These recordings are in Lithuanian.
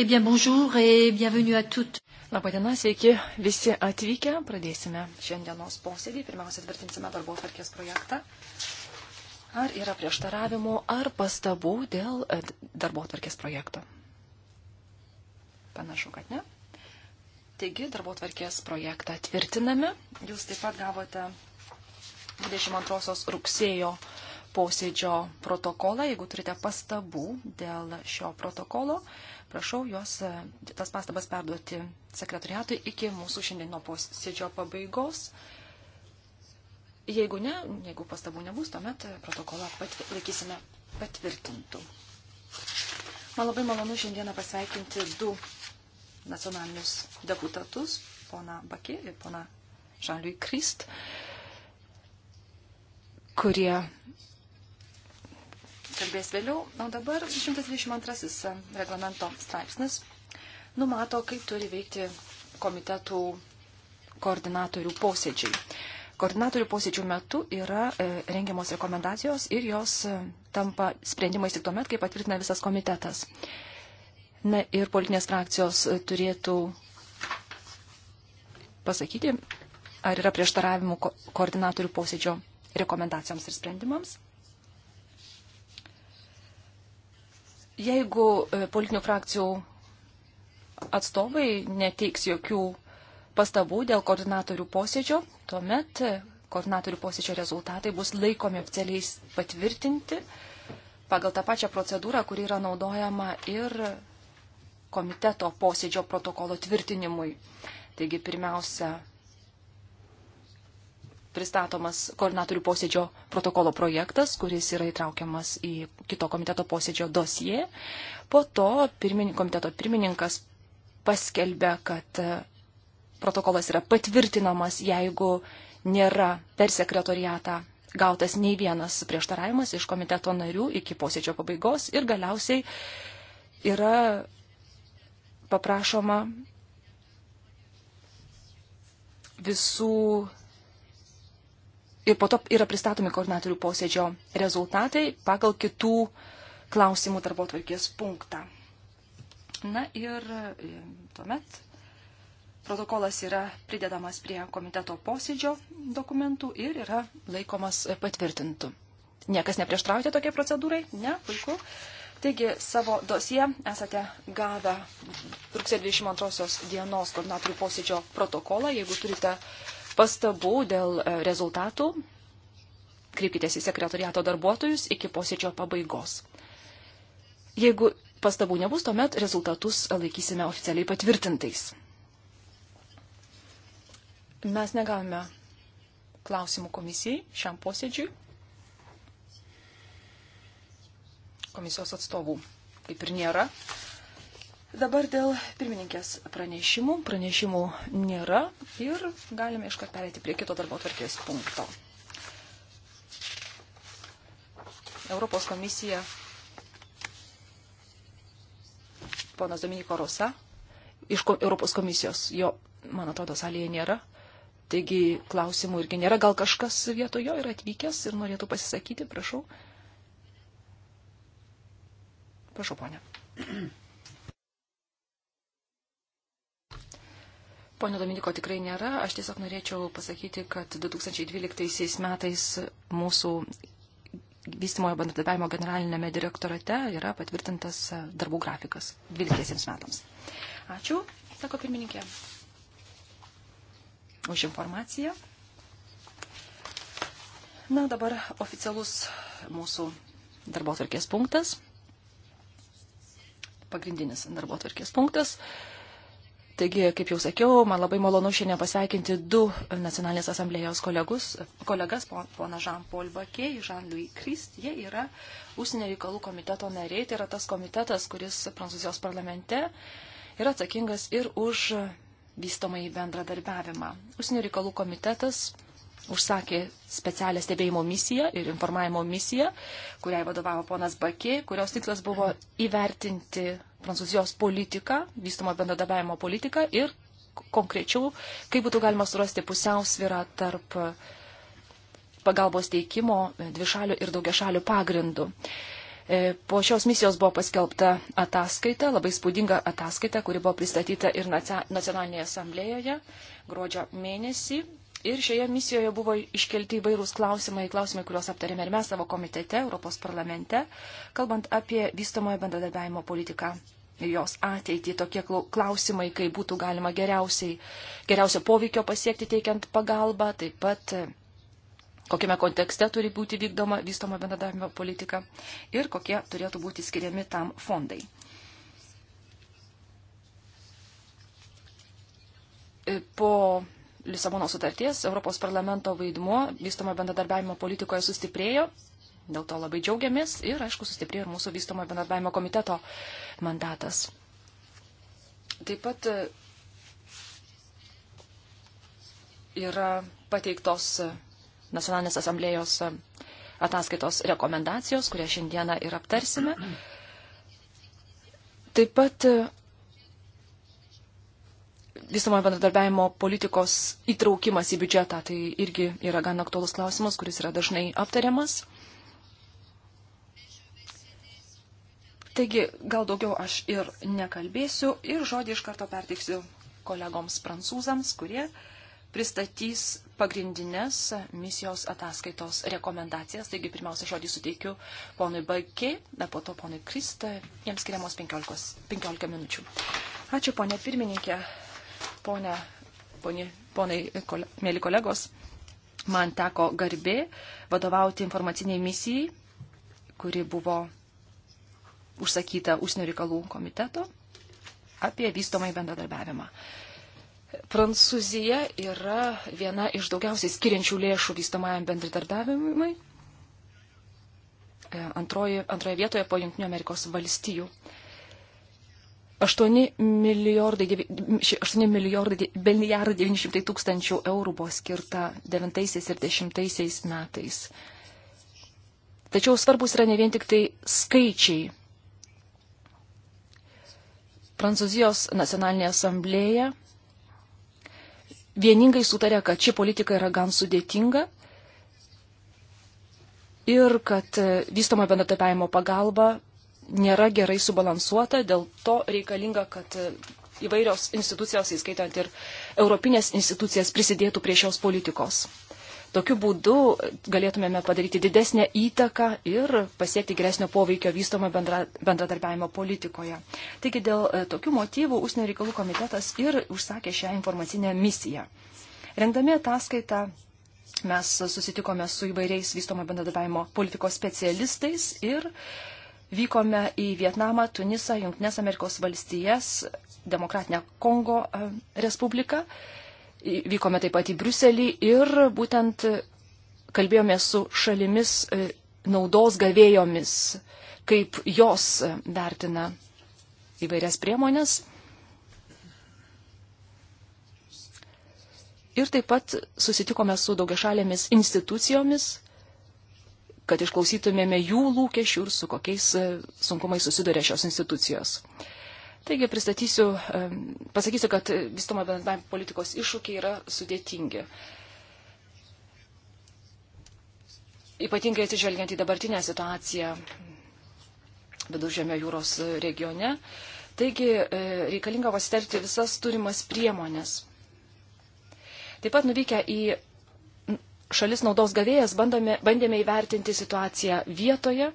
Eh bien, bonjour et bienvenue à toutes. Labadiena, sveiki visi atvykę. Pradėsime šiandienos posėdį. Pirmiausia, tvirtinsime darbo atvarkės projektą. Ar yra prieštaravimų ar pastabų dėl e, darbo atvarkės projekto? Panašu, kad ne. Taigi, darbo atvarkės projektą tvirtiname. Jūs taip pat gavote 22 rugsėjo posėdžio protokolą. Jeigu turite pastabų dėl šio protokolo, prašau juos e, tas pastabas perduoti sekretariatui iki mūsų šiandieno posėdžio pabaigos. Jeigu ne, jeigu pastabų nebus, tuomet protokolą patvi laikysime patvirtintų. Man labai malonu šiandieną pasveikinti du nacionalinius deputatus, pona Bakė ir pona Žaliui Krist, kurie kalbės vėliau. O dabar 122 e, reglamento straipsnis numato, kaip turi veikti komitetų koordinatorių posėdžiai. Koordinatorių posėdžių metu yra e, rengiamos rekomendacijos ir jos e, tampa sprendimais tik tuomet, kai patvirtina visas komitetas. Na ir politinės frakcijos turėtų pasakyti, ar yra prieštaravimų ko koordinatorių posėdžio rekomendacijoms ir sprendimams. Jeigu e, politinių frakcijų atstovai neteiks jokių pastabų dėl koordinatorių posėdžio, tuomet e, koordinatorių posėdžio rezultatai bus laikomi oficialiais patvirtinti pagal tą pačią procedūrą, kuri yra naudojama ir komiteto posėdžio protokolo tvirtinimui. Taigi pirmiausia, pristatomas koordinatorių posėdžio protokolo projektas, kuris yra įtraukiamas į kito komiteto posėdžio dosiją. Po to pirmin, komiteto pirmininkas paskelbė, kad e, protokolas yra patvirtinamas, jeigu nėra per sekretoriatą gautas nei vienas prieštaravimas iš komiteto narių iki posėdžio pabaigos ir galiausiai yra paprašoma visų ir po to yra pristatomi koordinatorių posėdžio rezultatai pagal kitų klausimų darbo tvarkės punktą. Na ir e, tuomet protokolas yra pridedamas prie komiteto posėdžio dokumentų ir yra laikomas patvirtintų. Niekas neprieštraujate tokiai procedūrai? Ne, puiku. Taigi savo dosiją esate gavę rugsėjo 22 dienos koordinatorių posėdžio protokolą. Jeigu turite pastabų dėl e, rezultatų, kreipkitės į sekretariato darbuotojus iki posėdžio pabaigos. Jeigu pastabų nebus, tuomet rezultatus laikysime oficialiai patvirtintais. Mes negavome klausimų komisijai šiam posėdžiui. Komisijos atstovų kaip ir nėra. Dabar dėl pirmininkės pranešimų. Pranešimų nėra ir galime iškart perėti prie kito darbo tvarkės punkto. Europos komisija ponas Dominiko Rosa iš Europos komisijos. Jo, man atrodo, salėje nėra. Taigi klausimų irgi nėra. Gal kažkas vietoj jo yra atvykęs ir norėtų pasisakyti, prašau. Prašau, ponė. Pone Dominiko tikrai nėra. Aš tiesiog norėčiau pasakyti, kad 2012 metais mūsų vystimojo bendradarbiavimo generalinėme direktorate yra patvirtintas darbų grafikas 12 metams. Ačiū, sako pirmininkė, už informaciją. Na, dabar oficialus mūsų darbo tvarkės punktas. Pagrindinis darbo tvarkės punktas. Uh, Taigi, kaip jau sakiau, man labai malonu šiandien pasveikinti du nacionalinės asamblėjos kolegus, kolegas, pona Jean-Paul Bakė, Jean-Louis Christ. Jie yra užsienio reikalų komiteto nariai, tai yra tas komitetas, kuris Prancūzijos parlamente yra atsakingas ir už vystomai bendradarbiavimą. Užsienio reikalų komitetas užsakė specialią stebėjimo misiją ir informavimo misiją, kuriai vadovavo ponas Bakė, kurios tikslas buvo įvertinti Prancūzijos politiką, vystumo bendradarbiavimo politiką ir konkrečiau, kaip būtų galima surasti pusiausvyrą tarp pagalbos teikimo dvišalių ir daugiašalių pagrindų. E, po šios misijos buvo paskelbta ataskaita, labai spūdinga ataskaita, kuri buvo pristatyta ir Nacionalinėje asamblėjoje gruodžio mėnesį. Ir šioje misijoje buvo iškelti įvairūs klausimai, klausimai, kuriuos aptarėme ir mes savo komitete, Europos parlamente, kalbant apie vystomojo bendradarbiavimo politiką ir jos ateitį, tokie klausimai, kaip būtų galima geriausiai, geriausio poveikio pasiekti teikiant pagalbą, taip pat kokiame kontekste turi būti vykdoma vystoma bendradavimo politika ir kokie turėtų būti skiriami tam fondai. E, po Lisabono sutarties Europos parlamento vaidmuo vystomo bendradarbiavimo politikoje sustiprėjo. Dėl to labai džiaugiamės ir, aišku, sustiprėjo ir mūsų vystomo bendradarbiavimo komiteto mandatas. Taip pat e, yra pateiktos Nacionalinės asamblėjos e, ataskaitos rekomendacijos, kurią šiandieną ir aptarsime. Taip pat e, vystomojo bendradarbiavimo politikos įtraukimas į biudžetą. Tai irgi yra gan aktuolus klausimas, kuris yra dažnai aptariamas. Taigi, gal daugiau aš ir nekalbėsiu ir žodį iš karto perteiksiu kolegoms prancūzams, kurie pristatys pagrindinės misijos ataskaitos rekomendacijas. Taigi, pirmiausia, žodį suteikiu ponui Bakė, po to ponui Kristą, jiems skiriamos 15, 15 minučių. Ačiū, ponė pirmininkė. Pone, poni, ponai, kole, mėly kolegos, man teko garbė vadovauti informaciniai misijai, kuri buvo užsakyta užsienio reikalų komiteto apie vystomą bendradarbiavimą. Prancūzija yra viena iš daugiausiai skiriančių lėšų vystamajam bendradarbiavimui. E, antroji, antroje vietoje po Junktinio Amerikos valstijų. 8 milijardai, 8 milijardai, milijardai 900 tūkstančių eurų buvo skirta 9 ir 10 metais. Tačiau svarbus yra ne vien tik tai skaičiai. Prancūzijos nacionalinė asamblėja vieningai sutarė, kad ši politika yra gan sudėtinga ir kad vystoma bendratapiajimo pagalba nėra gerai subalansuota, dėl to reikalinga, kad e, įvairios institucijos, įskaitant ir europinės institucijas, prisidėtų prie šios politikos. Tokiu būdu galėtumėme padaryti didesnę įtaką ir pasiekti geresnio poveikio vystomo bendra, bendradarbiavimo politikoje. Taigi dėl e, tokių motyvų Užsienio reikalų komitetas ir užsakė šią informacinę misiją. Rengdami ataskaitą mes susitikome su įvairiais vystomo bendradarbiavimo politikos specialistais ir uh, Vykome į Vietnamą, Tunisą, Junktinės Amerikos valstijas, Demokratinę Kongo e, Respubliką. Vykome taip pat į Bruselį ir būtent kalbėjome su šalimis e, naudos gavėjomis, kaip jos e, vertina įvairias priemonės. Ir taip pat susitikome su daugiašalėmis institucijomis, kad išklausytumėme jų lūkesčių ir su kokiais e, sunkumais susiduria šios institucijos. Taigi pristatysiu, pasakysiu, kad vystomo bendradarbiavimo politikos iššūkiai yra sudėtingi. Ypatingai atsižvelgiant į dabartinę situaciją Viduržėmio jūros regione. Taigi e, reikalinga pasitelkti visas turimas priemonės. Taip pat nuvykę į šalis naudos gavėjas bandome, bandėme įvertinti situaciją vietoje,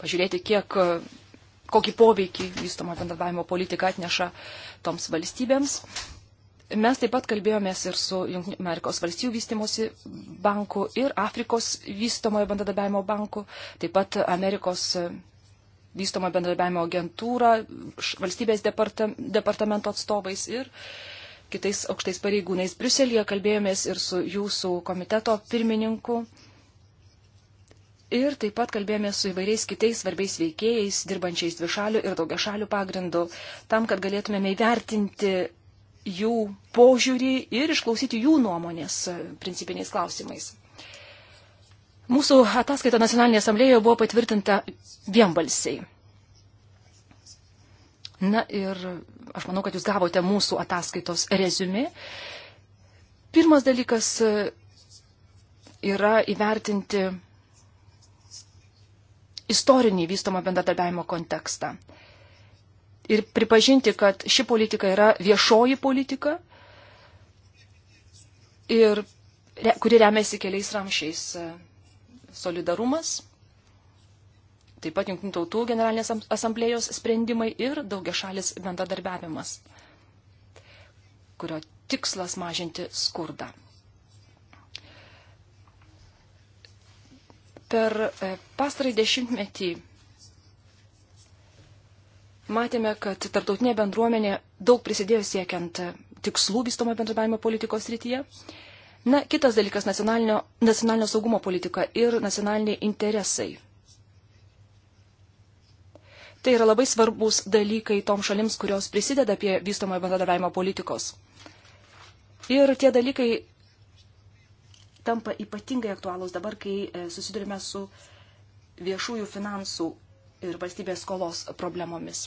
pažiūrėti, kiek, kokį poveikį vystomo bendradavimo politika atneša toms valstybėms. Mes taip pat kalbėjomės ir su Amerikos valstybių vystimosi banku ir Afrikos vystomojo bendradarbiavimo banku, taip pat Amerikos vystomojo bendradarbiavimo agentūra, valstybės departa, departamento atstovais ir uh, kitais aukštais pareigūnais. Briuselėje kalbėjomės ir su jūsų komiteto pirmininku. Ir taip pat kalbėjome su įvairiais kitais svarbiais veikėjais, dirbančiais dvišalių ir daugiašalių pagrindų, tam, kad galėtumėme įvertinti jų požiūrį ir išklausyti jų nuomonės principiniais klausimais. Mūsų ataskaita Nacionalinėje asamblėjoje buvo patvirtinta vienbalsiai. Na ir aš manau, kad jūs gavote mūsų ataskaitos rezumė. Pirmas dalykas e, yra įvertinti istorinį vystomą bendradarbiavimo kontekstą. Ir pripažinti, kad ši politika yra viešoji politika, ir, kuri remiasi keliais ramšiais e, - solidarumas, taip pat Junktinių tautų generalinės asamblėjos sprendimai ir daugiašalis bendradarbiavimas, kurio tikslas mažinti skurdą. Per e, pastarąjį dešimtmetį matėme, kad tarptautinė bendruomenė daug prisidėjo siekiant tikslų vystomo bendradarbiavimo politikos rytyje. Na, kitas dalykas - nacionalinio, nacionalinio saugumo politika ir nacionaliniai interesai Tai yra labai svarbus dalykai tom šalims, kurios prisideda prie vystomojo bendradarbiavimo politikos. Ir tie dalykai tampa ypatingai aktualūs dabar, kai e, susidurime su viešųjų finansų ir valstybės skolos problemomis.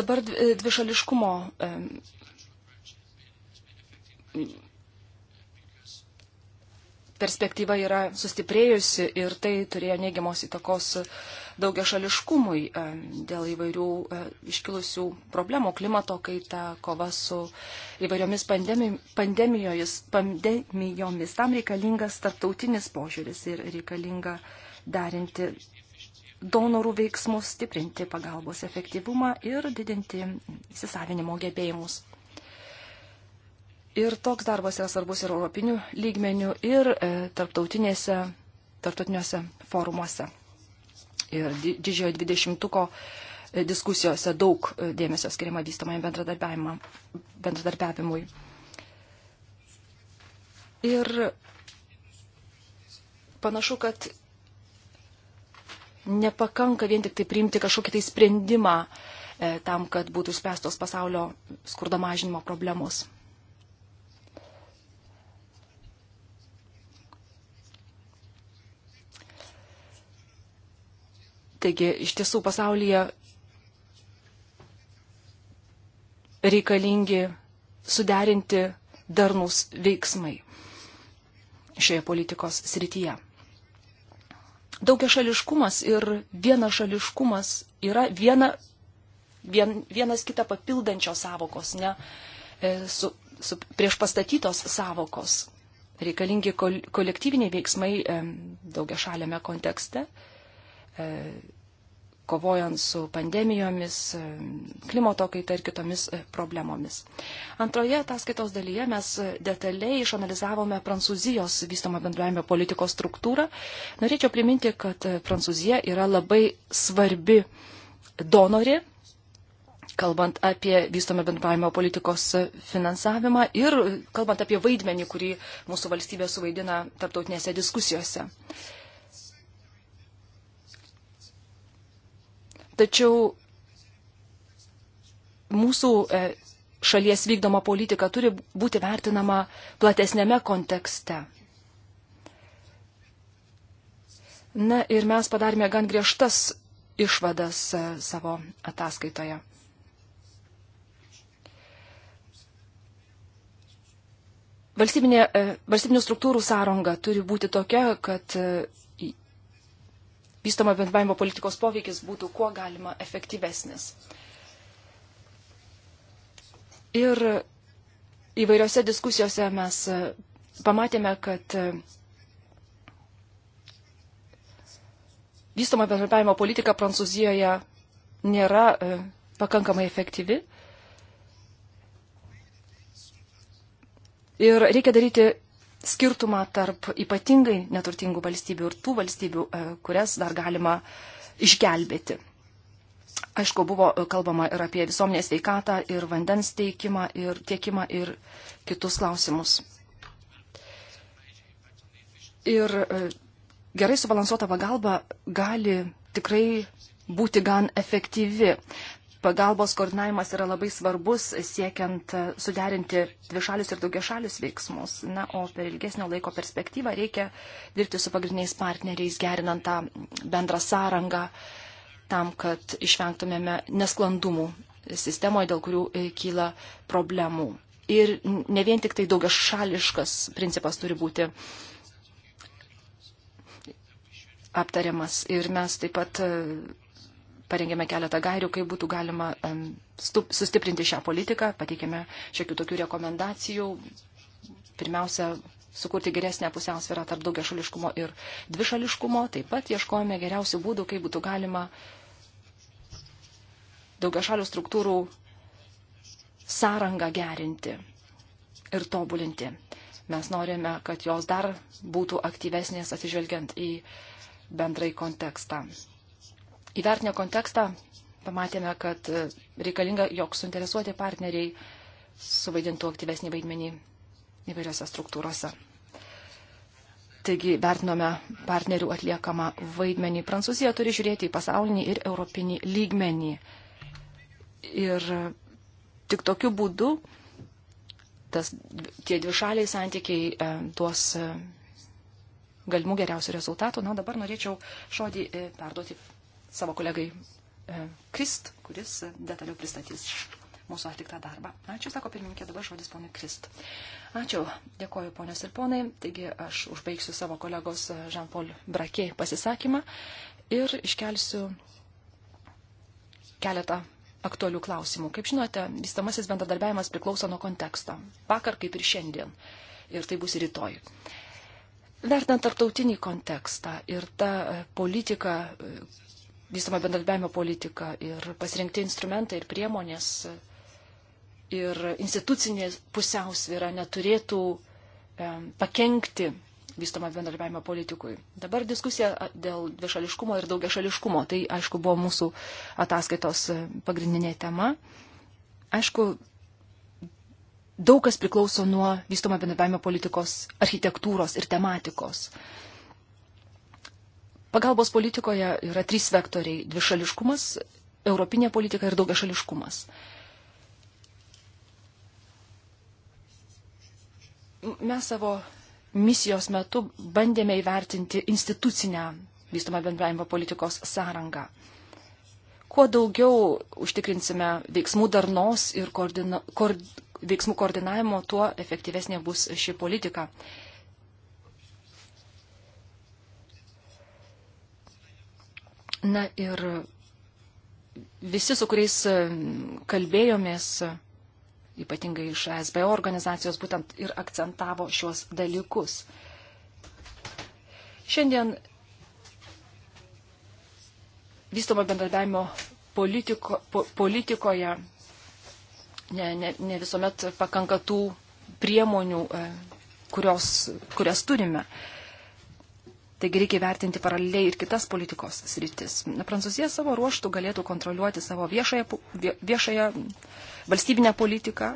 Dabar e, dvišališkumo perspektyva yra sustiprėjusi ir tai turėjo neigiamos įtakos daugia šališkumui e, dėl įvairių e, iškilusių problemų klimato kaita, kova su įvairiomis pandemijomis. pandemijomis. Tam reikalingas tarptautinis požiūris ir reikalinga derinti donorų veiksmus, stiprinti pagalbos efektyvumą ir didinti įsisavinimo gebėjimus. Ir toks darbas yra svarbus ir europinių lygmenių, ir e, tarptautinėse, tarptautiniuose forumuose. Ir didžiojo dvidešimtuko e, diskusijose daug e, dėmesio skiriama vystamai bendradarbiavimui. Ir panašu, kad nepakanka vien tik tai priimti kažkokį tai sprendimą e, tam, kad būtų spręstos pasaulio skurdo mažinimo problemos Taigi iš tiesų pasaulyje reikalingi suderinti darnus veiksmai šioje politikos srityje. Daugiašališkumas ir vienašališkumas yra viena, vien, vienas kitą papildančios savokos, ne e, su, su prieš pastatytos savokos. Reikalingi kol, kolektyviniai veiksmai daugiašalėme kontekste E, kovojant su pandemijomis, e, klimato kaita ir kitomis e, problemomis. Antroje ataskaitos dalyje mes detaliai išanalizavome Prancūzijos vystomą bendravimo politikos struktūrą. Norėčiau priminti, kad Prancūzija yra labai svarbi donori kalbant apie vystomą bendravimo politikos finansavimą ir kalbant apie vaidmenį, kurį mūsų valstybė suvaidina tarptautinėse diskusijose. Tačiau mūsų e, šalies vykdoma politika turi būti vertinama platesnėme kontekste. Na ir mes padarėme gan griežtas išvadas e, savo ataskaitoje. Valstybinė, e, valstybinių struktūrų sąranga turi būti tokia, kad vystoma bendravimo politikos poveikis būtų kuo galima efektyvesnis. Ir įvairiose diskusijose mes e, pamatėme, kad e, vystoma bendradarbiavimo politika Prancūzijoje nėra e, pakankamai efektyvi. Ir reikia daryti skirtumą tarp ypatingai neturtingų valstybių ir tų valstybių, e, kurias dar galima išgelbėti. Aišku, buvo kalbama ir apie visuomenės veikatą, ir vandens teikimą, ir tiekimą, ir kitus klausimus. Ir e, gerai subalansuota pagalba gali tikrai būti gan efektyvi pagalbos koordinavimas yra labai svarbus siekiant suderinti dvišalius ir daugiašalius veiksmus. Na, o per ilgesnio laiko perspektyvą reikia dirbti su pagrindiniais partneriais, gerinant tą bendrą sąrangą, tam, kad išvengtumėme nesklandumų sistemoje, dėl kurių e, kyla problemų. Ir ne vien tik tai daugiašališkas principas turi būti aptariamas. Ir mes taip pat e, parengėme keletą gairių, kaip būtų galima sustiprinti šią politiką, pateikėme šiokių tokių rekomendacijų. Pirmiausia, sukurti geresnę pusiausvyrą tarp daugiašališkumo ir dvišališkumo. Taip pat ieškojame geriausių būdų, kaip būtų galima daugiašalių struktūrų sąrangą gerinti ir tobulinti. Mes norime, kad jos dar būtų aktyvesnės atsižvelgiant į bendrai kontekstą. Įvertinę kontekstą pamatėme, kad e, reikalinga, jog suinteresuoti partneriai suvaidintų aktyvesnį vaidmenį įvairiose struktūrose. Taigi vertinome partnerių atliekamą vaidmenį. Prancūzija turi žiūrėti į pasaulinį ir europinį lygmenį. Ir tik tokiu būdu tas, tie dvišaliai santykiai e, duos e, galimų geriausių rezultatų. Na, dabar norėčiau šodį e, perduoti savo kolegai e, Krist, kuris detaliau pristatys mūsų atliktą darbą. Ačiū, sako pirmininkė, dabar žodis ponė Krist. Ačiū, dėkoju ponios ir ponai. Taigi aš užbaigsiu savo kolegos e, Jean-Paul Brakė pasisakymą ir iškelsiu keletą aktualių klausimų. Kaip žinote, vystamasis bendradarbiavimas priklauso nuo konteksto. Vakar kaip ir šiandien. Ir tai bus ir rytoj. Vertinant tarptautinį kontekstą ir tą e, politiką, vystoma bendradarbiavimo politika ir pasirinkti instrumentai ir priemonės ir institucinė pusiausvyra neturėtų pakengti vystoma bendradarbiavimo politikui. Dabar diskusija dėl dvišališkumo ir daugiašališkumo. Tai, aišku, buvo mūsų ataskaitos e, pagrindinė tema. Aišku, daug kas priklauso nuo vystoma bendradarbiavimo politikos architektūros ir tematikos. Uh, Pagalbos politikoje yra trys vektoriai - dvišališkumas, europinė politika ir daugiašališkumas. Mes savo misijos metu bandėme įvertinti institucinę vystomą bendravimo politikos sąrangą. Kuo daugiau užtikrinsime veiksmų darnos ir koordina, koord, veiksmų koordinavimo, tuo efektyvesnė bus ši politika. Na ir visi, su kuriais e, kalbėjomės, ypatingai iš SBO organizacijos, būtent ir akcentavo šios dalykus. Šiandien vystomo bendradavimo politiko, po, politikoje ne, ne, ne visuomet pakanka tų priemonių, e, kurios, kurias turime. Taigi reikia vertinti paraleliai ir kitas politikos sritis. Prancūzija savo ruoštų galėtų kontroliuoti savo viešąją, viešąją valstybinę politiką.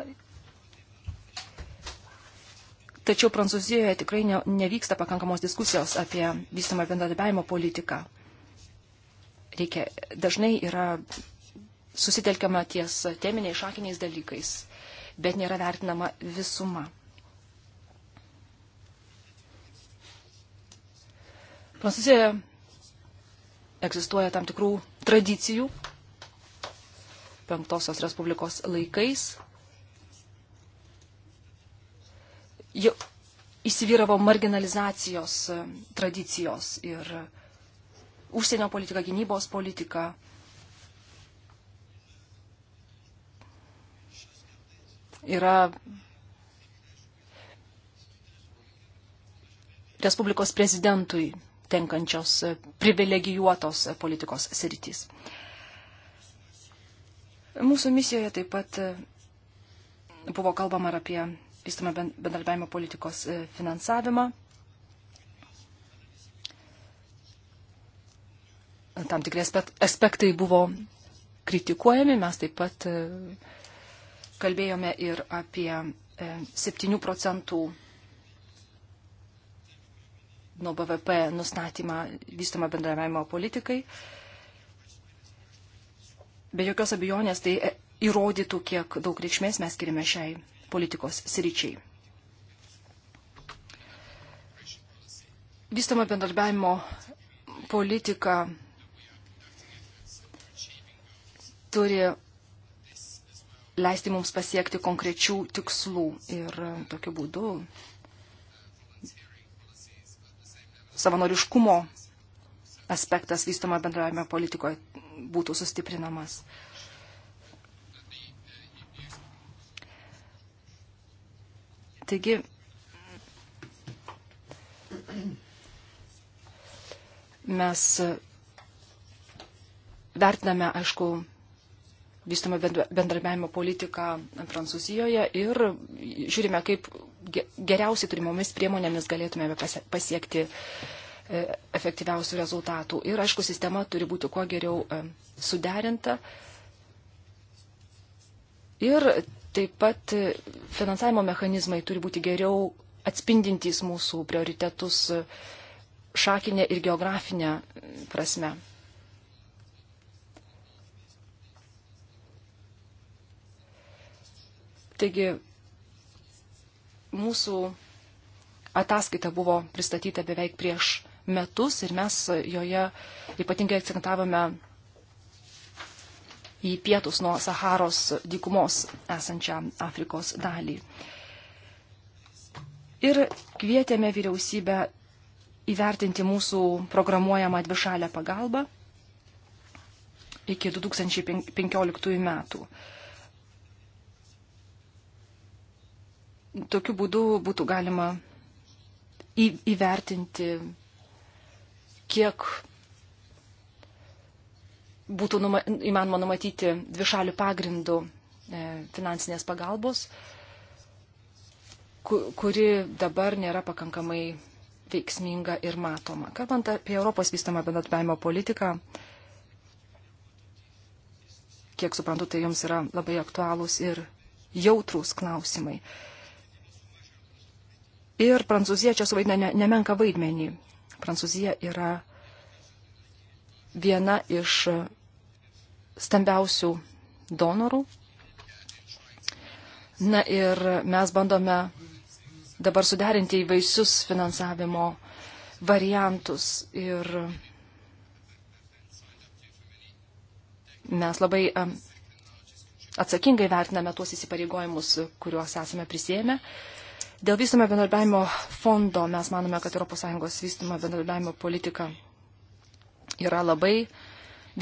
Tačiau Prancūzijoje tikrai ne, nevyksta pakankamos diskusijos apie vystamą bendradarbiavimo politiką. Reikia, dažnai yra susitelkiama ties teminiais šakiniais dalykais, bet nėra vertinama visuma. Prancūzijoje egzistuoja tam tikrų tradicijų. Penktosios Respublikos laikais jau įsivyravo marginalizacijos e, tradicijos ir užsienio politika, gynybos politika. Yra Respublikos prezidentui tenkančios e, privilegijuotos e, politikos sritys. Mūsų misijoje taip pat e, buvo kalbama ir apie vystamą bendarbiavimo politikos finansavimą. Tam tikri aspektai buvo kritikuojami, mes taip pat kalbėjome ir apie 7 procentų nuo BVP nustatymą vystamą bendravimo politikai. Be jokios abejonės tai įrodytų, kiek daug reikšmės mes skiriame šiai politikos sričiai. Vystama bendarbiavimo politika turi leisti mums pasiekti konkrečių tikslų ir tokiu būdu savanoriškumo aspektas vystoma bendravime politikoje būtų sustiprinamas. Taigi, mes vertiname, aišku, vystomą bendrabiavimo politiką Prancūzijoje ir žiūrime, kaip geriausiai turimomis priemonėmis galėtumėme pasiekti e, efektyviausių rezultatų. Ir, aišku, sistema turi būti kuo geriau e, suderinta. Ir taip pat e, finansavimo mechanizmai turi būti geriau atspindintys mūsų prioritetus šakinė ir geografinė prasme. Taigi mūsų ataskaita buvo pristatyta beveik prieš metus ir mes joje ypatingai akcentavome į pietus nuo Saharos dykumos esančią Afrikos dalį. Ir kvietėme vyriausybę įvertinti mūsų programuojamą dvišalę pagalbą iki 2015 metų. tokiu būdu būtų galima įvertinti, kiek būtų numa, įmanoma numatyti dvišalių pagrindų e, finansinės pagalbos, kuri dabar nėra pakankamai veiksminga ir matoma. Kalbant apie Europos vystamą bendradarbiavimo politiką, kiek suprantu, tai jums yra labai aktualūs ir jautrūs klausimai. Ir Prancūzija čia suvaidina ne, nemenka vaidmenį. Prancūzija yra viena iš stambiausių donorų. Na ir mes bandome dabar suderinti įvaisius finansavimo variantus ir mes labai atsakingai vertiname tuos įsipareigojimus, kuriuos esame prisėmę. Dėl vystumo bendradarbiavimo fondo mes manome, kad ES vystumo bendradarbiavimo politika yra labai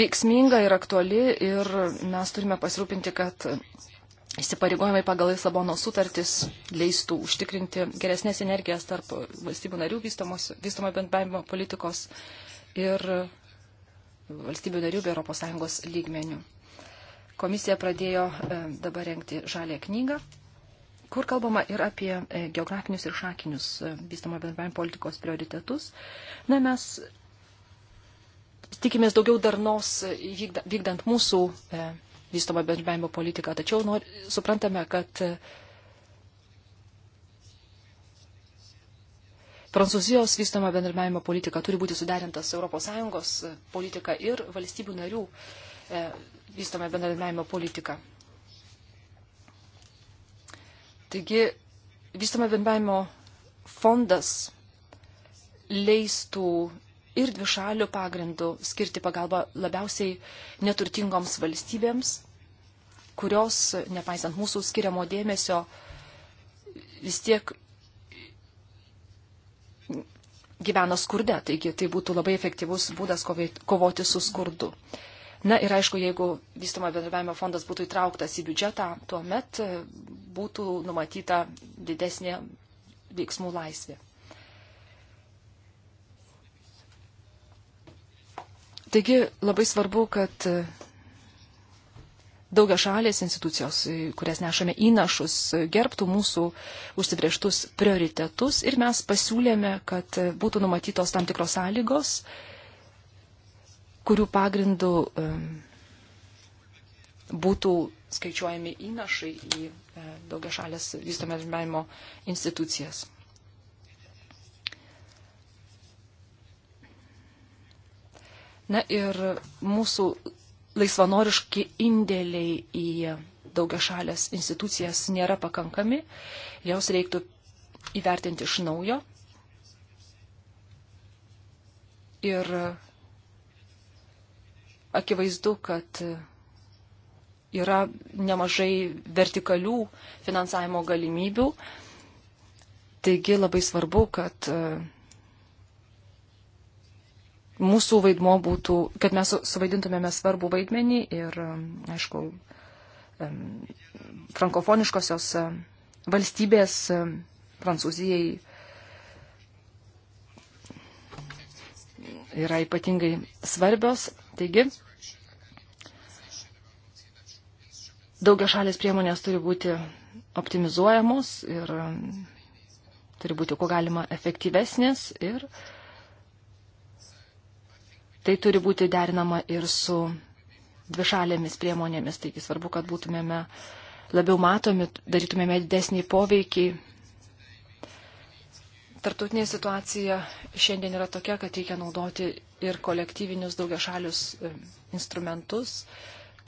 veiksminga ir aktuali ir mes turime pasirūpinti, kad įsipareigojimai pagal Lisabono sutartis leistų užtikrinti geresnės energijas tarp valstybių narių vystumo bendradarbiavimo politikos ir valstybių narių bei ES lygmenių. Komisija pradėjo e, dabar renkti žalę knygą kur kalbama ir apie e, geografinius ir šakinius e, vystamo bendravimo politikos prioritetus. Na, mes tikimės daugiau darnos e, vykdant mūsų vystamo bendravimo politiką, tačiau nor, suprantame, kad Prancūzijos vystoma bendradarbiavimo politika turi būti suderintas ES politika ir valstybių narių vystoma bendradarbiavimo politika. Taigi, vystama bendravimo fondas leistų ir dvišalių pagrindų skirti pagalbą labiausiai neturtingoms valstybėms, kurios, nepaisant mūsų skiriamo dėmesio, vis tiek gyvena skurde. Taigi tai būtų labai efektyvus būdas kovoti su skurdu. Uh, Na ir aišku, jeigu vystomo bendradarbiavimo fondas būtų įtrauktas į biudžetą, tuomet e, būtų numatyta didesnė veiksmų laisvė. Taigi labai svarbu, kad e, daugia šalės institucijos, kurias nešame įnašus, e, gerbtų mūsų užsibrieštus prioritetus ir mes pasiūlėme, kad būtų numatytos tam tikros sąlygos, kurių pagrindų būtų skaičiuojami įnašai į e, daugia šalės vystomės institucijas. Na ir mūsų laisvanoriški indėliai į daugia šalės institucijas nėra pakankami, jos reiktų įvertinti iš naujo. Ir akivaizdu, kad yra nemažai vertikalių finansavimo galimybių. Taigi labai svarbu, kad e, mūsų vaidmo būtų, kad mes suvaidintumėme svarbų vaidmenį ir, e, aišku, e, frankofoniškosios valstybės Prancūzijai yra ypatingai svarbios. Taigi, daugia šalės priemonės turi būti optimizuojamos ir um, turi būti kuo galima efektyvesnės ir tai turi būti derinama ir su dvišalėmis priemonėmis. Taigi svarbu, kad būtumėme labiau matomi, darytumėme didesnį poveikį Tartutinė situacija šiandien yra tokia, kad reikia naudoti ir kolektyvinius daugiašalius e, instrumentus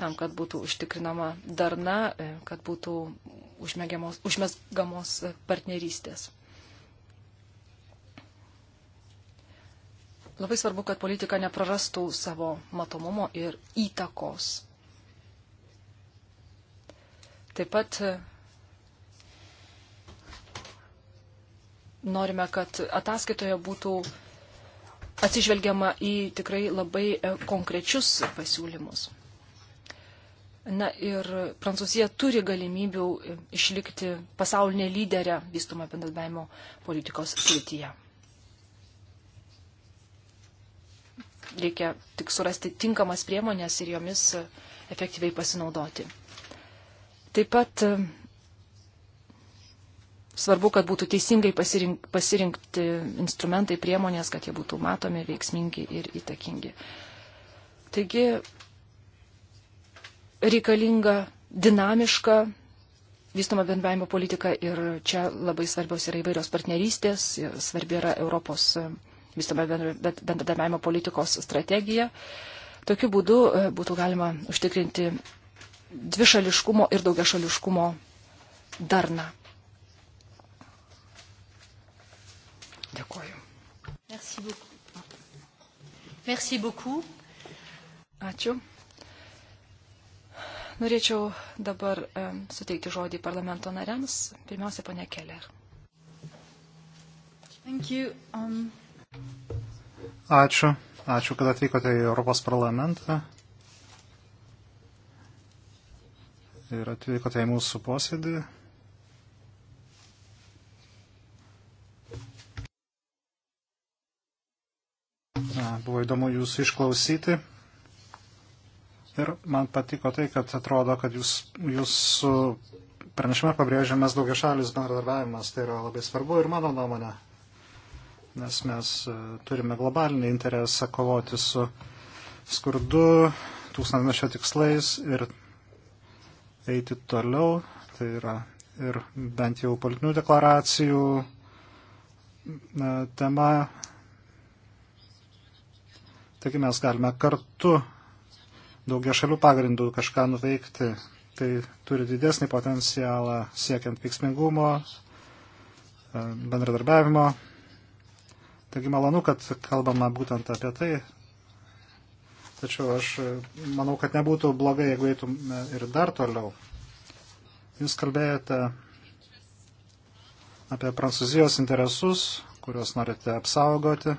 tam, kad būtų užtikrinama darna, e, kad būtų užmesgamos e, partnerystės. Labai svarbu, kad politika neprarastų savo matomumo ir įtakos. Taip pat norime, kad ataskaitoje būtų atsižvelgiama į tikrai labai e, konkrečius pasiūlymus. Na ir Prancūzija turi galimybių e, išlikti pasaulinė lyderė vystomą bendradarbiavimo politikos srityje. Reikia tik surasti tinkamas priemonės ir jomis e, efektyviai pasinaudoti. Taip pat svarbu, kad būtų teisingai pasirink, pasirinkti instrumentai, priemonės, kad jie būtų matomi, veiksmingi ir įtakingi. Taigi reikalinga dinamiška vystoma bendravimo politika ir čia labai svarbios yra įvairios partnerystės, svarbi yra Europos e, vystoma bendravimo politikos strategija. Tokiu būdu e, būtų galima užtikrinti dvišališkumo ir daugiašališkumo darną. Dėkoju. Merci beaucoup. Merci beaucoup. Ačiū. Norėčiau dabar um, suteikti žodį parlamento nariams. Pirmiausia, ponė Keller. Um... Ačiū. Ačiū, kad atvykote į Europos parlamentą. Ir atvykote į mūsų posėdį. Buvo įdomu jūsų išklausyti. Ir man patiko tai, kad atrodo, kad jūs, jūsų pranešime pabrėžiamas daugia šalis bendradarbiavimas. Tai yra labai svarbu ir mano nuomonė. Nes mes e, turime globalinį interesą kovoti su skurdu, tūkstantmečio tikslais ir eiti toliau. Tai yra ir bent jau politinių deklaracijų e, tema Taigi mes galime kartu daugia šalių pagrindų kažką nuveikti. Tai turi didesnį potencialą siekiant veiksmingumo, e, bendradarbiavimo. Taigi malonu, kad kalbama būtent apie tai. Tačiau aš e, manau, kad nebūtų blogai, jeigu eitum ir dar toliau. Jūs kalbėjote apie prancūzijos interesus, kuriuos norite apsaugoti,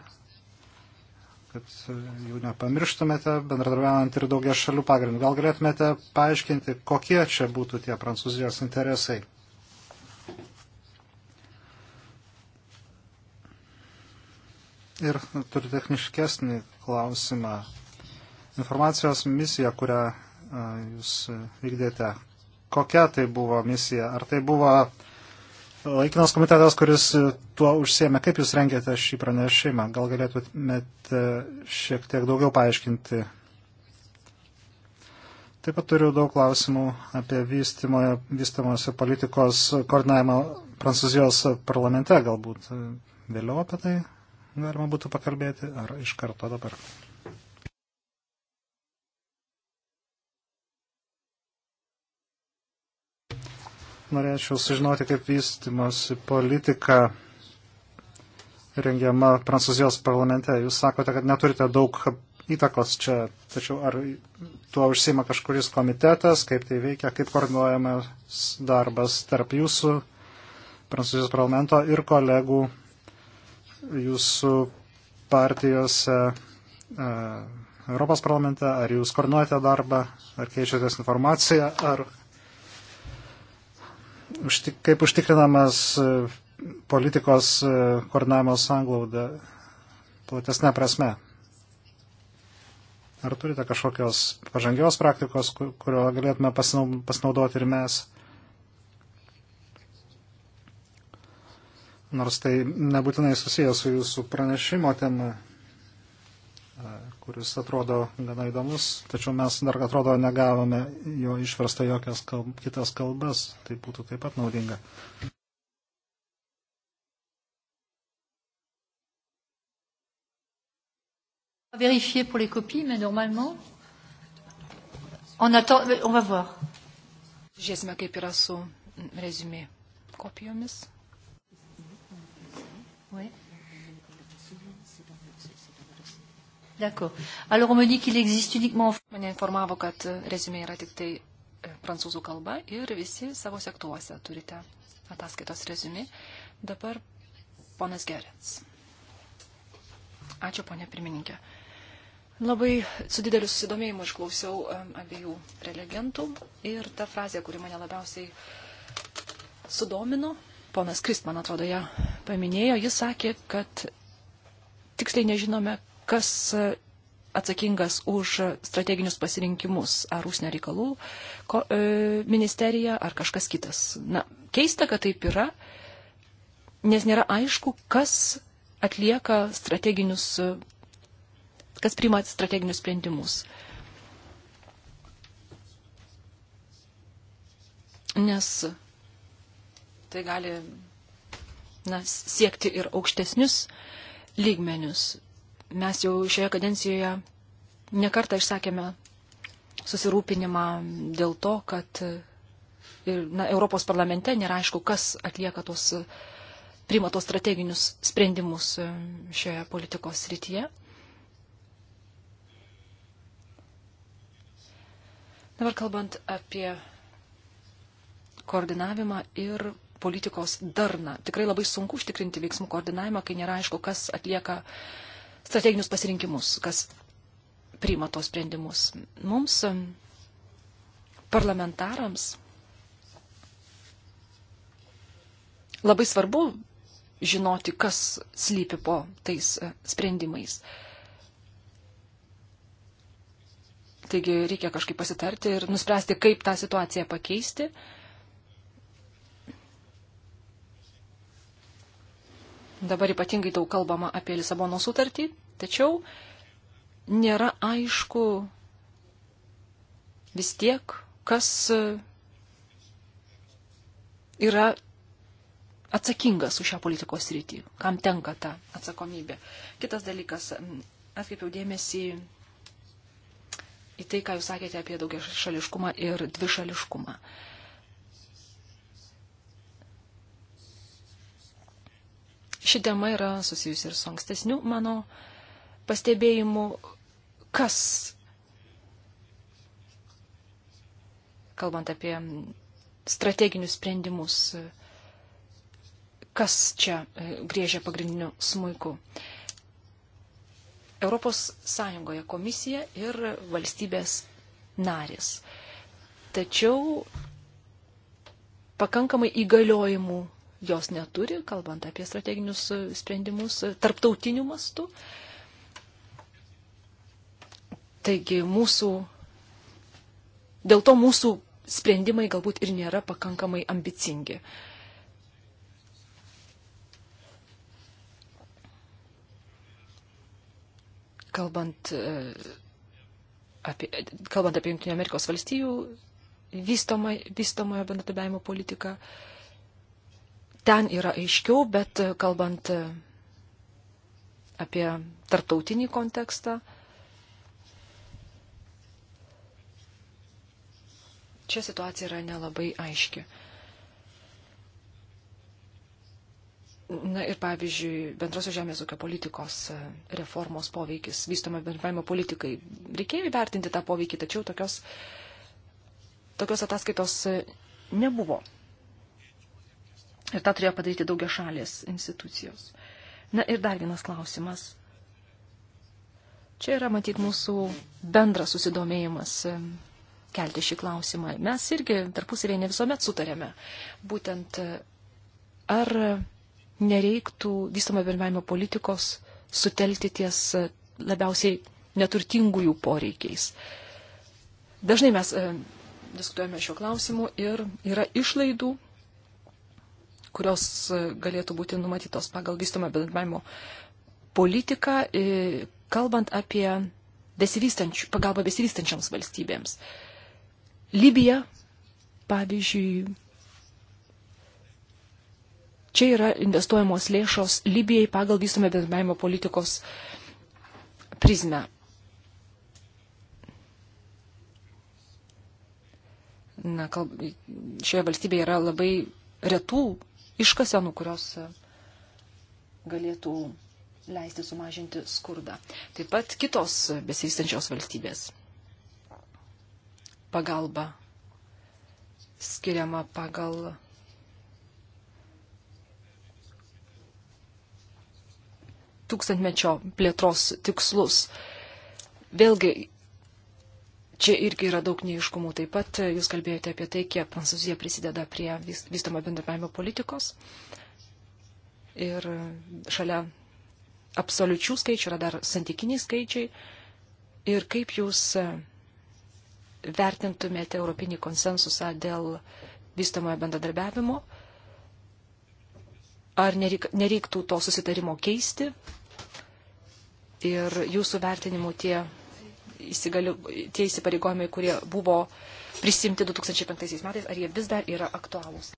kad e, jų nepamirštumėte, bendradarbiaujant ir daugia šalių pagrindų. Gal galėtumėte paaiškinti, kokie čia būtų tie Prancūzijos interesai? Ir turiu techniškesnį klausimą. Informacijos misija, kurią e, jūs vykdėte, kokia tai buvo misija? Ar tai buvo uh, laikinas komitetas, kuris e, tuo užsiemė. Kaip Jūs rengėte šį pranešimą? Gal galėtumėt e, šiek tiek daugiau paaiškinti? Taip pat turiu daug klausimų apie vystamosi politikos koordinavimą Prancūzijos parlamente. Galbūt e, vėliau apie tai galima būtų pakalbėti ar iš karto dabar. norėčiau sužinoti, kaip vystimosi politika rengiama Prancūzijos parlamente. Jūs sakote, kad neturite daug įtakos čia, tačiau ar tuo užsima kažkuris komitetas, kaip tai veikia, kaip koordinuojamas darbas tarp jūsų, Prancūzijos parlamento ir kolegų jūsų partijose e, Europos parlamente, ar jūs koordinuojate darbą, ar keičiatės informaciją, ar kaip užtikrinamas e, politikos e, koordinavimo sanglauda platesnė prasme. Ar turite kažkokios pažangios praktikos, kurio galėtume pasinaudoti ir mes? Nors tai nebūtinai susijęs su jūsų pranešimo tema kuris atrodo gana įdomus, tačiau mes dar atrodo negavome jo išversta jokias kalb, kitas kalbas, tai būtų taip pat naudinga. Vérifier pour les copies, mais normalement, on attend, on va voir. Žiūrėsime, kaip yra su rezumė kopijomis. Oui. D'accord. Alors, on me dit qu'il existe uniquement... Mane informavo, kad e, rezumė yra tik tai e, prancūzų kalba ir visi savo sektuose turite ataskaitos rezumė. Dabar ponas Gerins. Ačiū, ponė pirmininkė. Labai su dideliu susidomėjimu išklausiau e, abiejų prelegentų ir ta frazė, kuri mane labiausiai sudomino, ponas Krist, man atrodo, ją paminėjo, jis sakė, kad tiksliai nežinome, kas atsakingas už strateginius pasirinkimus, ar užsienio reikalų ko, e, ministerija, ar kažkas kitas. Na, keista, kad taip yra, nes nėra aišku, kas atlieka strateginius, kas priima strateginius sprendimus. Nes tai gali na, siekti ir aukštesnius lygmenius Mes jau šioje kadencijoje nekartą išsakėme susirūpinimą dėl to, kad ir, na, Europos parlamente nėra aišku, kas atlieka tos, priima tos strateginius sprendimus šioje politikos srityje. Dabar kalbant apie koordinavimą ir politikos darną. Tikrai labai sunku užtikrinti veiksmų koordinavimą, kai nėra aišku, kas atlieka uh, strateginius pasirinkimus, kas priima tos sprendimus. Mums, parlamentarams, labai svarbu žinoti, kas slypi po tais e, sprendimais. Taigi reikia kažkaip pasitarti ir nuspręsti, kaip tą situaciją pakeisti. Uh, Dabar ypatingai daug kalbama apie Lisabono sutartį, tačiau nėra aišku vis tiek, kas yra atsakingas už šią politikos rytį, kam tenka ta atsakomybė. Kitas dalykas, atkreipiau dėmesį į tai, ką jūs sakėte apie daugia šališkumą ir dvišališkumą. šališkumą. Ši tema yra susijusi ir su ankstesniu mano pastebėjimu, kas, kalbant apie strateginius sprendimus, kas čia e, grėžia pagrindiniu smūku. Europos Sąjungoje komisija ir valstybės narės. Tačiau pakankamai įgaliojimų jos neturi, kalbant apie strateginius e, sprendimus e, tarptautiniu mastu. Taigi mūsų, dėl to mūsų sprendimai galbūt ir nėra pakankamai ambicingi. Kalbant e, apie, kalbant apie Junktinio Amerikos valstijų vystomą, vystomojo bendradarbiavimo politiką, uh, ten yra aiškiau, bet e, kalbant e, apie tartautinį kontekstą, čia situacija yra nelabai aiški. Na ir pavyzdžiui, bendrosios žemės ūkio politikos e, reformos poveikis, vystoma bendravimo politikai. Reikėjo įvertinti tą poveikį, tačiau tokios, tokios ataskaitos nebuvo. Ir tą turėjo padaryti daugia šalės institucijos. Na ir dar vienas klausimas. Čia yra matyt mūsų bendras susidomėjimas kelti šį klausimą. Mes irgi tarpusavėje ne visuomet sutarėme. Būtent e, ar nereiktų vystamą bendravimo politikos sutelkti ties e, labiausiai neturtingųjų poreikiais. Dažnai mes diskutuojame šiuo klausimu ir yra išlaidų kurios e, galėtų būti numatytos pagal vystomą bendradarbiavimo politiką, e, kalbant apie pagalbą besivystančiams valstybėms. Libija, pavyzdžiui, čia yra investuojamos lėšos Libijai pagal vystomą bendradarbiavimo politikos prizmę. na, kalb, šioje valstybėje yra labai retų iškasenų, kurios e, galėtų leisti sumažinti skurdą. Taip pat kitos besivystančios valstybės pagalba skiriama pagal tūkstantmečio plėtros tikslus. Vėlgi Čia irgi yra daug neiškumų. Taip pat e, jūs kalbėjote apie tai, kiek Prancūzija prisideda prie vystomo bendravimo politikos. Ir e, šalia absoliučių skaičių yra dar santykiniai skaičiai. Ir kaip jūs e, vertintumėte europinį konsensusą dėl vystomojo bendradarbiavimo? Ar nereiktų to susitarimo keisti? Ir jūsų vertinimu tie įsigali, tie įsipareigojimai, kurie buvo prisimti 2005 metais, ar jie vis dar yra aktualūs.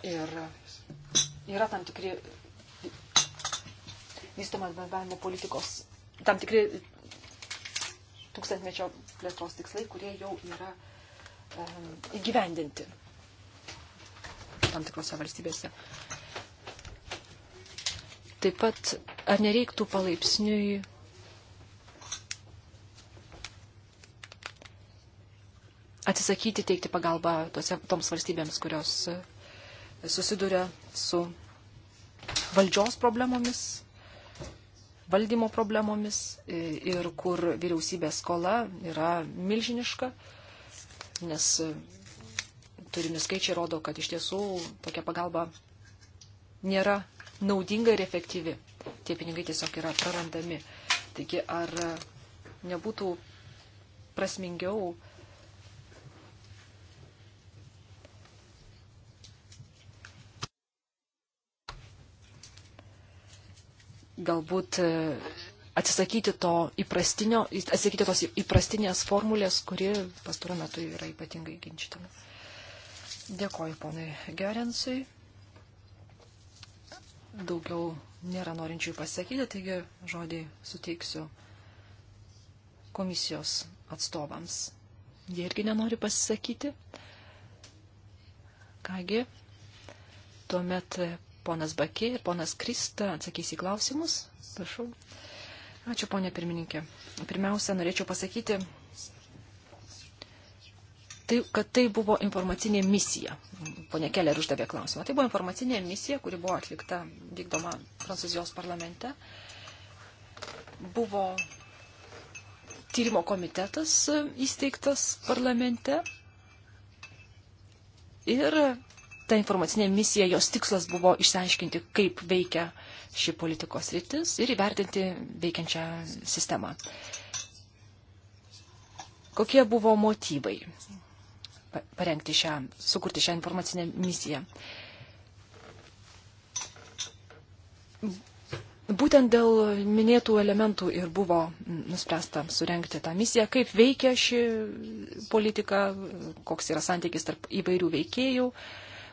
Ir yra tam tikri vystomas bendravimo politikos, tam tikri tūkstantmečio plėtros tikslai, kurie jau yra um, įgyvendinti tam tikrose valstybėse. Taip pat, ar nereiktų palaipsniui atsisakyti teikti pagalbą tose, toms valstybėms, kurios e, susiduria su valdžios problemomis, valdymo problemomis e, ir kur vyriausybės skola yra milžiniška, nes e, turimi skaičiai rodo, kad iš tiesų tokia pagalba nėra naudinga ir efektyvi. Tie pinigai tiesiog yra prarandami. Taigi, ar nebūtų prasmingiau galbūt e, atsisakyti, to atsisakyti tos įprastinės formulės, kuri pastaruoju metu yra ypatingai ginčytina. Dėkoju ponui Gerensui. Daugiau nėra norinčių pasakyti, taigi žodį suteiksiu komisijos atstovams. Jie irgi nenori pasisakyti. Kągi, tuomet ponas Bakė ir ponas Krista atsakys į klausimus. Prašau. Ačiū, ponė pirmininkė. Pirmiausia, norėčiau pasakyti, tai, kad tai buvo informacinė misija. Pone Keller uždavė klausimą. Tai buvo informacinė misija, kuri buvo atlikta vykdoma Prancūzijos parlamente. Buvo tyrimo komitetas įsteigtas parlamente. Ir ta informacinė misija, jos tikslas buvo išsiaiškinti, kaip veikia ši politikos rytis ir įvertinti veikiančią sistemą. Kokie buvo motyvai parengti šią, sukurti šią informacinę misiją. Būtent dėl minėtų elementų ir buvo nuspręsta surenkti tą misiją, kaip veikia ši politika, koks yra santykis tarp įvairių veikėjų.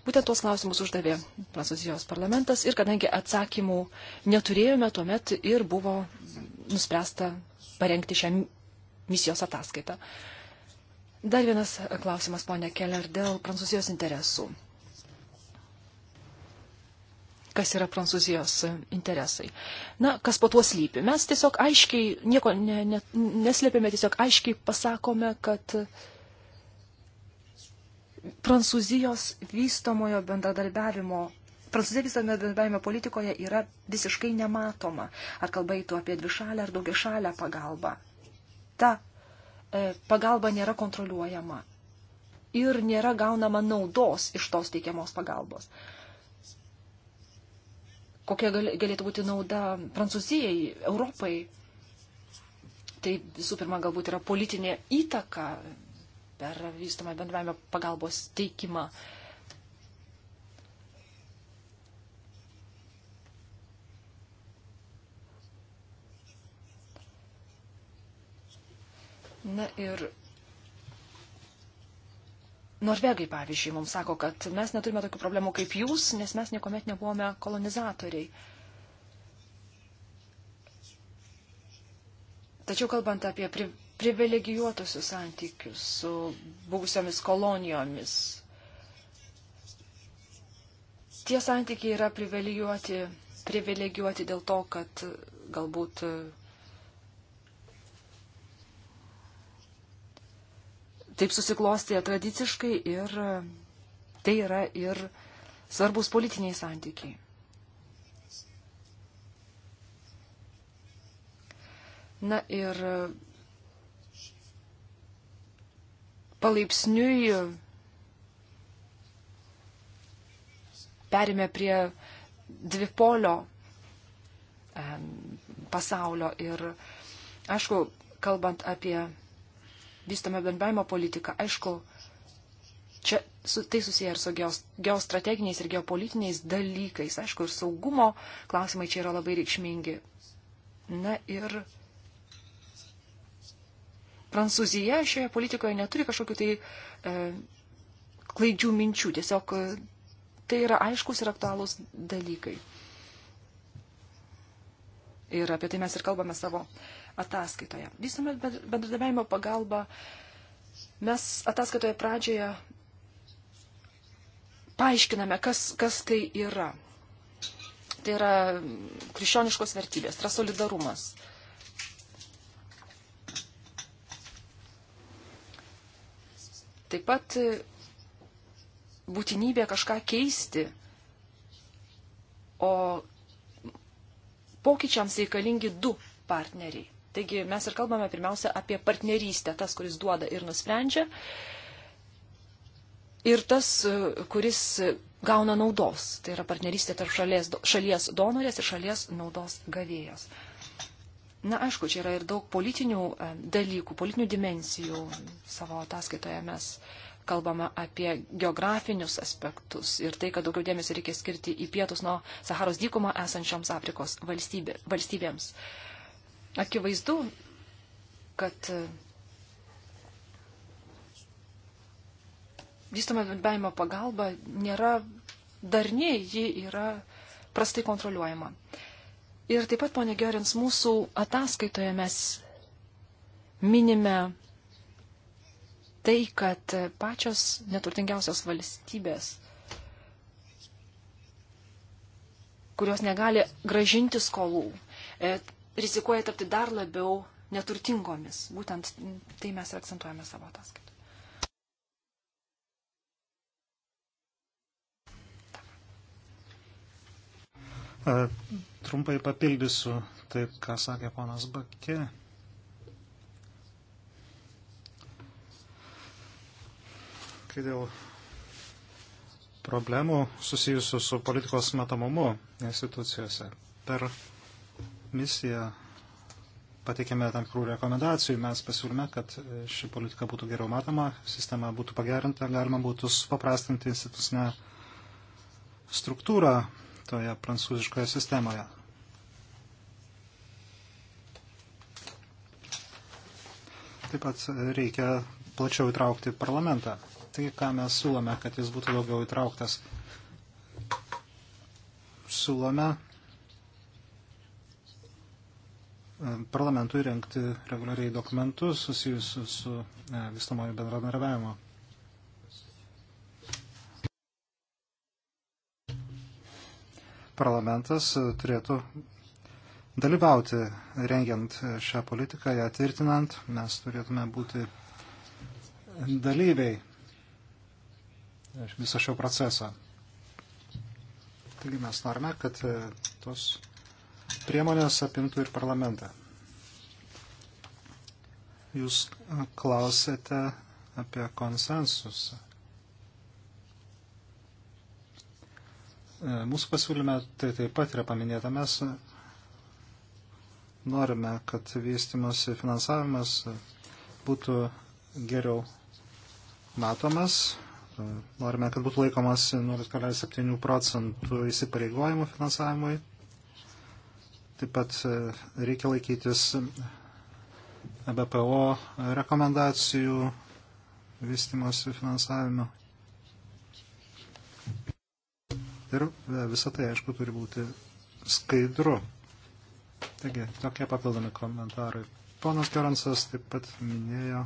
Būtent tuos klausimus uždavė Prancūzijos parlamentas ir kadangi atsakymų neturėjome, tuomet ir buvo nuspręsta parengti šią misijos ataskaitą. Uh, Dar vienas klausimas, ponė Keller, dėl Prancūzijos interesų. Kas yra Prancūzijos interesai? Na, kas po tuo slypi? Mes tiesiog aiškiai, nieko ne, ne, neslėpėme, tiesiog aiškiai pasakome, kad Prancūzijos vystomojo bendradarbiavimo. Prancūzija vystomojo bendradarbiavimo politikoje yra visiškai nematoma. Ar kalba eitų apie dvišalę ar daugiašalę pagalbą. Ta E, pagalba nėra kontroliuojama ir nėra gaunama naudos iš tos teikiamos pagalbos. Kokia galėtų būti nauda Prancūzijai, Europai? Tai visų pirma, galbūt yra politinė įtaka per vystamą bendravimą pagalbos teikimą. Uh, Na ir norvegai, pavyzdžiui, mums sako, kad mes neturime tokių problemų kaip jūs, nes mes niekuomet nebuvome kolonizatoriai. Tačiau kalbant apie pri privilegijuotusius santykius su buvusiomis kolonijomis, tie santykiai yra privilegijuoti, privilegijuoti dėl to, kad galbūt taip susiklostė tradiciškai ir tai yra ir svarbus politiniai santykiai. Na ir palaipsniui perėmė prie dvipolio pasaulio ir, aišku, kalbant apie vystome bendravimo politiką. Aišku, čia su, tai susiję ir su geos, geostrateginiais ir geopolitiniais dalykais. Aišku, ir saugumo klausimai čia yra labai reikšmingi. Na ir Prancūzija šioje politikoje neturi kažkokiu tai e, klaidžių minčių. Tiesiog e, tai yra aiškus ir aktualūs dalykai. Ir apie tai mes ir kalbame savo ataskaitoje. Visuomet bendradarbiavimo pagalba mes ataskaitoje pradžioje paaiškiname, kas, kas tai yra. Tai yra krikščioniškos vertybės, tai yra solidarumas. Taip pat būtinybė kažką keisti, o pokyčiams reikalingi du partneriai. Taigi mes ir kalbame pirmiausia apie partnerystę, tas, kuris duoda ir nusprendžia, ir tas, kuris gauna naudos. Tai yra partnerystė tarp šalies, šalies donorės ir šalies naudos gavėjos. Na, aišku, čia yra ir daug politinių e, dalykų, politinių dimensijų. Savo ataskaitoje mes kalbame apie geografinius aspektus ir tai, kad daugiau dėmesio reikia skirti į pietus nuo Saharos dykumą esančioms Afrikos valstybė, valstybėms. Akivaizdu, kad e, vystoma bendradarbiavimo pagalba nėra darni, ji yra prastai kontroliuojama. Ir taip pat, ponė Gerins, mūsų ataskaitoje mes minime tai, kad pačios neturtingiausios valstybės, kurios negali gražinti skolų, e, rizikuoja tapti dar labiau neturtingomis. Būtent tai mes ir akcentuojame savo ataskaitą. E, trumpai papildysiu taip, ką sakė ponas Bakė. Kai dėl problemų susijusių su politikos matomumu institucijose per misiją pateikėme tam tikrų rekomendacijų. Mes pasiūlėme, kad ši politika būtų geriau matoma, sistema būtų pagerinta, galima būtų supaprastinti institucinę struktūrą toje prancūziškoje sistemoje. Taip pat reikia plačiau įtraukti parlamentą. Tai, ką mes siūlome, kad jis būtų daugiau įtrauktas, siūlome parlamentui renkti reguliariai dokumentus susijusius su e, vystamojo bendradarbiavimo. Parlamentas turėtų dalyvauti rengiant šią politiką, ją tvirtinant, mes turėtume būti dalyviai viso šio proceso. Taigi mes norime, kad e, tos priemonės apimtų ir parlamentą. Jūs klausėte apie konsensusą. E, mūsų pasiūlyme tai taip pat yra paminėta. Mes norime, kad vystimosi finansavimas būtų geriau matomas. E, norime, kad būtų laikomas 0,7 procentų įsipareigojimų finansavimui Taip pat e, reikia laikytis e BPO rekomendacijų vystimosi finansavimo. Ir e, visą tai, aišku, turi būti skaidru. Taigi, tokie papildomi komentarai. Ponas Geronsas taip pat minėjo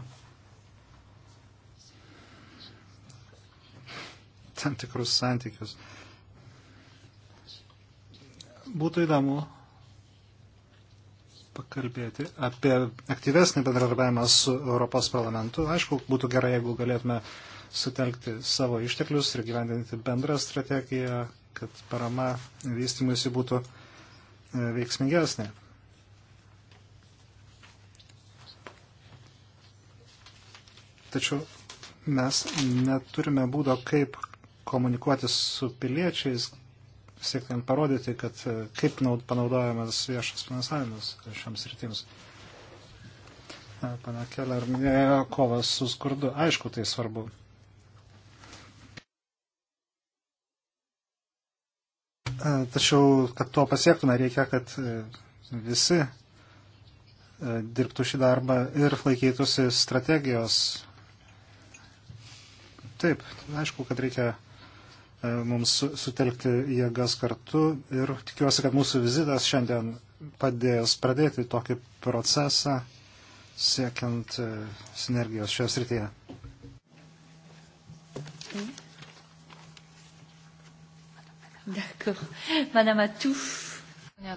tam tikrus santykius. Būtų įdomu pakalbėti apie aktyvesnį bendradarbiavimą su Europos parlamentu. Aišku, būtų gerai, jeigu galėtume sutelkti savo išteklius ir gyvendinti bendrą strategiją, kad parama vystimuisi būtų e, veiksmingesnė. Tačiau mes neturime būdo, kaip komunikuoti su piliečiais, siekiant parodyti, kad e, kaip naud, panaudojamas viešas finansavimas šiams rytims. Pana Keller minėjo kovas su skurdu. Aišku, tai svarbu. E, tačiau, kad to pasiektume, reikia, kad e, visi dirbtų šį darbą ir laikytųsi strategijos. Taip, aišku, kad reikia E, mums sutelkti jėgas kartu ir tikiuosi, kad mūsų vizitas šiandien padės pradėti tokį procesą siekiant e, sinergijos šioje srityje. D'accord. Madame Atouf.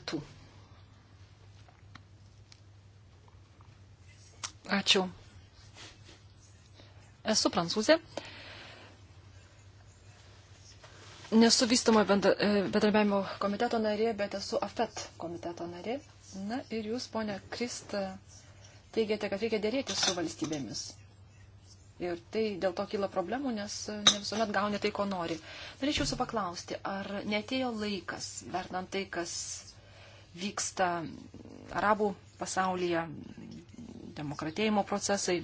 Atou. Ačiū. Esu prancūzė. Uh, nesu vystomo e, bendradarbiavimo komiteto narė, bet esu AFET komiteto narė. Na ir jūs, ponia Krist, teigiate, kad reikia dėrėti su valstybėmis. Ir tai dėl to kyla problemų, nes ne visuomet gauni tai, ko nori. Norėčiau jūsų paklausti, ar netėjo laikas, vertinant tai, kas vyksta arabų pasaulyje, demokratėjimo procesai,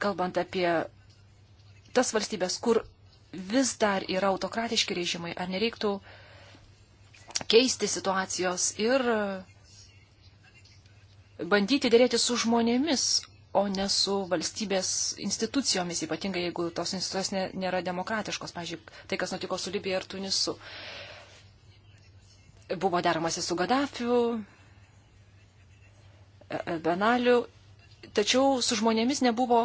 kalbant apie tas valstybės, kur vis dar yra autokratiški režimai, ar nereiktų keisti situacijos ir bandyti dėrėti su žmonėmis, o ne su valstybės institucijomis, ypatingai jeigu tos institucijos nėra demokratiškos, pažiūrėjau, tai kas nutiko su Libija ir Tunisu. Buvo deramasi su Gaddafiu, e, e, Benaliu, tačiau su žmonėmis nebuvo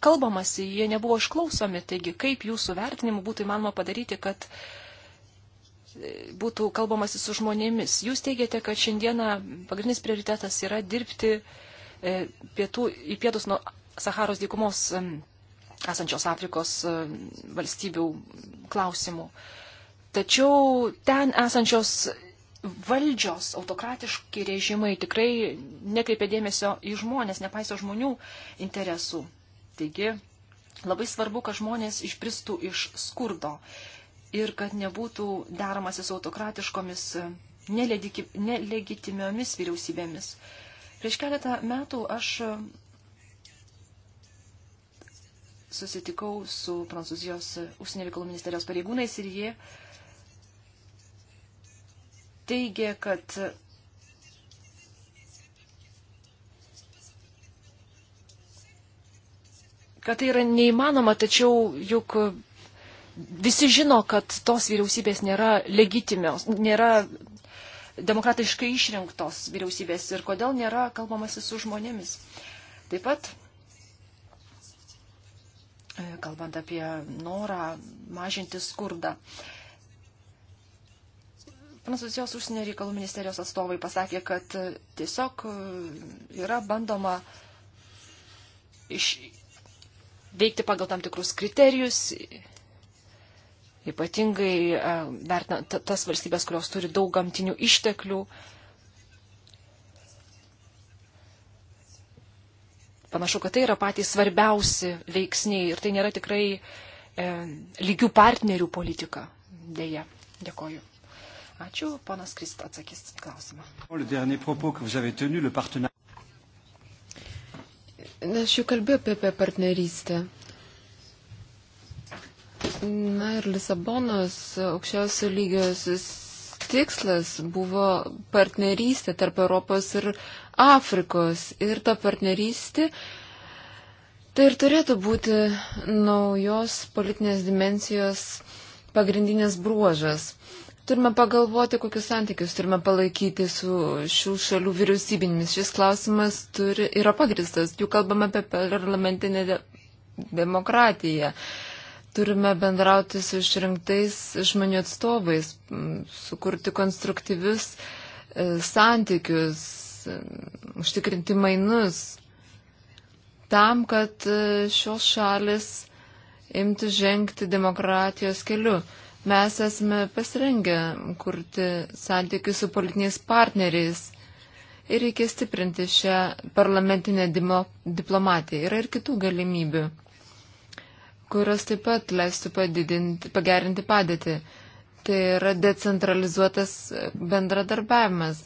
kalbamasi, jie nebuvo išklausomi. Taigi, kaip jūsų vertinimu būtų įmanoma padaryti, kad e, būtų kalbamasi su žmonėmis? Jūs teigiate, kad šiandieną pagrindinis prioritetas yra dirbti e, pietų, į pietus nuo Saharos dykumos esančios Afrikos valstybių klausimų. Tačiau ten esančios valdžios, autokratiški režimai tikrai nekreipia dėmesio į žmonės, nepaiso žmonių interesų. Taigi labai svarbu, kad žmonės išpristų iš skurdo ir kad nebūtų deramasi su autokratiškomis, nelegitimiomis vyriausybėmis. Prieš keletą metų aš susitikau su Prancūzijos užsienio reikalų ministerijos pareigūnais ir jie teigė, kad kad tai yra neįmanoma, tačiau juk visi žino, kad tos vyriausybės nėra legitimios, nėra demokratiškai išrinktos vyriausybės ir kodėl nėra kalbamasi su žmonėmis. Taip pat, e, kalbant apie norą mažinti skurdą, Prancūzijos užsienio reikalų ministerijos atstovai pasakė, kad tiesiog e, yra bandoma iš, veikti pagal tam tikrus kriterijus, ypatingai e, vertinant tas valstybės, kurios turi daug gamtinių išteklių. Panašu, kad tai yra patys svarbiausi veiksniai ir tai nėra tikrai e, lygių partnerių politika. Deja, dėkoju. Ačiū, ponas Krist atsakys klausimą. Na, aš jau kalbėjau apie, apie partnerystę. Na ir Lisabonos aukščiausio lygios tikslas buvo partnerystė tarp Europos ir Afrikos. Ir ta partnerystė tai ir turėtų būti naujos politinės dimensijos pagrindinis bruožas. Turime pagalvoti, kokius santykius turime palaikyti su šių šalių vyriausybinėmis. Šis klausimas turi, yra pagristas, juk kalbame apie parlamentinę de, demokratiją. Turime bendrauti su išrinktais žmonių atstovais, sukurti konstruktyvius e, santykius, užtikrinti mainus, tam, kad e, šios šalis imtų žengti demokratijos keliu. Mes esame pasirengę kurti santykius su politiniais partneriais ir reikia stiprinti šią parlamentinę diplomatiją. Yra ir kitų galimybių, kurios taip pat leistų padidinti, pagerinti padėtį. Tai yra decentralizuotas bendradarbiavimas.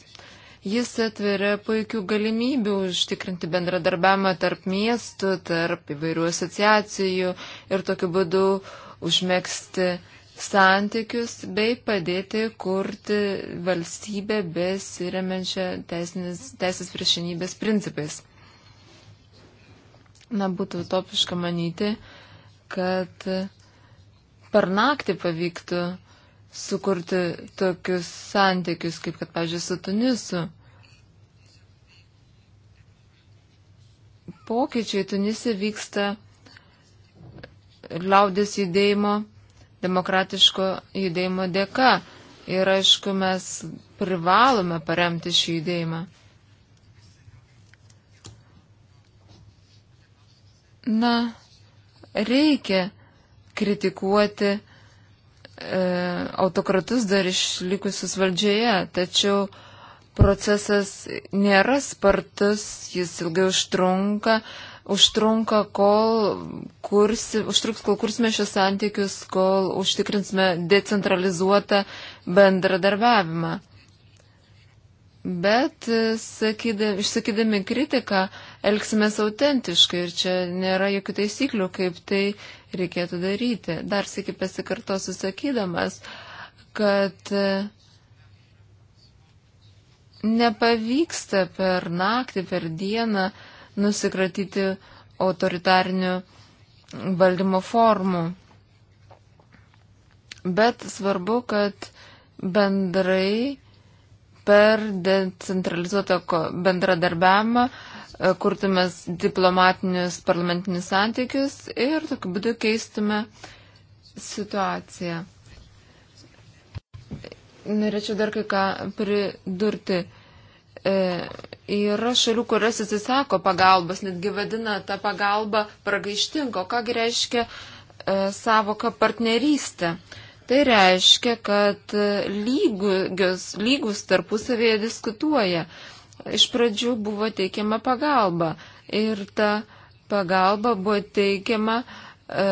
Jis atveria puikių galimybių užtikrinti bendradarbiavimą tarp miestų, tarp įvairių asociacijų ir tokiu būdu užmėgsti uh, santykius bei padėti kurti valstybę besiremenčią teisės priešinybės principais. Na, būtų utopiška manyti, kad per naktį pavyktų sukurti tokius santykius, kaip kad, pažiūrėjau, su Tunisu. Pokyčiai Tunise vyksta liaudės judėjimo demokratiško judėjimo dėka. Ir aišku, mes privalome paremti šį judėjimą. Na, reikia kritikuoti e, autokratus dar išlikusius valdžioje, tačiau procesas nėra spartus, jis ilgai užtrunka, e, užtrunka, kol kursi, užtruks, kol kursime šios santykius, kol užtikrinsime decentralizuotą bendradarbiavimą. Bet sakydami, išsakydami kritiką, elgsimės autentiškai ir čia nėra jokių taisyklių, kaip tai reikėtų daryti. Dar sėki pasikartosiu sakydamas, kad e, nepavyksta per naktį, per dieną uh, nusikratyti autoritarnių valdymo formų. Bet svarbu, kad bendrai per decentralizuotą bendradarbiavimą e, kurtumės diplomatinius parlamentinius santykius ir tokiu būdu keistume situaciją. Norėčiau dar kai ką pridurti. E, Yra šalių, kurias atsisako pagalbos, netgi vadina tą pagalbą pragaištingo. Kągi reiškia e, savoka partnerystė? Tai reiškia, kad e, lygus, lygus tarpusavėje diskutuoja. Iš pradžių buvo teikiama pagalba ir ta pagalba buvo teikiama e,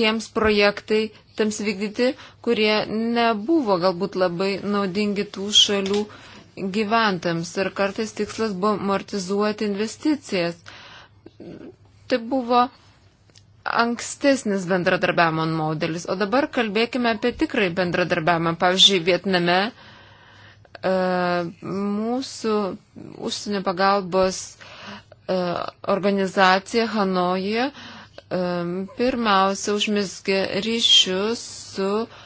tiems projektai, tams vykdyti, kurie nebuvo galbūt labai naudingi tų šalių gyventams ir kartais tikslas buvo amortizuoti investicijas. Tai buvo ankstesnis bendradarbiavimo modelis, o dabar kalbėkime apie tikrai bendradarbiavimą. Pavyzdžiui, Vietname e, mūsų užsienio pagalbos e, organizacija Hanoje e, pirmiausia užmisgė ryšius su uh,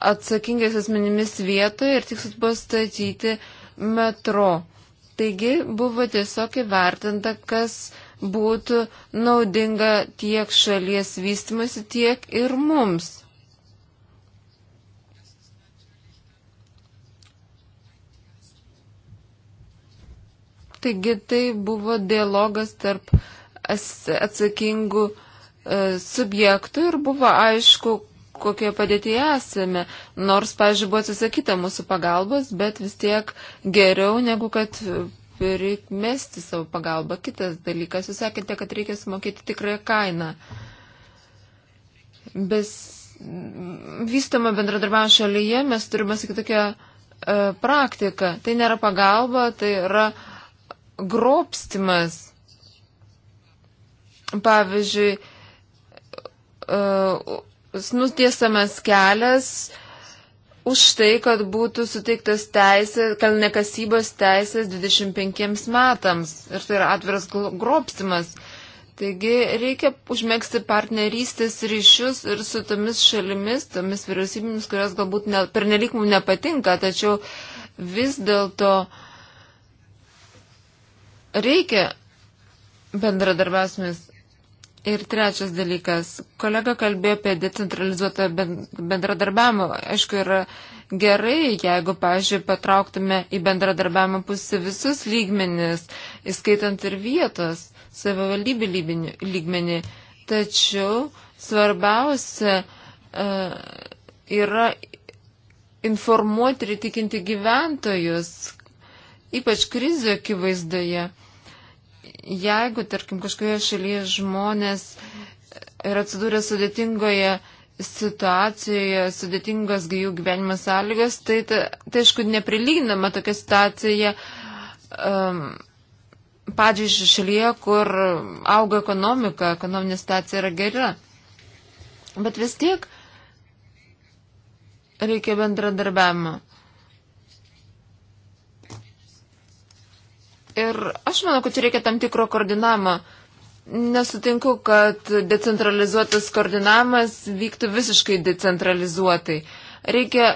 atsakingais asmenimis vietoje ir tikslas buvo statyti metro. Taigi buvo tiesiog įvertinta, kas būtų naudinga tiek šalies vystimasi, tiek ir mums. Taigi tai buvo dialogas tarp atsakingų e, subjektų ir buvo aišku, kokioje padėtyje esame. Nors, pažiūrėjau, buvo atsisakyta mūsų pagalbos, bet vis tiek geriau negu kad primesti savo pagalbą. Kitas dalykas, jūs sakėte, kad reikia sumokėti tikrąją kainą. Bes vystama bendradarbiavimo šalyje mes turime, sakyti, tokią e, praktiką. Tai nėra pagalba, tai yra grobstimas. Pavyzdžiui, e, nutiesamas kelias už tai, kad būtų suteiktas teisė, kalnekasybos teisės 25 metams. Ir tai yra atviras grobstimas. Taigi reikia užmėgsti partnerystės ryšius ir su tomis šalimis, tomis vyriausybėmis, kurios galbūt ne, pernelik mums nepatinka, tačiau vis dėlto reikia bendradarbiausmės Ir trečias dalykas, kolega kalbėjo apie decentralizuotą bendradarbiavimą. Aišku, yra gerai, jeigu, pažiūrėjau, patrauktume į bendradarbiavimą pusę visus lygmenis, įskaitant ir vietos, savivaldybių lygmenį. Tačiau svarbiausia uh, yra informuoti ir įtikinti gyventojus, ypač krizio akivaizdoje. Uh, Jeigu, tarkim, kažkoje šalyje žmonės yra atsidūrę sudėtingoje situacijoje, sudėtingos jų gyvenimo sąlygos, tai, tai, tai aišku, neprilyginama tokia situacija um, pačiai šalyje, kur auga ekonomika, ekonominė situacija yra gera. Bet vis tiek reikia bendradarbiavimo. Ir aš manau, kad čia reikia tam tikro koordinavimo. Nesutinku, kad decentralizuotas koordinavimas vyktų visiškai decentralizuotai. Reikia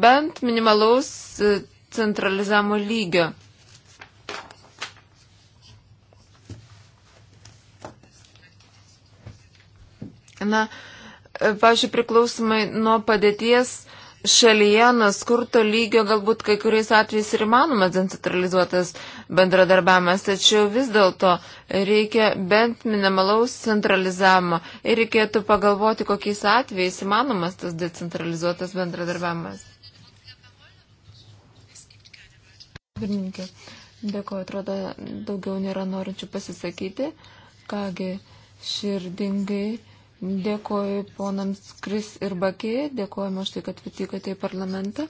bent minimalaus e, centralizavimo lygio. Na, e, pažiūrėjau, priklausomai nuo padėties šalyje, nuo skurto lygio, galbūt kai kuriais atvejais ir įmanomas decentralizuotas bendradarbiavimas, tačiau vis dėlto reikia bent minimalaus centralizavimo ir reikėtų pagalvoti, kokiais atvejais įmanomas tas decentralizuotas bendradarbiavimas. Pirmininkė, dėkoju, atrodo, daugiau nėra norinčių pasisakyti. Kągi, širdingai dėkoju ponams Kris ir Bakė, dėkojame už tai, kad atvykote į parlamentą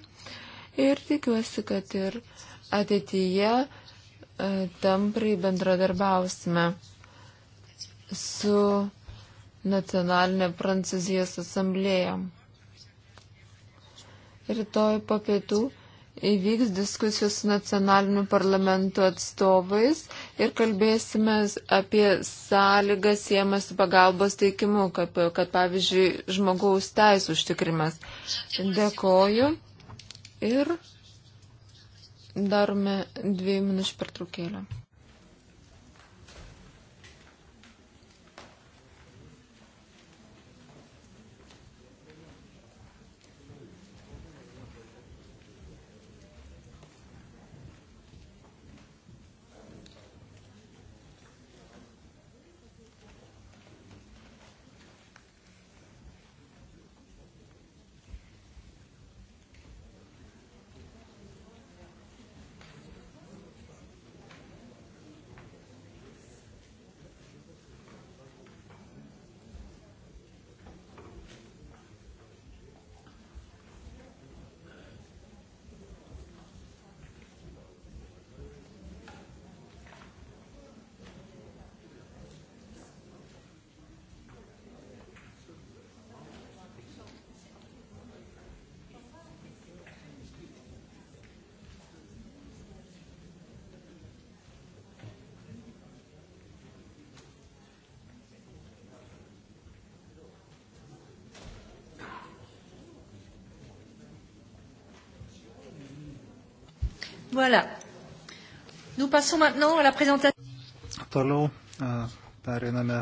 ir tikiuosi, kad ir ateityje E, tamprai bendradarbiausime su nacionalinė Prancūzijos asamblėja. Rytoj po pietų įvyks diskusijos su nacionaliniu parlamentu atstovais ir kalbėsime apie sąlygas siemas su pagalbos teikimu, kad, kad pavyzdžiui žmogaus teisų užtikrimas. Dėkoju ir darome dviejų minučių pertraukėlę Voilà. Nous passons maintenant à la présentation. Toliau e, pereiname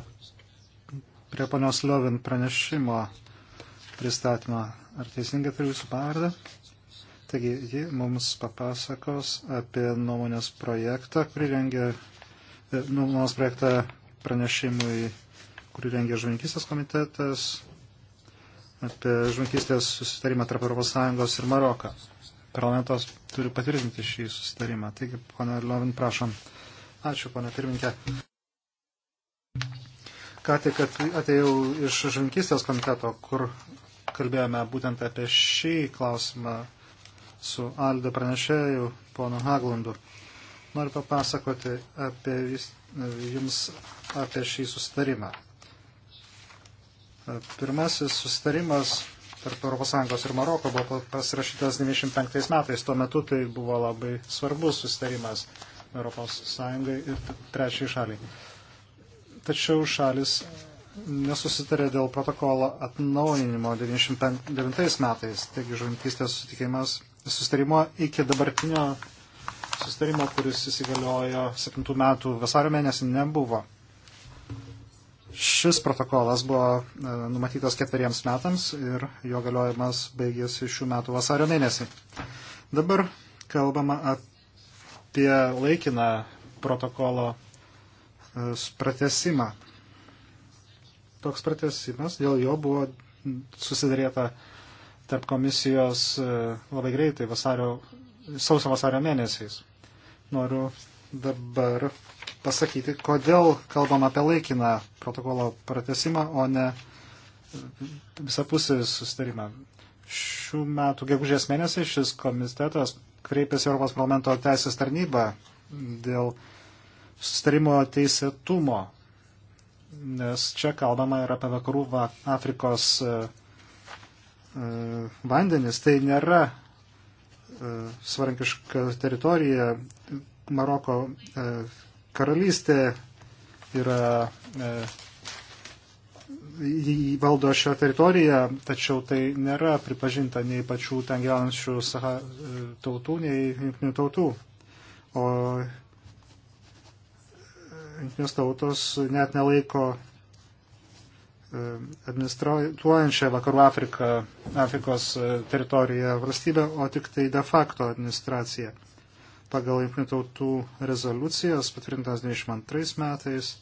prie ponios Lovin pranešimo pristatymą. Ar teisingai turiu jūsų pavardę? Taigi, ji mums papasakos apie nuomonės projektą, kurį rengia, e, nuomonės projektą pranešimui, kurį rengia žvankystės komitetas, apie žvankystės susitarimą tarp ES ir Maroką parlamentas turi patvirtinti šį susitarimą. Taigi, pana Lovin, prašom. Ačiū, pana pirminkė. Ką tik atėjau iš žvinkystės komiteto, kur kalbėjome būtent apie šį klausimą su Aldo pranešėju, ponu Haglundu. Noriu papasakoti apie vis, jums apie šį susitarimą. Pirmasis susitarimas tarp ES ir Maroko buvo pasirašytas 95 metais. Tuo metu tai buvo labai svarbus susitarimas ES ir trečiai šaliai. Tačiau šalis nesusitarė dėl protokolo atnaujinimo 99 metais, taigi žuvininkystės sutikimas susitarimo iki dabartinio susitarimo, kuris įsigaliojo 7 metų vasario mėnesį, nebuvo. Šis protokolas buvo e, numatytas ketveriems metams ir jo galiojimas baigėsi šių metų vasario mėnesį. Dabar kalbama apie laikiną protokolo e, pratesimą. Toks pratesimas, dėl jo buvo susidarėta tarp komisijos e, labai greitai vasario, sausio vasario mėnesiais. Noriu dabar pasakyti, kodėl kalbam apie laikiną protokolo pratesimą, o ne visapusį sustarimą. Šių metų gegužės mėnesį šis komitetas kreipėsi Europos parlamento teisės tarnybą dėl sustarimo teisėtumo, nes čia kalbama ir apie vakarų Afrikos e, e, vandenis. Tai nėra e, svarankiška teritorija, Maroko e, karalystė yra, e, jį valdo šią teritoriją, tačiau tai nėra pripažinta nei pačių ten gyvenančių e, tautų, nei jungtinių tautų. O jungtinės tautos net nelaiko administruojančią Vakarų Afriką, Afrikos teritoriją valstybę, o tik tai de facto administraciją pagal jungtinių tautų rezoliucijas patvirtintas 92 metais.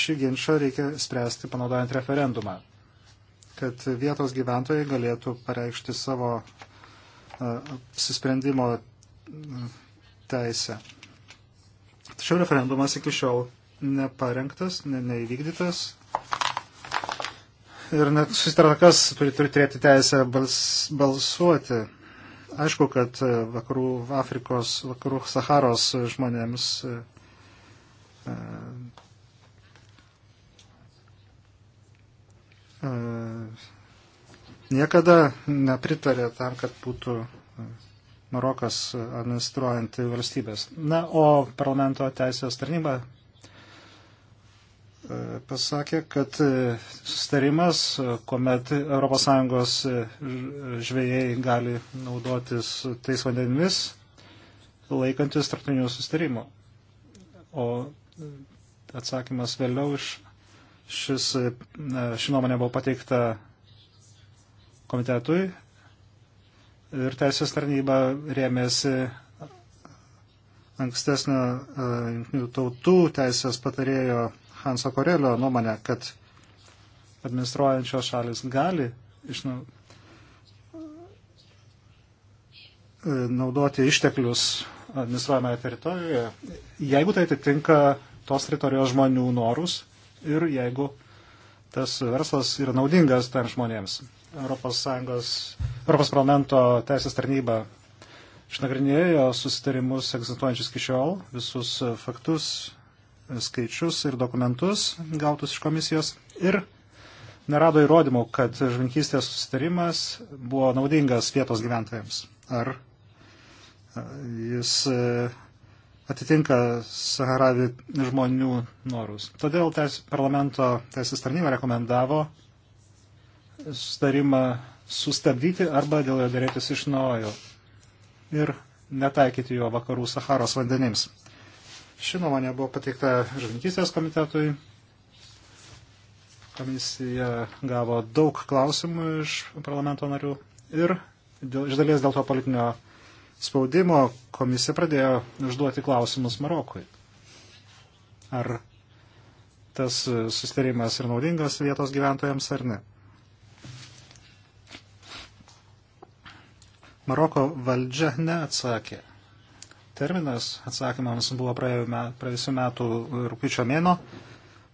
Šį ginčą reikia spręsti panaudojant referendumą, kad vietos gyventojai galėtų pareikšti savo e, apsisprendimo teisę. Tačiau referendumas iki šiol neparengtas, ne, neįvykdytas. Ir net susitarta, kas turi, turi turėti teisę bals, balsuoti. Aišku, kad e, vakarų Afrikos, vakarų Saharos žmonėms e, e, niekada nepritarė tam, kad būtų Marokas administruojanti valstybės. Na, o parlamento teisės tarnyba pasakė, kad e, sustarimas, e, kuomet ES e, žvėjai gali naudotis tais vandenimis, laikantis tarptautinių sustarimų. O atsakymas vėliau iš šis, ši nuomonė buvo pateikta komitetui ir teisės tarnyba rėmėsi ankstesnio jungtinių tautų teisės patarėjo Hanso Korelio nuomonę, kad administruojančios šalis gali išnu, naudoti išteklius administruojamoje teritorijoje, jeigu tai atitinka tos teritorijos žmonių norus ir jeigu tas verslas yra naudingas ten žmonėms. Europos, Sąjungos, Europos parlamento teisės tarnyba išnagrinėjo susitarimus egzistuojančius iki šiol, visus faktus, skaičius ir dokumentus gautus iš komisijos ir nerado įrodymų, kad žvinkystės susitarimas buvo naudingas vietos gyventojams. Ar jis e, atitinka Saharavi žmonių norus. Todėl teis, parlamento teisės tarnyba rekomendavo susitarimą sustabdyti arba dėl jo dėrėtis iš naujo ir netaikyti jo vakarų Saharos vandenims. Ši nuomonė buvo pateikta žuvininkystės komitetui. Komisija gavo daug klausimų iš parlamento narių ir dėl, iš dalies dėl to politinio spaudimo komisija pradėjo užduoti klausimus Marokui. Ar tas susitarimas ir naudingas vietos gyventojams ar ne. Maroko valdžia neatsakė terminas atsakymams buvo praėjusiu metu rūpiučio mėno,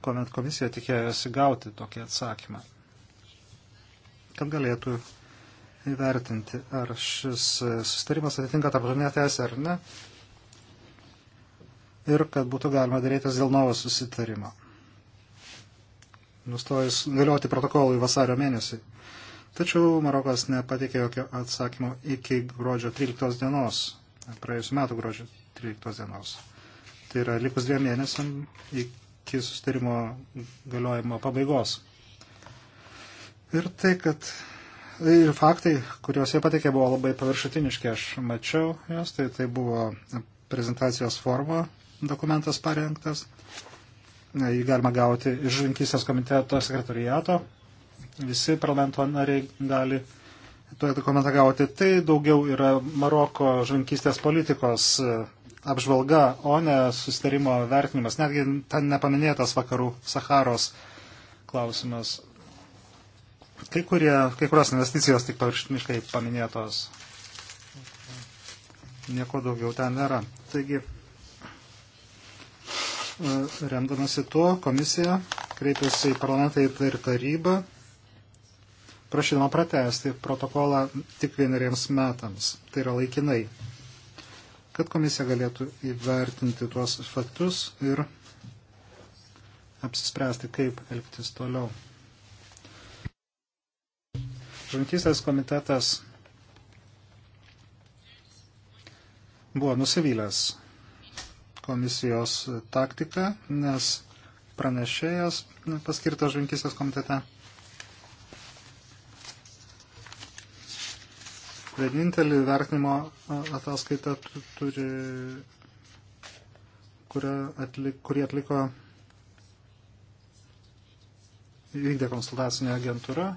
kuomet komisija tikėjosi gauti tokį atsakymą, kad galėtų įvertinti, ar šis sustarimas atitinka tarptautinę teisę ar ne, ir kad būtų galima darytis dėl naujo susitarimo. Nustojus galioti protokolui vasario mėnesį. Tačiau Marokas nepateikė jokio atsakymo iki gruodžio 13 dienos praėjusiu metu gruodžio 13 dienos. Tai yra likus dviem mėnesiam iki sustarimo galiojimo pabaigos. Ir tai, kad ir faktai, kuriuos jie patikė, buvo labai paviršutiniški. Aš mačiau juos, tai tai buvo prezentacijos forma dokumentas parengtas. Jį galima gauti iš žuvinkystės komiteto sekretariato. Visi parlamento nariai gali turėtų komentą gauti, tai daugiau yra Maroko žankystės politikos e, apžvalga, o ne sustarimo vertinimas. Netgi ten nepaminėtas vakarų Saharos klausimas. Kai, kurie, kai kurios investicijos tik paviršutiniškai paminėtos. Nieko daugiau ten nėra. Taigi, e, remdamasi tuo, komisija kreipėsi į parlamentą ir tarybą prašydama pratesti protokolą tik vieneriems metams, tai yra laikinai, kad komisija galėtų įvertinti tuos faktus ir apsispręsti, kaip elgtis toliau. Žuvintystės komitetas buvo nusivylęs komisijos taktika, nes pranešėjas paskirtas žuvintystės komitete Vienintelį vertinimo ataskaitą turi, atlik, kurį atliko vykdė konsultacinė agentūra.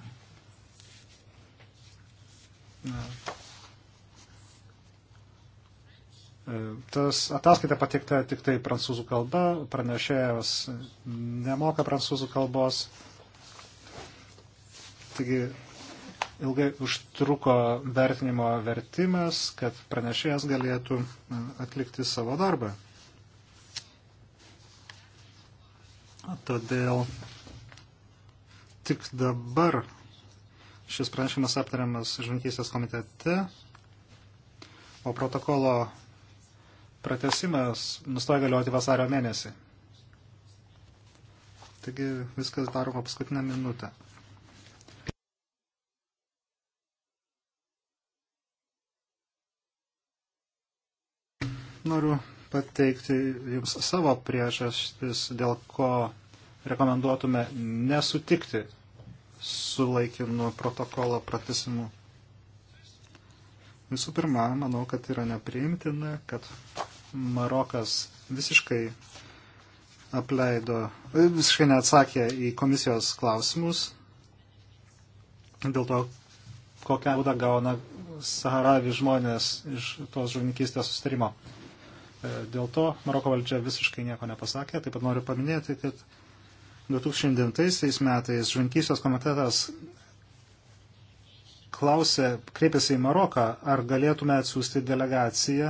E, tas ataskaita patikta tik tai prancūzų kalba, pranešėjas nemoka prancūzų kalbos. Taigi ilgai užtruko vertinimo vertimas, kad pranešėjas galėtų atlikti savo darbą. Todėl tik dabar šis pranešimas aptariamas žvinkystės komitete, o protokolo pratesimas nustoja galioti vasario mėnesį. Taigi viskas daroma paskutinę minutę. noriu pateikti Jums savo priežastis, dėl ko rekomenduotume nesutikti su laikinu protokolo pratesimu. Visų pirma, manau, kad yra nepriimtina, kad Marokas visiškai apleido, visiškai neatsakė į komisijos klausimus dėl to, kokią naudą gauna saharavi žmonės iš tos žuvininkystės sustarimo. E, dėl to Maroko valdžia visiškai nieko nepasakė. Taip pat noriu paminėti, kad 2009 metais žvinkysios komitetas klausė, kreipėsi į Maroką, ar galėtume atsiųsti delegaciją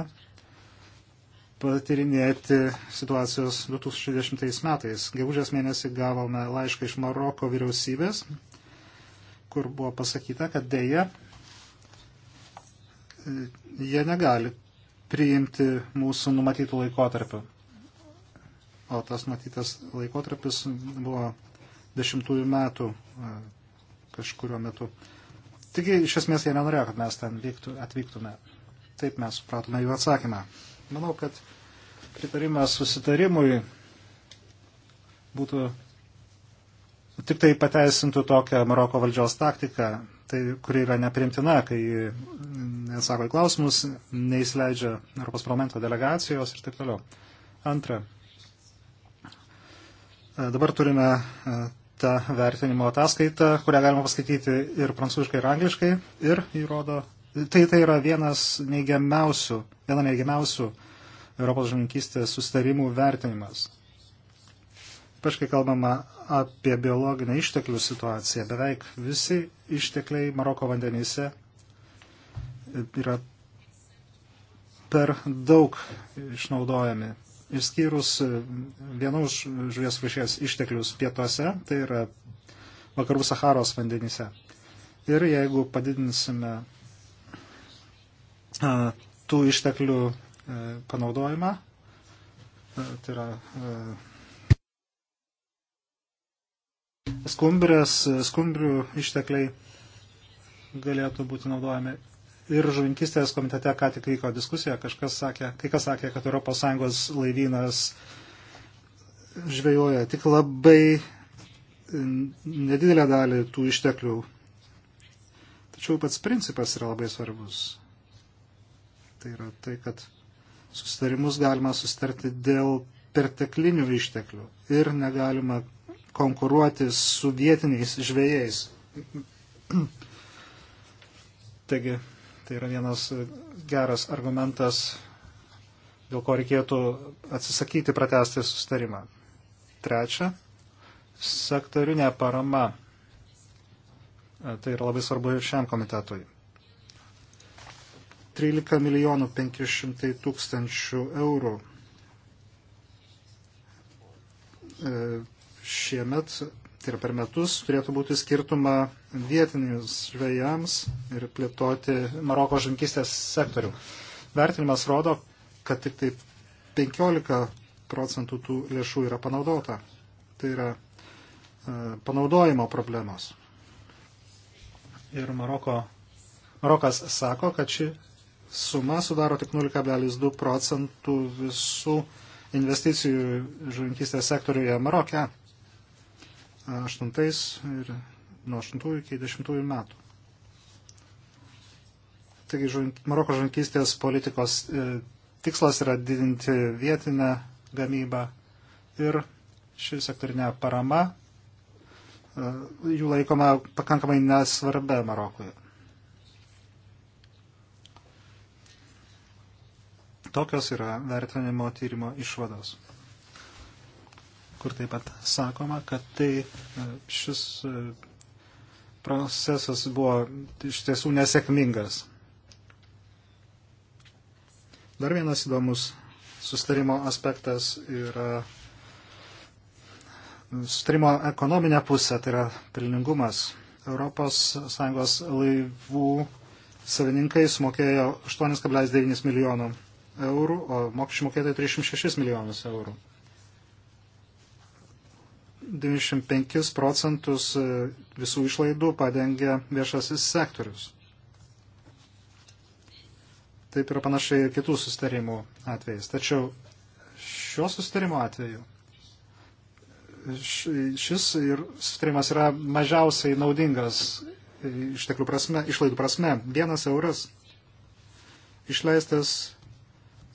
patirinėti situacijos 2010 metais. Gegužės mėnesį gavome laišką iš Maroko vyriausybės, kur buvo pasakyta, kad dėja e, jie negali priimti mūsų numatytų laikotarpių. O tas matytas laikotarpis buvo dešimtųjų metų e, kažkurio metu. Tik iš esmės jie nenorėjo, kad mes ten vyktų, atvyktume. Taip mes supratome jų atsakymą. Manau, kad pritarimas susitarimui būtų tik tai pateisintų tokią Maroko valdžios taktiką tai, kuri yra neprimtina, kai nesako į klausimus, neįsileidžia Europos parlamento delegacijos ir taip toliau. Antra. E, dabar turime e, tą vertinimo ataskaitą, kurią galima paskaityti ir prancūziškai, ir angliškai, ir įrodo, tai tai yra vienas neigiamiausių, viena neigiamiausių Europos žemininkystės sustarimų vertinimas. Ypač kai kalbama apie biologinę išteklių situaciją, beveik visi ištekliai Maroko vandenyse yra per daug išnaudojami. Išskyrus vienos žuvies rušies išteklius pietuose, tai yra vakarų Saharos vandenyse. Ir jeigu padidinsime a, tų išteklių a, e, panaudojimą, a, e, tai yra a, e, skumbrės, skumbrių ištekliai galėtų būti naudojami. Ir žuvinkistės komitete ką tik vyko diskusija, kažkas sakė, kai kas sakė, kad ES laivynas žvejoja tik labai nedidelę dalį tų išteklių. Tačiau pats principas yra labai svarbus. Tai yra tai, kad susitarimus galima susitarti dėl perteklinių išteklių ir negalima konkuruoti su vietiniais žvėjais. Taigi, tai yra vienas geras argumentas, dėl ko reikėtų atsisakyti pratesti sustarimą. Trečia, sektorinė parama. Tai yra labai svarbu ir šiam komitetui. 13 milijonų 500 tūkstančių eurų e, šiemet, tai yra per metus, turėtų būti skirtuma vietinius žvėjams ir plėtoti Maroko žankystės sektorių. Vertinimas rodo, kad tik tai 15 procentų tų lėšų yra panaudota. Tai yra e, panaudojimo problemos. Ir Maroko, Marokas sako, kad ši suma sudaro tik 0,2 procentų visų investicijų žuvinkystės sektoriuje Maroke. 8 ir nuo 8 iki 10 metų. Taigi Maroko žankystės politikos e, tikslas yra didinti vietinę gamybą ir ši sektorinė parama e, jų laikoma pakankamai nesvarbia Marokui. Tokios yra vertinimo tyrimo išvados kur taip pat sakoma, kad tai e, šis e, procesas buvo iš tiesų nesėkmingas. Dar vienas įdomus sustarimo aspektas yra sustarimo ekonominė pusė, tai yra pelningumas. ES laivų savininkai sumokėjo 8,9 milijonų eurų, o mokesčių mokėtojai 306 milijonus eurų. 95 procentus e, visų išlaidų padengia viešasis sektorius. Taip yra panašiai ir kitų sustarimų atvejais. Tačiau šio sustarimo atveju šis ir sustarimas yra mažiausiai naudingas e, išteklių prasme, išlaidų prasme. Vienas euras išleistas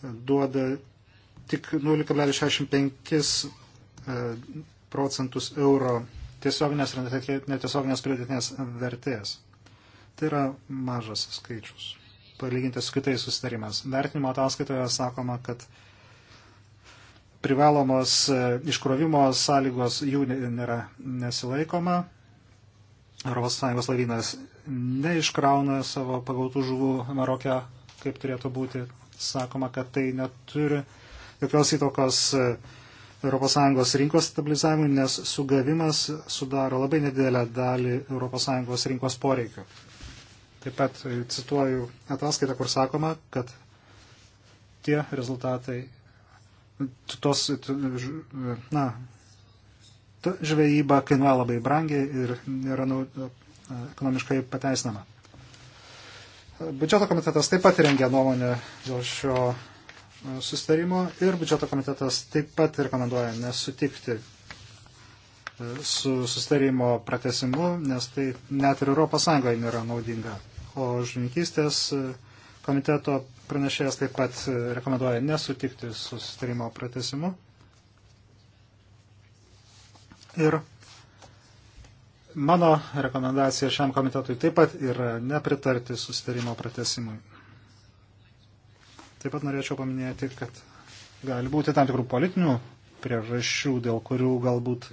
e, duoda tik 0,65 procentus euro tiesioginės ir netiesioginės pridėtinės vertės. Tai yra mažas skaičius, palyginti su kitais susitarimas. Vertinimo ataskaitoje sakoma, kad privalomos e, iškrovimo sąlygos jų nėra nesilaikoma. ES laivynas neiškrauna savo pagautų žuvų Marokė, kaip turėtų būti. Sakoma, kad tai neturi jokios įtokos uh, e, ES rinkos stabilizavimui, nes sugavimas sudaro labai nedidelę dalį ES rinkos poreikių. Taip pat e, cituoju ataskaitą, kur sakoma, kad tie rezultatai, tos, na, ta žvejyba kainuoja labai brangiai ir nėra nu, ekonomiškai pateisinama. Biudžeto komitetas taip pat rengia nuomonę dėl šio sustarimo ir biudžeto komitetas taip pat rekomenduoja nesutikti e, su sustarimo pratesimu, nes tai net ir ES nėra naudinga. O žininkystės e, komiteto pranešėjas taip pat e, rekomenduoja nesutikti su sustarimo pratesimu. Ir mano rekomendacija šiam komitetui taip pat yra nepritarti sustarimo pratesimui. Taip pat norėčiau paminėti, kad gali būti tam tikrų politinių priežasčių, dėl kurių galbūt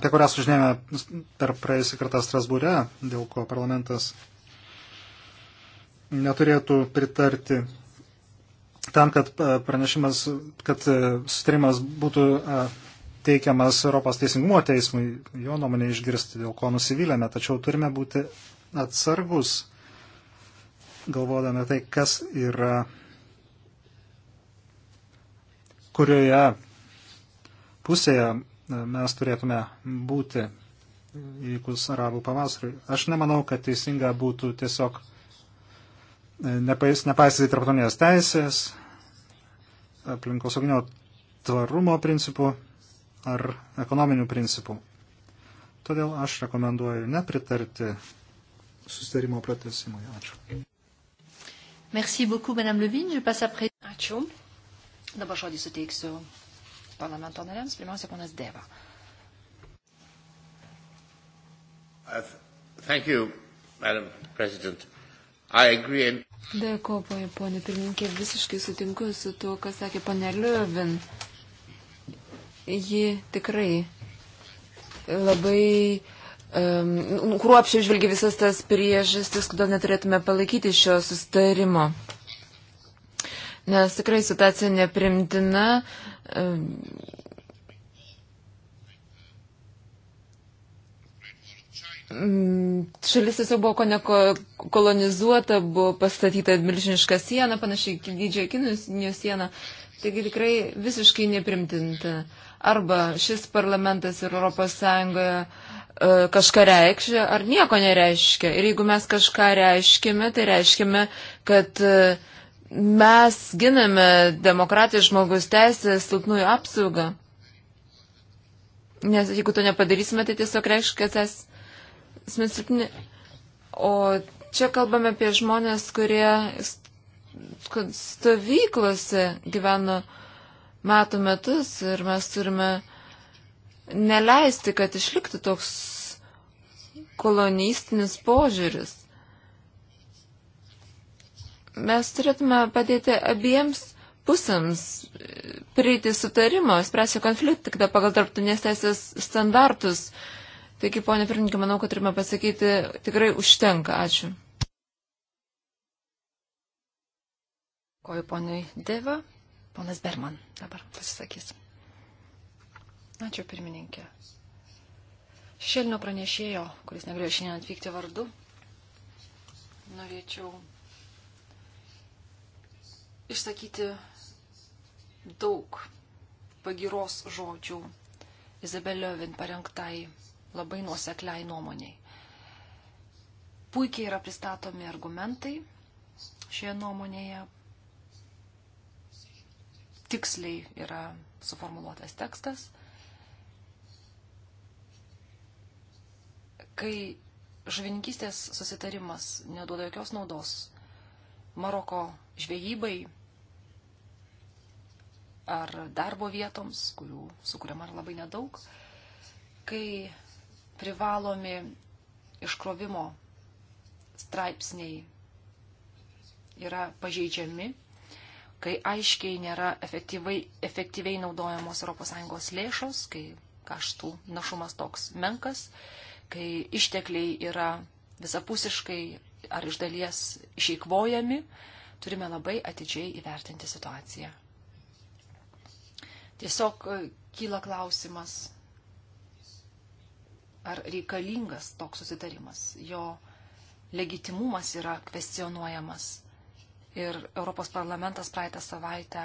apie kurią sužinėjome per praėjusį kartą Strasbūre, dėl ko parlamentas neturėtų pritarti tam, kad e, pranešimas, kad e, sutarimas būtų e, teikiamas Europos teisingumo teismui, jo nuomonė išgirsti, dėl ko nusivylėme, tačiau turime būti atsargus, galvodami tai, kas yra, kurioje pusėje e, mes turėtume būti įvykus arabų pavasariui. Aš nemanau, kad teisinga būtų tiesiog e, nepaisyti tarptautinės teisės, aplinkosauginio tvarumo principų ar ekonominių principų. Todėl aš rekomenduoju nepritarti susitarimo pratesimui. Ačiū. Merci beaucoup, Madame Levin. Je passe après. Ačiū. Dabar žodį suteiksiu parlamento nariams. Pirmiausia, ponas Deva. Uh, thank you, Madam President. I agree. Dėkoju, ponė pirmininkė, visiškai sutinku su tuo, kas sakė panelio Vin ji tikrai labai um, nu, kruopšiai žvelgia visas tas priežastis, kodėl neturėtume palaikyti šio sustarimo. Nes tikrai situacija neprimtina. Um, Šalis tiesiog buvo ko nekolonizuota, buvo pastatyta milžiniška siena, panašiai didžiojo kinijos siena. Taigi tikrai visiškai neprimtinta. Arba šis parlamentas ir ES e, kažką reikšia, ar nieko nereiškia. Ir jeigu mes kažką reiškime, tai reiškime, kad e, mes giname demokratijos žmogus teisės silpnųjų apsaugą. Nes jeigu to nepadarysime, tai tiesiog reiškia, kad esame silpni. O čia kalbame apie žmonės, kurie stovyklose gyveno. Uh, metų metus ir mes turime neleisti, kad išliktų toks kolonistinis požiūris. Mes turėtume padėti abiems pusėms prieiti sutarimo, spręsti konfliktą pagal tarptautinės teisės standartus. Taigi, ponė pirmininkė, manau, kad turime pasakyti, tikrai užtenka. Ačiū. Koju poniai Deva. Ponas Berman dabar pasisakys. Ačiū pirmininkė. Šešėlinio pranešėjo, kuris negalėjo šiandien atvykti vardu, norėčiau išsakyti daug pagiros žodžių Izabelio Vin parengtai labai nuosekliai nuomoniai. Puikiai yra pristatomi argumentai šioje nuomonėje, tiksliai yra suformuluotas tekstas. Kai žuvininkystės susitarimas neduoda jokios naudos Maroko žvejybai ar darbo vietoms, kurių sukūrėma labai nedaug, kai privalomi iškrovimo straipsniai yra pažeidžiami kai aiškiai nėra efektyvai, efektyviai naudojamos ES lėšos, kai kaštų našumas toks menkas, kai ištekliai yra visapusiškai ar iš dalies išeikvojami, turime labai atidžiai įvertinti situaciją. Tiesiog e, kyla klausimas, ar reikalingas toks susitarimas, jo legitimumas yra kvestionuojamas ir Europos parlamentas praeitą savaitę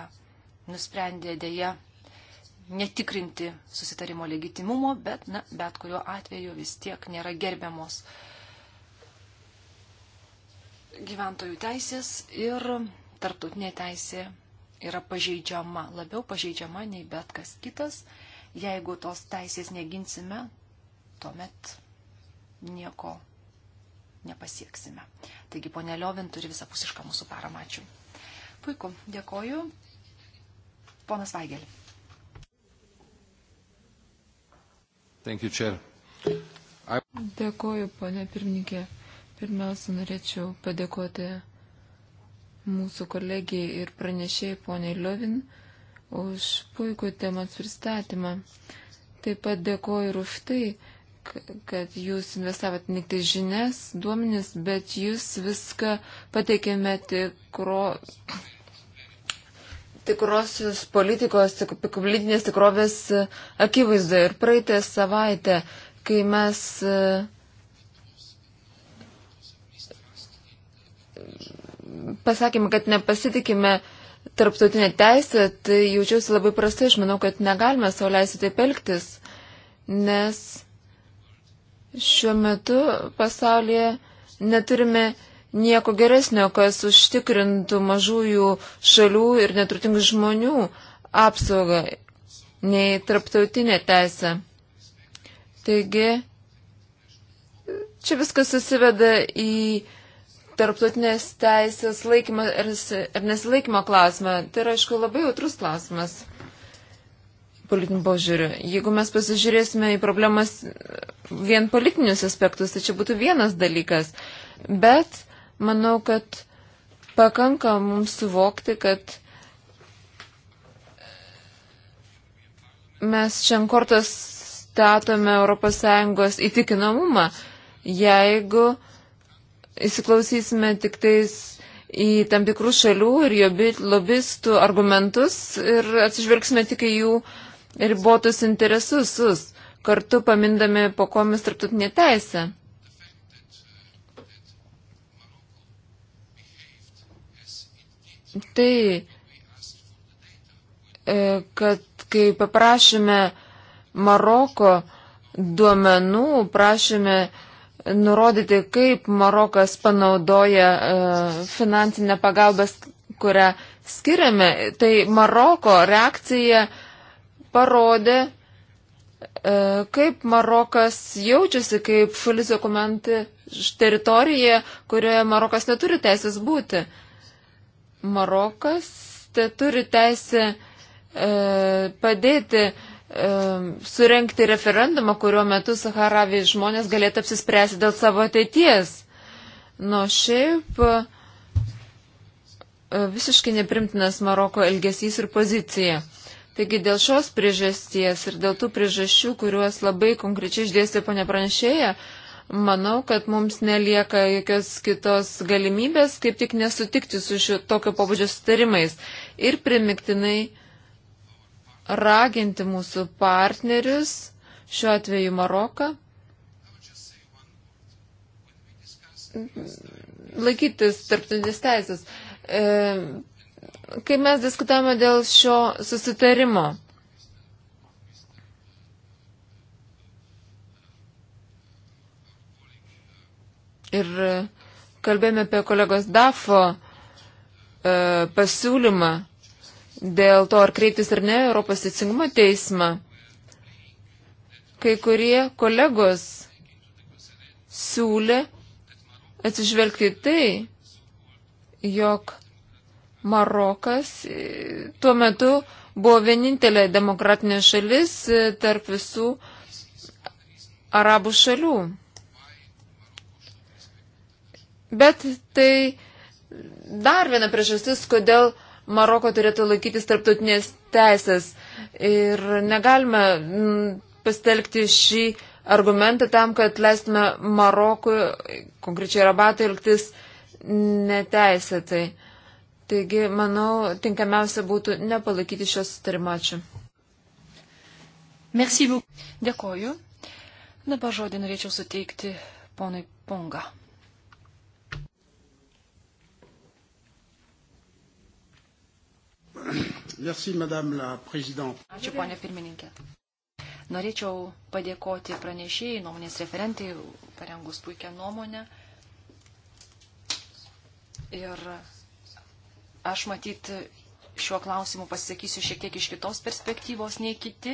nusprendė dėja netikrinti susitarimo legitimumo, bet, na, bet kuriuo atveju vis tiek nėra gerbiamos gyventojų teisės ir tarptautinė teisė yra pažeidžiama, labiau pažeidžiama nei bet kas kitas. Jeigu tos teisės neginsime, tuomet nieko nepasieksime. Taigi, ponė Liovin turi visapusišką mūsų paramą. Ačiū. Puiku, dėkoju. Ponas Vaigel. I... Dėkoju, ponė pirmininkė. Pirmiausia, norėčiau padėkoti mūsų kolegijai ir pranešėjai poniai Liovin už puikų temos pristatymą. Taip pat dėkoju ir už tai, kad jūs investavot ne tik žinias, duomenis, bet jūs viską pateikėme tikro, tikrosios politikos, tik, politinės tikrovės akivaizdoje. Ir praeitą savaitę, kai mes e, pasakėme, kad nepasitikime tarptautinė teisė, tai jaučiausi labai prastai, aš manau, kad negalime savo leisti taip elgtis, nes Šiuo metu pasaulyje neturime nieko geresnio, kas užtikrintų mažųjų šalių ir neturtingų žmonių apsaugą nei tarptautinė teisė. Taigi, čia viskas susiveda į tarptautinės teisės laikymą ir nesilaikymą klausimą. Tai yra, aišku, labai jautrus klausimas politiniu požiūriu. Jeigu mes pasižiūrėsime į problemas vien politinius aspektus, tai čia būtų vienas dalykas. Bet manau, kad pakanka mums suvokti, kad mes šiandien kortas statome ES įtikinamumą, jeigu įsiklausysime tik tais į tam tikrų šalių ir jo lobistų argumentus ir atsižvelgsime tik į jų uh, ribotus interesus, sus, kartu pamindami pokomis tarptautinė teisė. Tai, e, kad kai paprašėme Maroko duomenų, prašėme nurodyti, kaip Marokas panaudoja uh, finansinę pagalbą, kurią skiriame. Tai Maroko reakcija uh, parodė, e, kaip Marokas jaučiasi, kaip šalis dokumentai teritorija, kurioje Marokas neturi teisės būti. Marokas te turi teisę e, padėti e, surenkti referendumą, kurio metu Saharavi žmonės galėtų apsispręsti dėl savo ateities. Nu, šiaip e, visiškai neprimtinas Maroko elgesys ir pozicija. Taigi dėl šios priežasties ir dėl tų priežasčių, kuriuos labai konkrečiai išdėstė ponė pranešėja, manau, kad mums nelieka jokios kitos galimybės, kaip tik nesutikti su šio tokio pabudžio sutarimais ir primiktinai raginti mūsų partnerius, šiuo atveju Maroką, laikytis tarptautinės teisės. E, Kai mes diskutavome dėl šio susitarimo, ir kalbėjome apie kolegos Dafo e, pasiūlymą dėl to, ar kreiptis ar ne Europos teisingumo teismą. Kai kurie kolegos siūlė atsižvelgti tai, jog Marokas e, tuo metu buvo vienintelė demokratinė šalis e, tarp visų arabų šalių. Bet tai dar viena priežastis, kodėl Maroko turėtų laikytis tarptautinės teisės. Ir negalime mm, pastelgti šį argumentą tam, kad leistume Marokui, konkrečiai Rabatui, elgtis neteisėtai. Taigi, manau, tinkamiausia būtų nepalaikyti šios sutarimo. Ačiū. Merci beaucoup. Dėkoju. Dabar žodį norėčiau suteikti ponui Ponga. Merci, madame la présidente. Ačiū, ponė pirmininkė. Norėčiau padėkoti pranešėjai, nuomonės referentai, parengus puikią nuomonę. Ir Aš matyt šiuo klausimu pasisakysiu šiek tiek iš kitos perspektyvos nei kiti.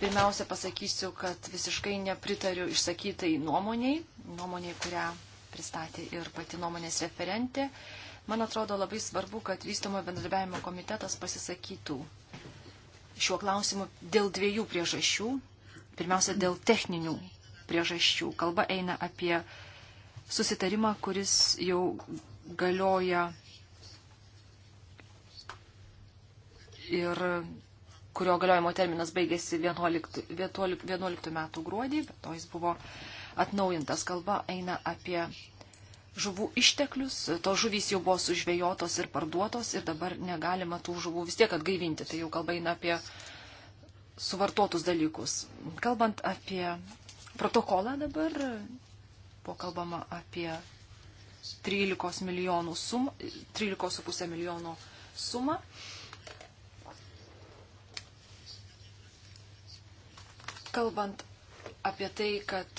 Pirmiausia, pasakysiu, kad visiškai nepritariu išsakytai nuomoniai, nuomoniai, kurią pristatė ir pati nuomonės referentė. Man atrodo labai svarbu, kad vystomo bendradarbiavimo komitetas pasisakytų šiuo klausimu dėl dviejų priežasčių. Pirmiausia, dėl techninių priežasčių. Kalba eina apie susitarimą, kuris jau galioja ir kurio galiojimo terminas baigėsi 11, 11, 11 metų gruodį, bet to jis buvo atnaujintas. Kalba eina apie žuvų išteklius, tos žuvys jau buvo sužvėjotos ir parduotos ir dabar negalima tų žuvų vis tiek atgaivinti, tai jau kalba eina apie suvartotus dalykus. Kalbant apie protokolą dabar, buvo kalbama apie 13 milijonų sumą, 13,5 milijono sumą. Kalbant apie tai, kad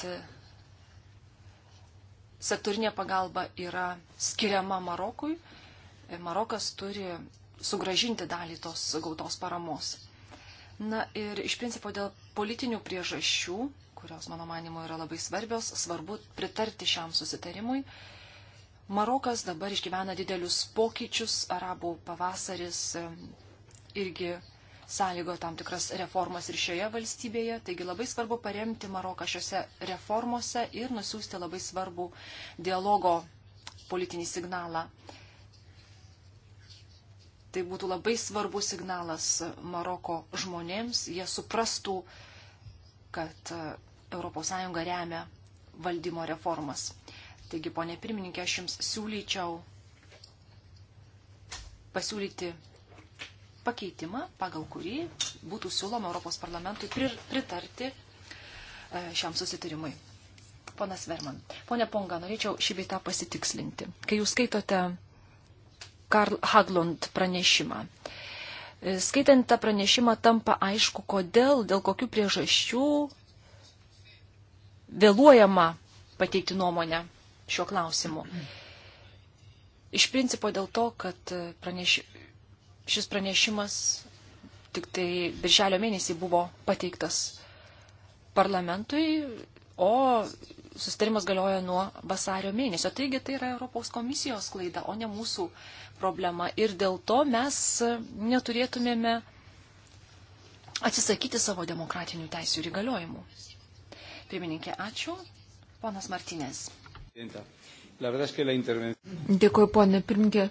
sektorinė pagalba yra skiriama Marokui, Marokas turi sugražinti dalį tos gautos paramos. Na ir iš principo dėl politinių priežasčių, kurios mano manimo yra labai svarbios, svarbu pritarti šiam susitarimui. Marokas dabar išgyvena didelius pokyčius, arabų pavasaris e, irgi sąlygo tam tikras reformas ir šioje valstybėje. Taigi labai svarbu paremti Maroką šiuose reformose ir nusiųsti labai svarbu dialogo politinį signalą. Tai būtų labai svarbus signalas Maroko žmonėms. Jie suprastų, kad ES remia valdymo reformas. Taigi, ponė pirmininkė, aš jums siūlyčiau pasiūlyti pakeitimą, pagal kurį būtų siūloma Europos parlamentui pritarti e, šiam susitarimui. Ponas Verman. Pone Ponga, norėčiau šį beitą pasitikslinti. Kai jūs skaitote Karl Haglund pranešimą, e, skaitant tą pranešimą tampa aišku, kodėl, dėl kokių priežasčių vėluojama pateikti nuomonę šiuo klausimu. Iš principo dėl to, kad praneš... Šis pranešimas tik tai birželio mėnesį buvo pateiktas parlamentui, o sustarimas galioja nuo vasario mėnesio. Taigi tai yra Europos komisijos klaida, o ne mūsų problema. Ir dėl to mes neturėtumėme atsisakyti savo demokratinių teisų ir įgaliojimų. Pirmininkė, ačiū. Ponas Martinės. Dėkuoju, ponė pirmininkė.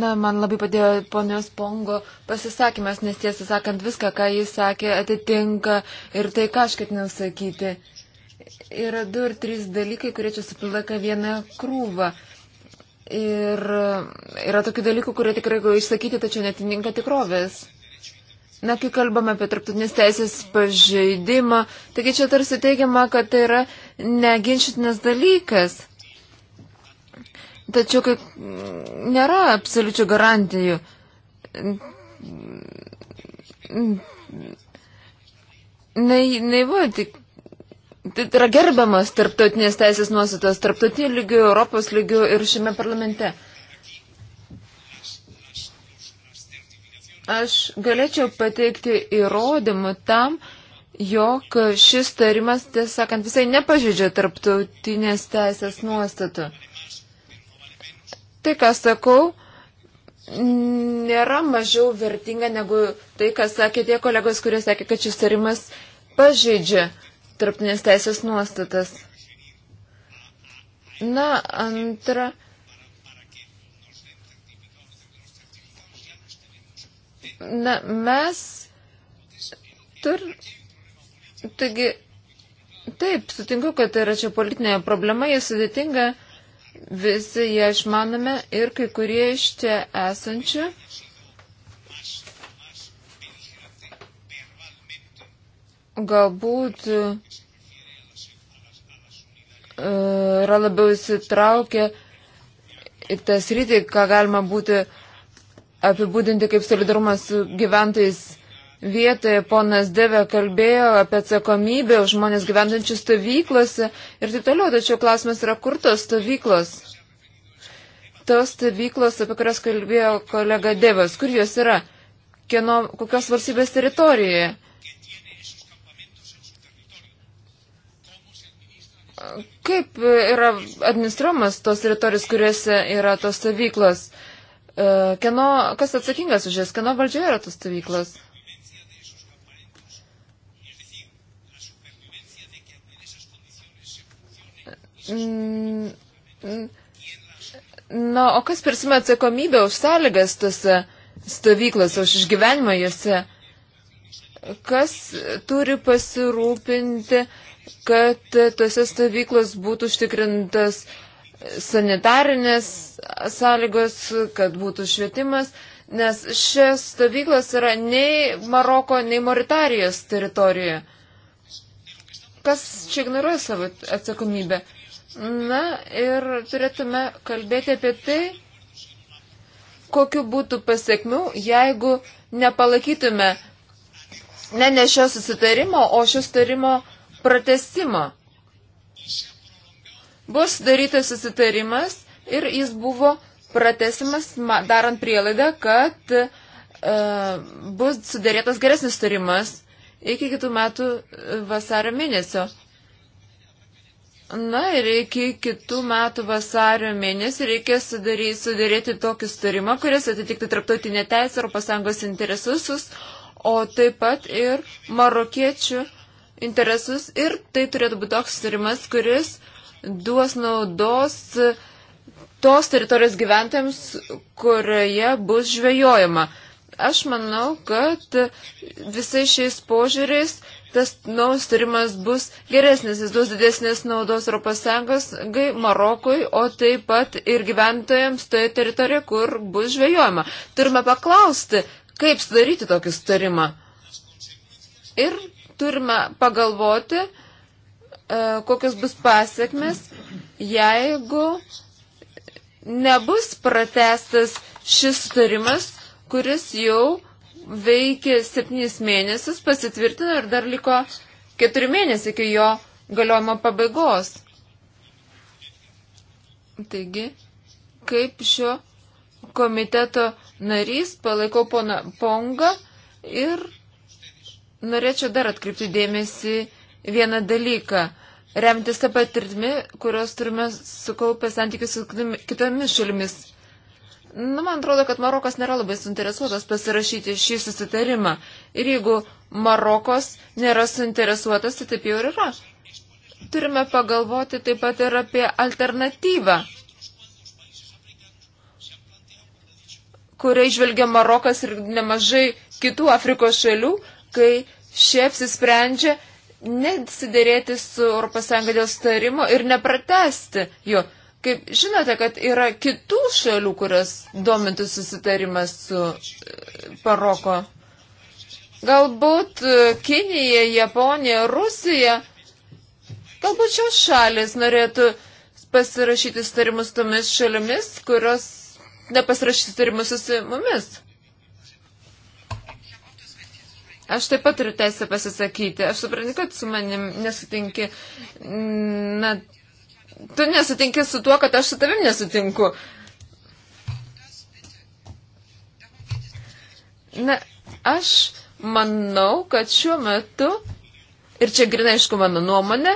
Na, man labai padėjo ponios Pongo pasisakymas, nes tiesą sakant, viską, ką jis sakė, atitinka ir tai, ką aš ketinau sakyti. Yra du ar trys dalykai, kurie čia supilaka vieną krūvą. Ir yra tokių dalykų, kurie tikrai išsakyti, tačiau netinka tikrovės. Na, kai kalbame apie tarptautinės teisės pažeidimą, taigi čia tarsi teigiama, kad tai yra neginčitinas dalykas. Tačiau kaip nėra absoliučių garantijų. Naivu, tik. Tai yra gerbiamas tarptautinės teisės nuostatos, tarptautinių lygių, Europos lygių ir šiame parlamente. Aš galėčiau pateikti įrodymų tam, jog šis tarimas, tiesą sakant, visai nepažydžia tarptautinės teisės nuostatų tai, ką sakau, nėra mažiau vertinga negu tai, ką sakė tie kolegos, kurie sakė, kad šis tarimas pažeidžia tarptinės teisės nuostatas. Na, antra. Na, mes tur. Taigi, taip, sutinku, kad tai yra čia politinė problema, jie sudėtinga visi ją išmaname ir kai kurie iš čia esančių. Galbūt e, yra labiau įsitraukę į tą sritį, ką galima būti apibūdinti kaip solidarumas su gyventojais vietoje ponas Deve kalbėjo apie atsakomybę už žmonės gyvenančius stovyklose ir taip toliau, tačiau klausimas yra, kur tos stovyklos? Tos stovyklos, apie kurias kalbėjo kolega Devas, kur jos yra? Kieno, kokios valstybės teritorijoje? Kaip yra administruomas tos teritorijos, kuriuose yra tos stovyklos? E, kieno, kas atsakingas už jas? Kieno valdžioje yra tos stovyklos? Na, o kas prisima atsakomybę už sąlygas tose stovyklose, už išgyvenimą juose? Kas turi pasirūpinti, kad tose stovyklos būtų užtikrintas sanitarinės sąlygos, kad būtų švietimas? nes šias stovyklas yra nei Maroko, nei Mauritarijos teritorijoje. Kas čia ignoruoja savo atsakomybę? Na ir turėtume kalbėti apie tai, kokiu būtų pasiekmių, jeigu nepalaikytume ne ne šio susitarimo, o šio susitarimo pratestimo. Buvo sudarytas susitarimas ir jis buvo pratesimas, darant prielaidą, kad e, bus sudarytas geresnis susitarimas iki kitų metų e, vasario mėnesio. Na ir iki kitų metų vasario mėnesį reikia sudaryti, sudaryti tokį starimą, kuris atitiktų traptautinę teisę Europos Sąjungos interesus, o taip pat ir marokiečių interesus. Ir tai turėtų būti toks starimas, kuris duos naudos tos teritorijos gyventojams, kurioje bus žvejojama. Aš manau, kad visai šiais požiūriais tas naujas turimas bus geresnis, jis duos didesnės naudos ES, Marokui, o taip pat ir gyventojams toje teritorijoje, kur bus žvejojama. Turime paklausti, kaip sudaryti tokį sutarimą. Ir turime pagalvoti, e, kokios bus pasiekmes, jeigu nebus pratestas šis sutarimas, kuris jau veikė septynis mėnesius, pasitvirtino ir dar liko keturi mėnesiai iki jo galiojimo pabaigos. Taigi, kaip šio komiteto narys palaikau poną Pongą ir norėčiau dar atkreipti dėmesį vieną dalyką. Remtis tą patirtimį, kurios turime sukaupę santykius su kitomis šalimis. Na, nu, man atrodo, kad Marokas nėra labai suinteresuotas pasirašyti šį susitarimą. Ir jeigu Marokos nėra suinteresuotas, tai taip jau ir yra. Turime pagalvoti taip pat ir apie alternatyvą, kuriai žvelgia Marokas ir nemažai kitų Afrikos šalių, kai šie apsisprendžia nesiderėti su ES dėl starimo ir nepratesti jo. Kaip žinote, kad yra kitų šalių, kurias domintų susitarimas su Paroko. E, galbūt e, Kinija, Japonija, Rusija, galbūt šios šalis norėtų pasirašyti sutarimus tomis šalimis, kurios nepasirašys sutarimus su mumis. Aš taip pat turiu teisę pasisakyti. Aš suprantu, kad su manim nesutinki. Na, tu nesutinki su tuo, kad aš su tavim nesutinku. Na, aš manau, kad šiuo metu, ir čia grinai, aišku, mano nuomonė,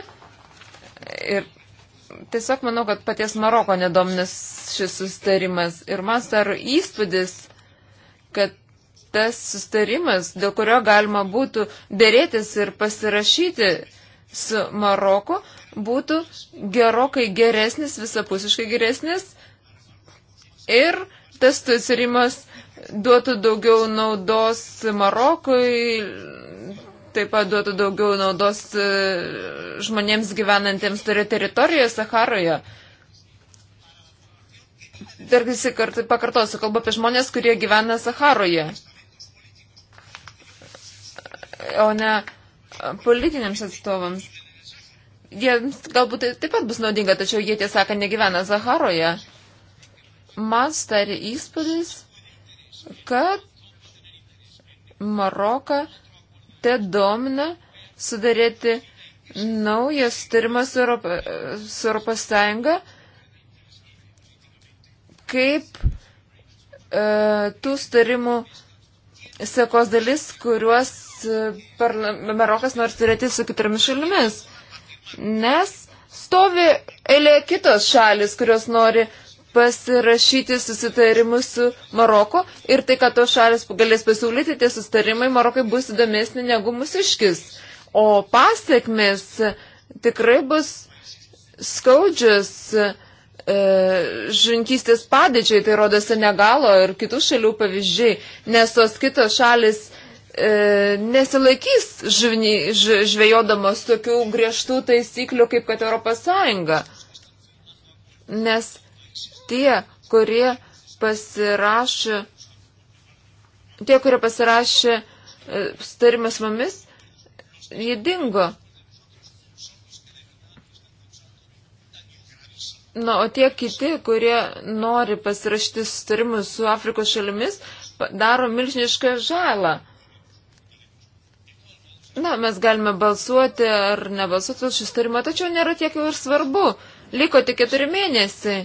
ir tiesiog manau, kad paties Maroko nedomnis šis sustarimas. Ir man saro įspūdis, kad tas sustarimas, dėl kurio galima būtų dėrėtis ir pasirašyti su Maroku, būtų gerokai geresnis, visapusiškai geresnis ir tas susirimas duotų daugiau naudos Marokui, taip pat duotų daugiau naudos e, žmonėms gyvenantiems toje teritorijoje, Saharoje. Dar visi kartą pakartosiu, kalbu apie žmonės, kurie gyvena Saharoje, o ne politiniams atstovams jiems galbūt tai taip pat bus naudinga, tačiau jie tiesą sakant negyvena Zaharoje. Man starė įspūdis, kad Maroką te domina sudaryti naujas tyrimas su, Europa, su Europos Sąjunga, kaip e, tų starimų sekos dalis, kuriuos e, Marokas nori turėti su kitomis šalimis nes stovi eilė kitos šalis, kurios nori pasirašyti susitarimus su Maroko ir tai, kad tos šalis galės pasiūlyti, tie susitarimai Marokai bus įdomesni negu musiškis. O pasiekmes tikrai bus skaudžios e, žinkystės padėčiai, tai rodo Senegalo ir kitų šalių pavyzdžiai, nes tos kitos šalis e, nesilaikys žvny, ž, žvejodamos tokių griežtų taisyklių kaip kad Europos Sąjunga. Nes tie, kurie pasirašė, tie, kurie pasirašė e, sutarimą su mumis, jie dingo. Na, o tie kiti, kurie nori pasirašyti sutarimus su Afrikos šalimis, daro milžinišką žalą. Na, mes galime balsuoti ar nebalsuoti už sustarimą, tačiau nėra tiek jau ir svarbu. Liko tik keturi mėnesiai.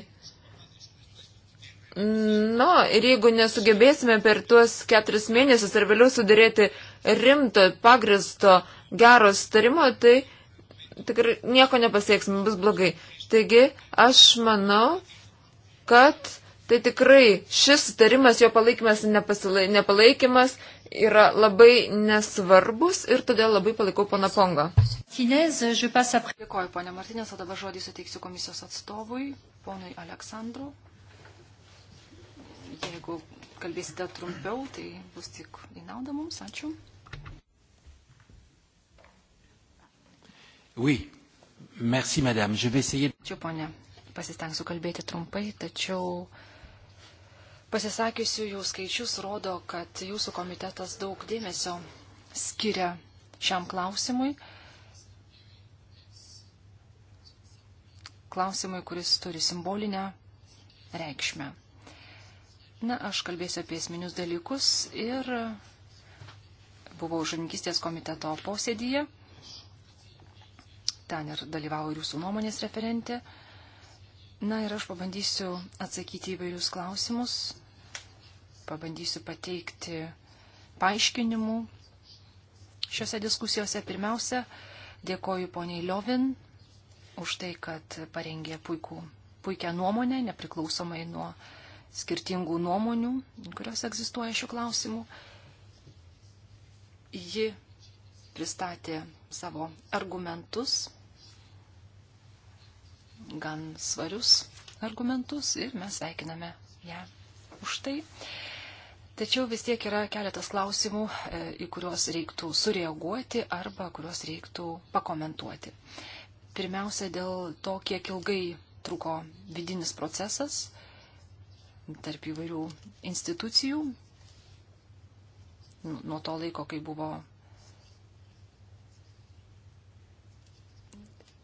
Na, ir jeigu nesugebėsime per tuos keturis mėnesius ar vėliau sudarėti rimto, pagristo, gero sustarimo, tai tikrai nieko nepasieksime, bus blogai. Taigi, aš manau, kad tai tikrai šis sustarimas, jo palaikymas, nepalaikymas yra labai nesvarbus ir todėl labai palaikau pana Pongą. Dėkoju, ponė Martinės, o dabar žodį suteiksiu komisijos atstovui, ponui Aleksandru. Jeigu kalbėsite trumpiau, tai bus tik į naudą mums. Ačiū. Oui. Merci, madame. Je vais essayer. Ačiū, ponė. Pasistengsiu kalbėti trumpai, tačiau Pasisakysiu jų skaičius rodo, kad jūsų komitetas daug dėmesio skiria šiam klausimui. Klausimui, kuris turi simbolinę reikšmę. Na, aš kalbėsiu apie esminius dalykus ir buvau žuvininkistės komiteto posėdyje. Ten ir dalyvavo jūsų nuomonės referentė. Na ir aš pabandysiu atsakyti įvairius klausimus, pabandysiu pateikti paaiškinimų šiuose diskusijose. Pirmiausia, dėkoju poniai Liovin už tai, kad parengė puikų, puikią nuomonę, nepriklausomai nuo skirtingų nuomonių, kurios egzistuoja šių klausimų. Ji pristatė savo argumentus gan svarius argumentus ir mes sveikiname ją už tai. Tačiau vis tiek yra keletas klausimų, e, į kuriuos reiktų sureaguoti arba kuriuos reiktų pakomentuoti. Pirmiausia, dėl to, kiek ilgai truko vidinis procesas tarp įvairių institucijų, nu, nuo to laiko, kai buvo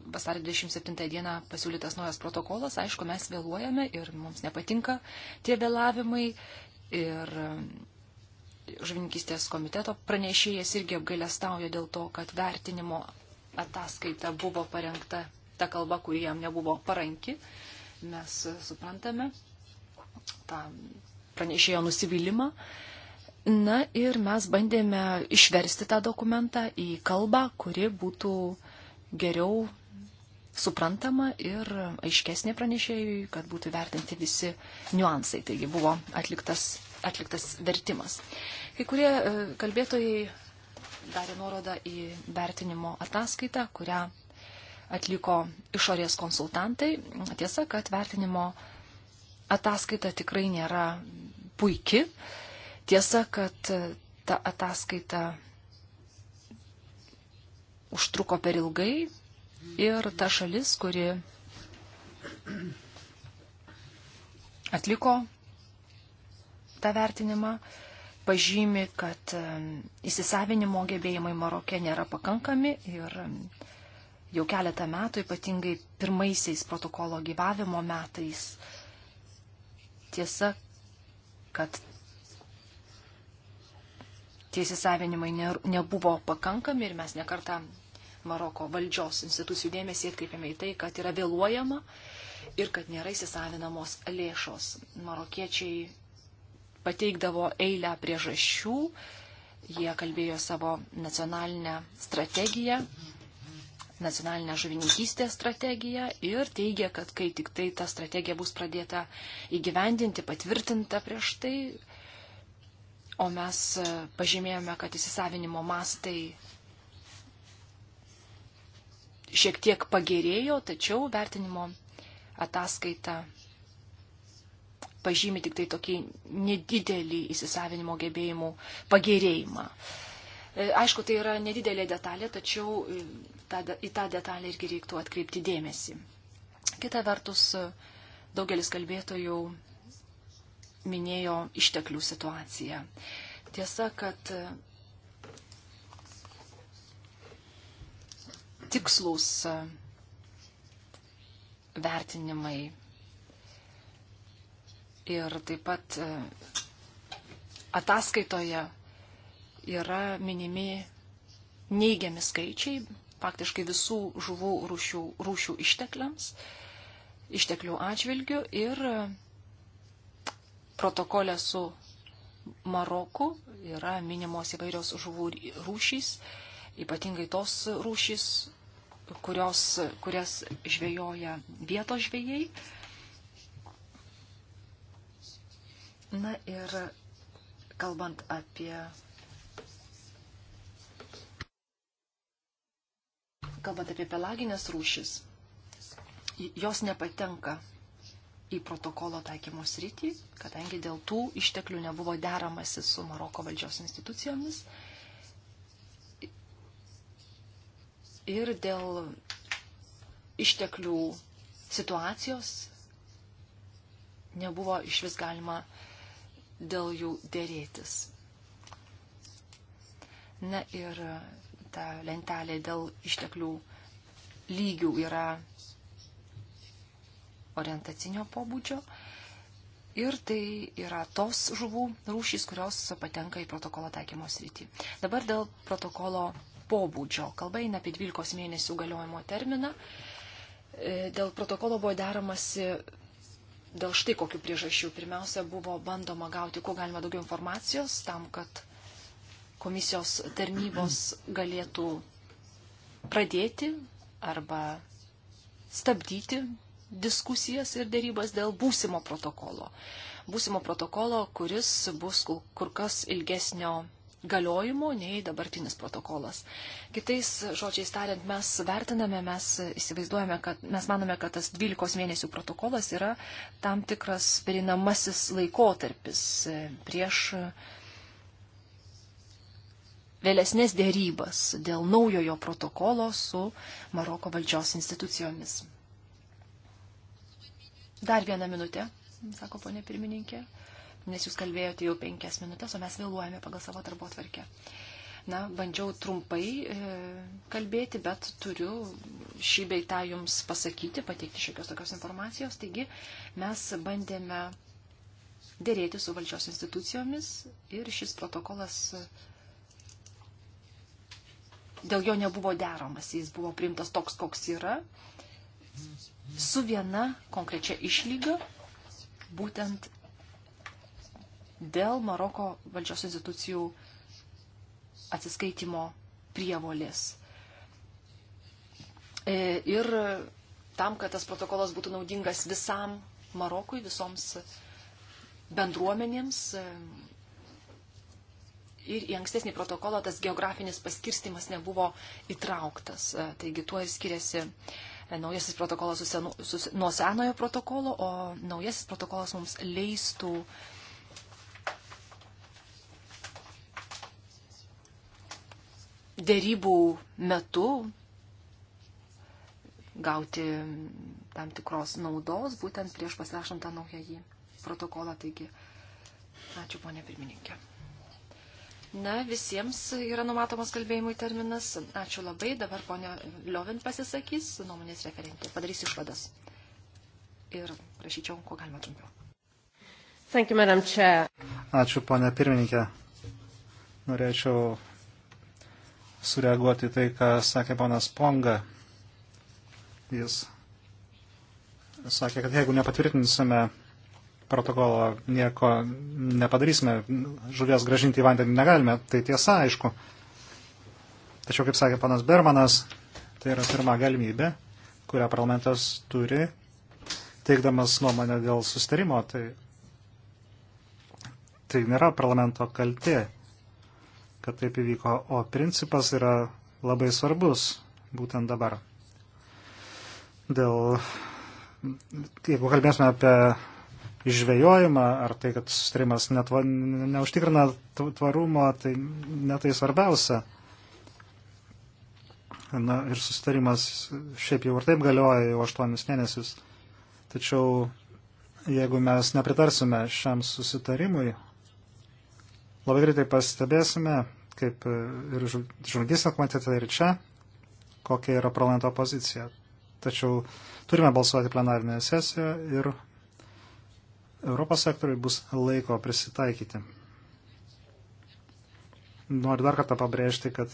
vasario 27 dieną pasiūlytas naujas protokolas. Aišku, mes vėluojame ir mums nepatinka tie vėlavimai. Ir e, žuvininkystės komiteto pranešėjas irgi apgailestauja dėl to, kad vertinimo ataskaita buvo parengta ta kalba, kuri jam nebuvo paranki. Mes suprantame tą pranešėjo nusivylimą. Na ir mes bandėme išversti tą dokumentą į kalbą, kuri būtų geriau suprantama ir aiškesnė pranešėjui, kad būtų vertinti visi niuansai. Taigi buvo atliktas, atliktas vertimas. Kai kurie e, kalbėtojai darė nuorodą į vertinimo ataskaitą, kurią atliko išorės konsultantai. Tiesa, kad vertinimo ataskaita tikrai nėra puiki. Tiesa, kad e, ta ataskaita užtruko per ilgai, ir ta šalis, kuri atliko tą vertinimą, pažymi, kad įsisavinimo gebėjimai Marokė nėra pakankami ir jau keletą metų, ypatingai pirmaisiais protokolo gyvavimo metais, tiesa, kad tie įsisavinimai nebuvo pakankami ir mes nekartą Maroko valdžios institucijų dėmesį atkreipiame į tai, kad yra vėluojama ir kad nėra įsisavinamos lėšos. Marokiečiai pateikdavo eilę priežasčių, jie kalbėjo savo nacionalinę strategiją, nacionalinę žuvininkystės strategiją ir teigia, kad kai tik tai ta strategija bus pradėta įgyvendinti, patvirtinta prieš tai, o mes pažymėjome, kad įsisavinimo mastai šiek tiek pagerėjo, tačiau vertinimo ataskaita pažymi tik tai tokį nedidelį įsisavinimo gebėjimų pagerėjimą. E, aišku, tai yra nedidelė detalė, tačiau e, į tą detalę irgi reiktų atkreipti dėmesį. Kita vertus, e, daugelis kalbėtojų minėjo išteklių situaciją. Tiesa, kad tikslus vertinimai. Ir taip pat e, ataskaitoje yra minimi neigiami skaičiai faktiškai visų žuvų rūšių, rūšių ištekliams, išteklių atžvilgių ir e, protokolė su Maroku yra minimos įvairios žuvų rūšys, ypatingai tos rūšys, kurios, kurias žvejoja vietos žvėjai. Na ir kalbant apie. Kalbant apie pelaginės rūšis, jos nepatenka į protokolo taikymo sritį, kadangi dėl tų išteklių nebuvo deramasi su Maroko valdžios institucijomis. Uh, ir dėl išteklių situacijos nebuvo iš vis galima dėl jų dėrėtis. Na ir ta lentelė dėl išteklių lygių yra orientacinio pobūdžio. Ir tai yra tos žuvų rūšys, kurios patenka į protokolo taikymo sritį. Dabar dėl protokolo pobūdžio. Kalba eina apie 12 mėnesių galiojimo terminą. E, dėl protokolo buvo deramasi dėl štai kokių priežasčių. Pirmiausia, buvo bandoma gauti kuo galima daugiau informacijos tam, kad komisijos tarnybos galėtų pradėti arba stabdyti diskusijas ir dėrybas dėl būsimo protokolo. Būsimo protokolo, kuris bus kur kas ilgesnio galiojimo nei dabartinis protokolas. Kitais žodžiais tariant, mes vertiname, mes įsivaizduojame, kad mes manome, kad tas 12 mėnesių protokolas yra tam tikras perinamasis laikotarpis e, prieš vėlesnės dėrybas dėl naujojo protokolo su Maroko valdžios institucijomis. Dar vieną minutę, sako ponė pirmininkė nes jūs kalbėjote jau penkias minutės, o mes vėluojame pagal savo darbo tvarkę. Na, bandžiau trumpai e, kalbėti, bet turiu šį beitą jums pasakyti, pateikti šiokios tokios informacijos. Taigi mes bandėme dėrėti su valdžios institucijomis ir šis protokolas e, dėl jo nebuvo deramas, jis buvo priimtas toks, koks yra, su viena konkrečia išlyga, būtent dėl Maroko valdžios institucijų atsiskaitimo prievolės. E, ir tam, kad tas protokolas būtų naudingas visam Marokui, visoms bendruomenėms. E, ir į ankstesnį protokolą tas geografinis paskirstimas nebuvo įtrauktas. E, taigi tuo ir skiriasi naujasis protokolas su senu, su, nuo senojo protokolo, o naujasis protokolas mums leistų dėrybų metu gauti tam tikros naudos, būtent prieš pasirašant tą naująjį protokolą. Taigi, ačiū ponė pirmininkė. Na, visiems yra numatomas kalbėjimui terminas. Ačiū labai. Dabar ponė Liovin pasisakys, nuomonės referentė, padarys išvadas. Ir prašyčiau, kuo galima trumpiau. Thank you, Madam Chair. Ačiū, ponė pirmininkė. Norėčiau sureaguoti tai, ką sakė ponas Ponga. Jis sakė, kad jeigu nepatvirtinsime protokolo, nieko nepadarysime, žuvies gražinti į vandenį negalime. Tai tiesa, aišku. Tačiau, kaip sakė panas Bermanas, tai yra pirma galimybė, kurią parlamentas turi, teikdamas nuomonę dėl sustarimo. Tai, tai nėra parlamento kaltė kad taip įvyko, o principas yra labai svarbus būtent dabar. Dėl, jeigu kalbėsime apie žvejojimą ar tai, kad sustarimas netva, neužtikrina tvarumo, tai netai svarbiausia. Na ir sustarimas šiaip jau ir taip galioja jau aštuonis mėnesius. Tačiau jeigu mes nepritarsime šiam susitarimui, Labai greitai pastebėsime, kaip ir žurnalistinio komitete ir čia, kokia yra parlamento pozicija. Tačiau turime balsuoti plenarinėje sesijoje ir Europos sektoriui bus laiko prisitaikyti. Noriu dar kartą pabrėžti, kad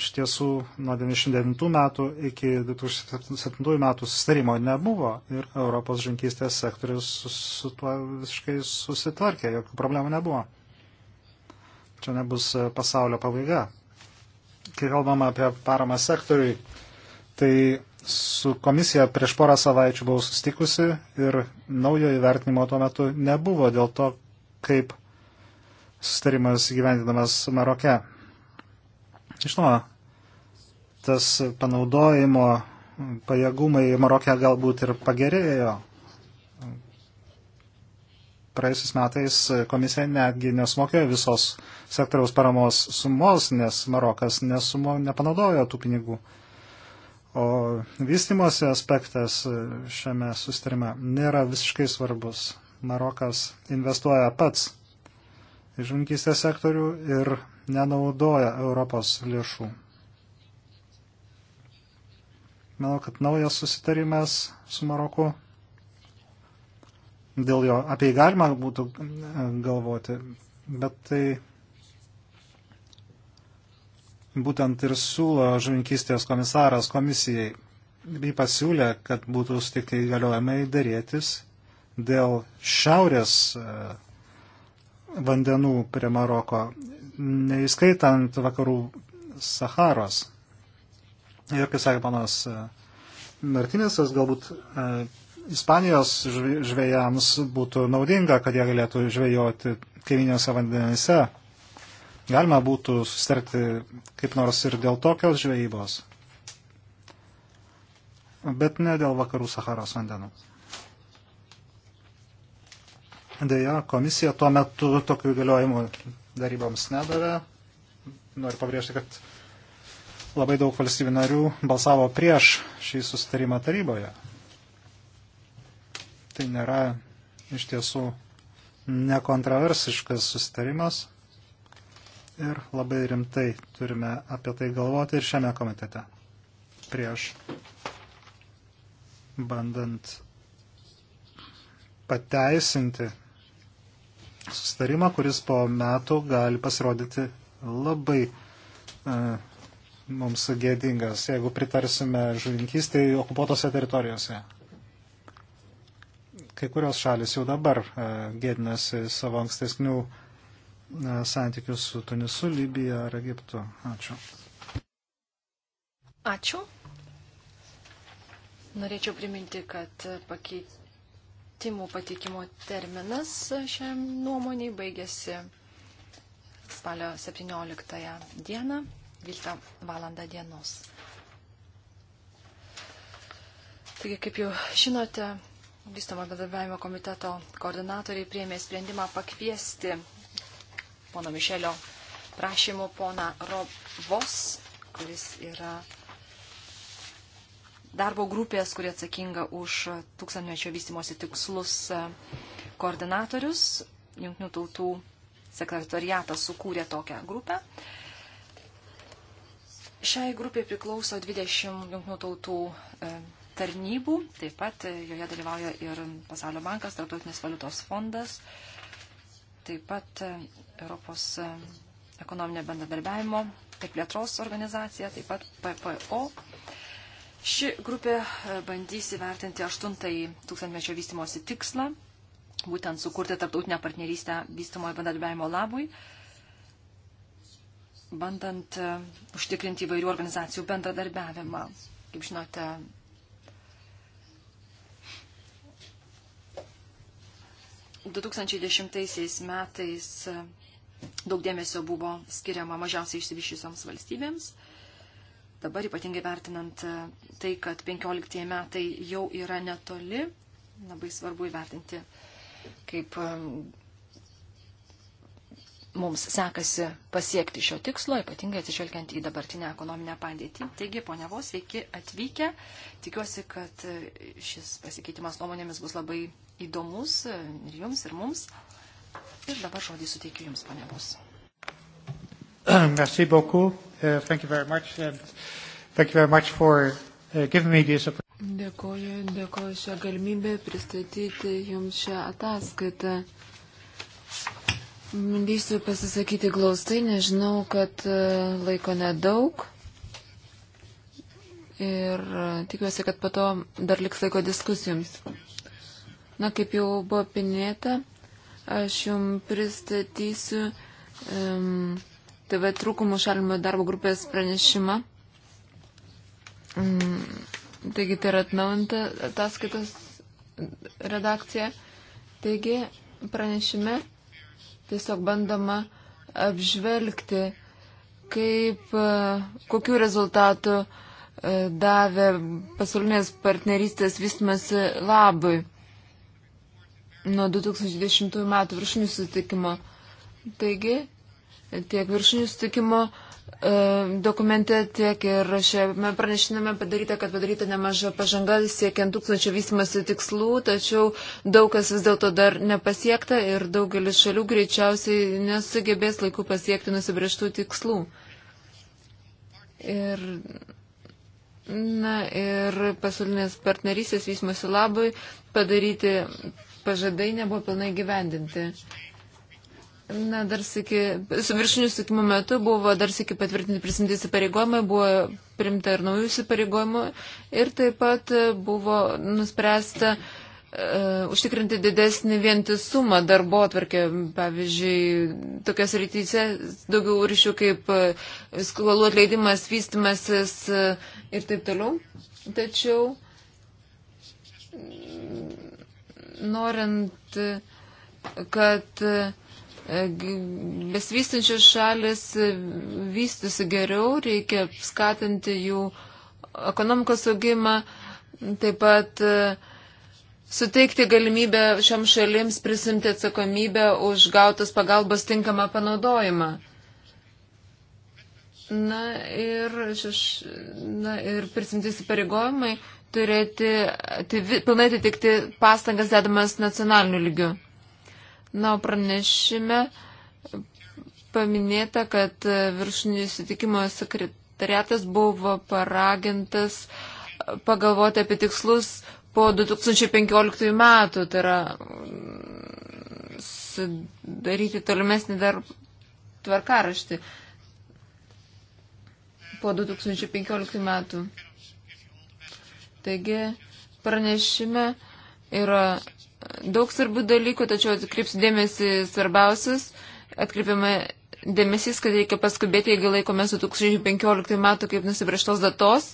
iš tiesų nuo 99 metų iki 2007 metų sustarimo nebuvo ir Europos žinkystės sektorius su tuo visiškai susitvarkė, jokių problemų nebuvo čia nebus e, pasaulio pabaiga. Kai kalbam apie paramą sektoriui, tai su komisija prieš porą savaičių buvau sustikusi ir naujo įvertinimo tuo metu nebuvo dėl to, kaip sustarimas gyvendinamas Maroke. Žinoma, tas panaudojimo pajėgumai Maroke galbūt ir pagerėjo, praėjusiais metais komisija netgi nesumokėjo visos sektoriaus paramos sumos, nes Marokas nesumo, nepanaudojo tų pinigų. O vystimosi aspektas šiame sustarime nėra visiškai svarbus. Marokas investuoja pats į žunkystės sektorių ir nenaudoja Europos lėšų. Manau, kad naujas susitarimas su Maroku dėl jo, apie jį galima būtų e, galvoti, bet tai būtent ir siūlo žuvinkystės komisaras komisijai. Jį pasiūlė, kad būtų sutikti įgaliojimai dėrėtis dėl šiaurės e, vandenų prie Maroko, neįskaitant vakarų Saharos. Ir, kaip sakė panas e, Martinėsas, galbūt Ispanijos žvėjams būtų naudinga, kad jie galėtų žvėjoti kaiminiuose vandenyse. Galima būtų susitarti kaip nors ir dėl tokios žvejybos, bet ne dėl vakarų Saharos vandenų. Deja, komisija tuo metu tokių įgaliojimų daryboms nedavė. Noriu pabrėžti, kad labai daug valstybių narių balsavo prieš šį susitarimą taryboje tai nėra iš tiesų nekontroversiškas sustarimas ir labai rimtai turime apie tai galvoti ir šiame komitete prieš bandant pateisinti sustarimą, kuris po metų gali pasirodyti labai uh, mums gėdingas, jeigu pritarsime žuvinkystėje okupuotose teritorijose. Kai kurios šalis jau dabar e, gėdinasi savo ankstesnių e, santykių su Tunisu, Libija ar Egiptu. Ačiū. Ačiū. Norėčiau priminti, kad pakeitimų patikimo terminas šiam nuomoniai baigėsi spalio 17 dieną, 12 valandą dienos. Taigi, kaip jau žinote, Vystamo bendradarbiavimo komiteto koordinatoriai priėmė sprendimą pakviesti pono Mišelio prašymu pona Robos, kuris yra darbo grupės, kurie atsakinga už tūkstantmečio vystimosi tikslus e, koordinatorius. Junktinių tautų sekretariatas sukūrė tokią grupę. Šiai grupė priklauso 20 Junktinių tautų e, tarnybų. Taip pat joje dalyvauja ir Pasaulio bankas, Tartautinis valiutos fondas, taip pat e, Europos e, ekonominio bendradarbiavimo ir plėtros organizacija, taip pat PPO. Ši grupė e, bandys įvertinti aštuntąjį tūkstantmečio vystimosi tikslą, būtent sukurti tarptautinę partnerystę vystimojo bendradarbiavimo labui, bandant užtikrinti įvairių organizacijų bendradarbiavimą. Kaip žinote, 2010 metais e, daug dėmesio buvo skiriama mažiausiai išsivyščiusioms valstybėms. Dabar ypatingai vertinant e, tai, kad 15 metai jau yra netoli, labai svarbu įvertinti, kaip e, mums sekasi pasiekti šio tikslo, ypatingai atsižvelgiant į dabartinę ekonominę padėtį. Taigi, ponia Vos, sveiki atvykę. Tikiuosi, kad šis pasikeitimas nuomonėmis bus labai įdomus ir jums, ir mums. Ir dabar žodį suteikiu jums, pane Bus. Merci beaucoup. Uh, thank you very much. And thank you very much for uh, giving me this opportunity. Dėkoju, dėkoju šią galimybę pristatyti jums šią ataskaitą. Bandysiu pasisakyti glaustai, nežinau, kad e, laiko nedaug. Ir e, tikiuosi, kad po to dar liks laiko diskusijoms. Na, kaip jau buvo pinėta, aš jums pristatysiu um, TV trūkumų šalimo darbo grupės pranešimą. Um, taigi tai yra atnaujinta ataskaitos redakcija. Taigi pranešime tiesiog bandoma apžvelgti, kaip, e, kokiu rezultatu e, davė pasaulinės partnerystės vystimas labui nuo 2010 metų viršinių sutikimo. Taigi, tiek viršinių sutikimo e, dokumente, tiek ir šiame pranešiname padaryta, kad padaryta nemaža pažanga siekiant tūkstančio vystimasi tikslų, tačiau daug kas vis dėlto dar nepasiekta ir daugelis šalių greičiausiai nesugebės laiku pasiekti nusibrieštų tikslų. Ir, na, ir pasaulinės partnerysės vystimosi labui padaryti pažadai nebuvo pilnai gyvendinti. Na, dar sėki, su viršinių sutikimo metu buvo dar sėki patvirtinti prisimti įsipareigojimai, buvo primta ir naujų įsipareigojimų ir taip pat e, buvo nuspręsta uh, užtikrinti didesnį vientisumą darbo atvarkę, pavyzdžiui, tokias rytyse daugiau ryšių kaip e, skolų atleidimas, vystimasis ir taip toliau. Tačiau norint, kad e, besvystančios šalis vystusi geriau, reikia skatinti jų ekonomikos augimą, taip pat e, suteikti galimybę šiam šalims prisimti atsakomybę už gautas pagalbos tinkamą panaudojimą. Na ir, šeš, na ir prisimtis įpareigojimai turėti tai pilnai atitikti pastangas dedamas nacionaliniu lygiu. Na, pranešime paminėta, kad viršūnių sutikimo sekretariatas buvo paragintas pagalvoti apie tikslus po 2015 metų, tai yra mm, sudaryti tolimesnį dar tvarkaraštį po 2015 metų. Taigi pranešime yra daug svarbių dalykų, tačiau atkreipsiu dėmesį svarbiausias. Atkreipiame dėmesys, kad reikia paskubėti, jeigu laikomės 2015 metų kaip nusibrieštos datos.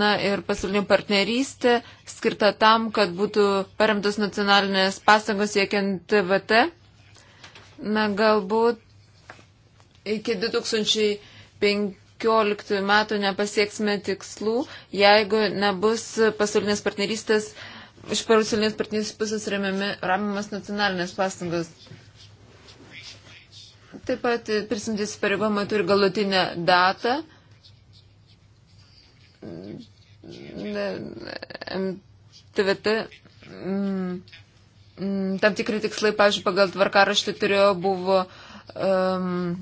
Na ir pasaulinė partnerystė skirta tam, kad būtų paremtos nacionalinės pastangos siekiant TVT. Na galbūt iki 2015 15 metų nepasieksime tikslų, jeigu nebus pasaulinės partnerystės, iš pasaulinės partnerystės pusės remiamas nacionalinės pastangos. Taip pat prisimtis pareigomai turi galutinę datą. TVT. Mm, mm, tam tikri tikslai, pažiūrėjau, pagal tvarkaraštį turėjo buvo uh, um,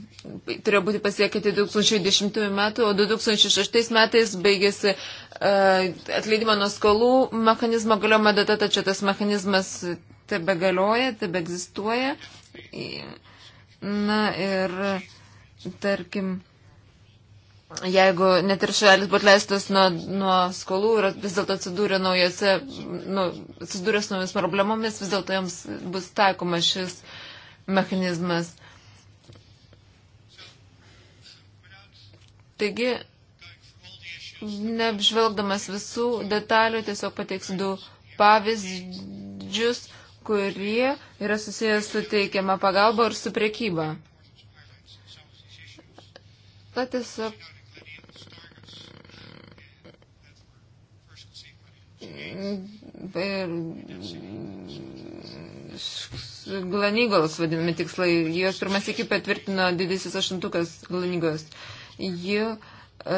turėjo būti pasiekti 2010 metų, o 2006 metais baigėsi uh, atleidimo nuo skolų mechanizmo galiojama data, tačiau tas mechanizmas tebe galioja, tebe egzistuoja. Na ir tarkim. Jeigu net ir šalis būtų leistas nuo, nuo skolų ir vis dėlto atsidūrė naujose, nu, atsidūrė su naujomis problemomis, vis dėlto joms bus taikomas šis mechanizmas. Taigi, neapžvelgdamas visų detalių, tiesiog pateiksiu du pavyzdžius, kurie yra susijęs su teikiama pagalba ir su priekyba. Ta tiesiog. Ir Glanygos vadinami tikslai, juos pirmas iki patvirtino didysis aštuntukas Glanygos. Uh, ji e, e,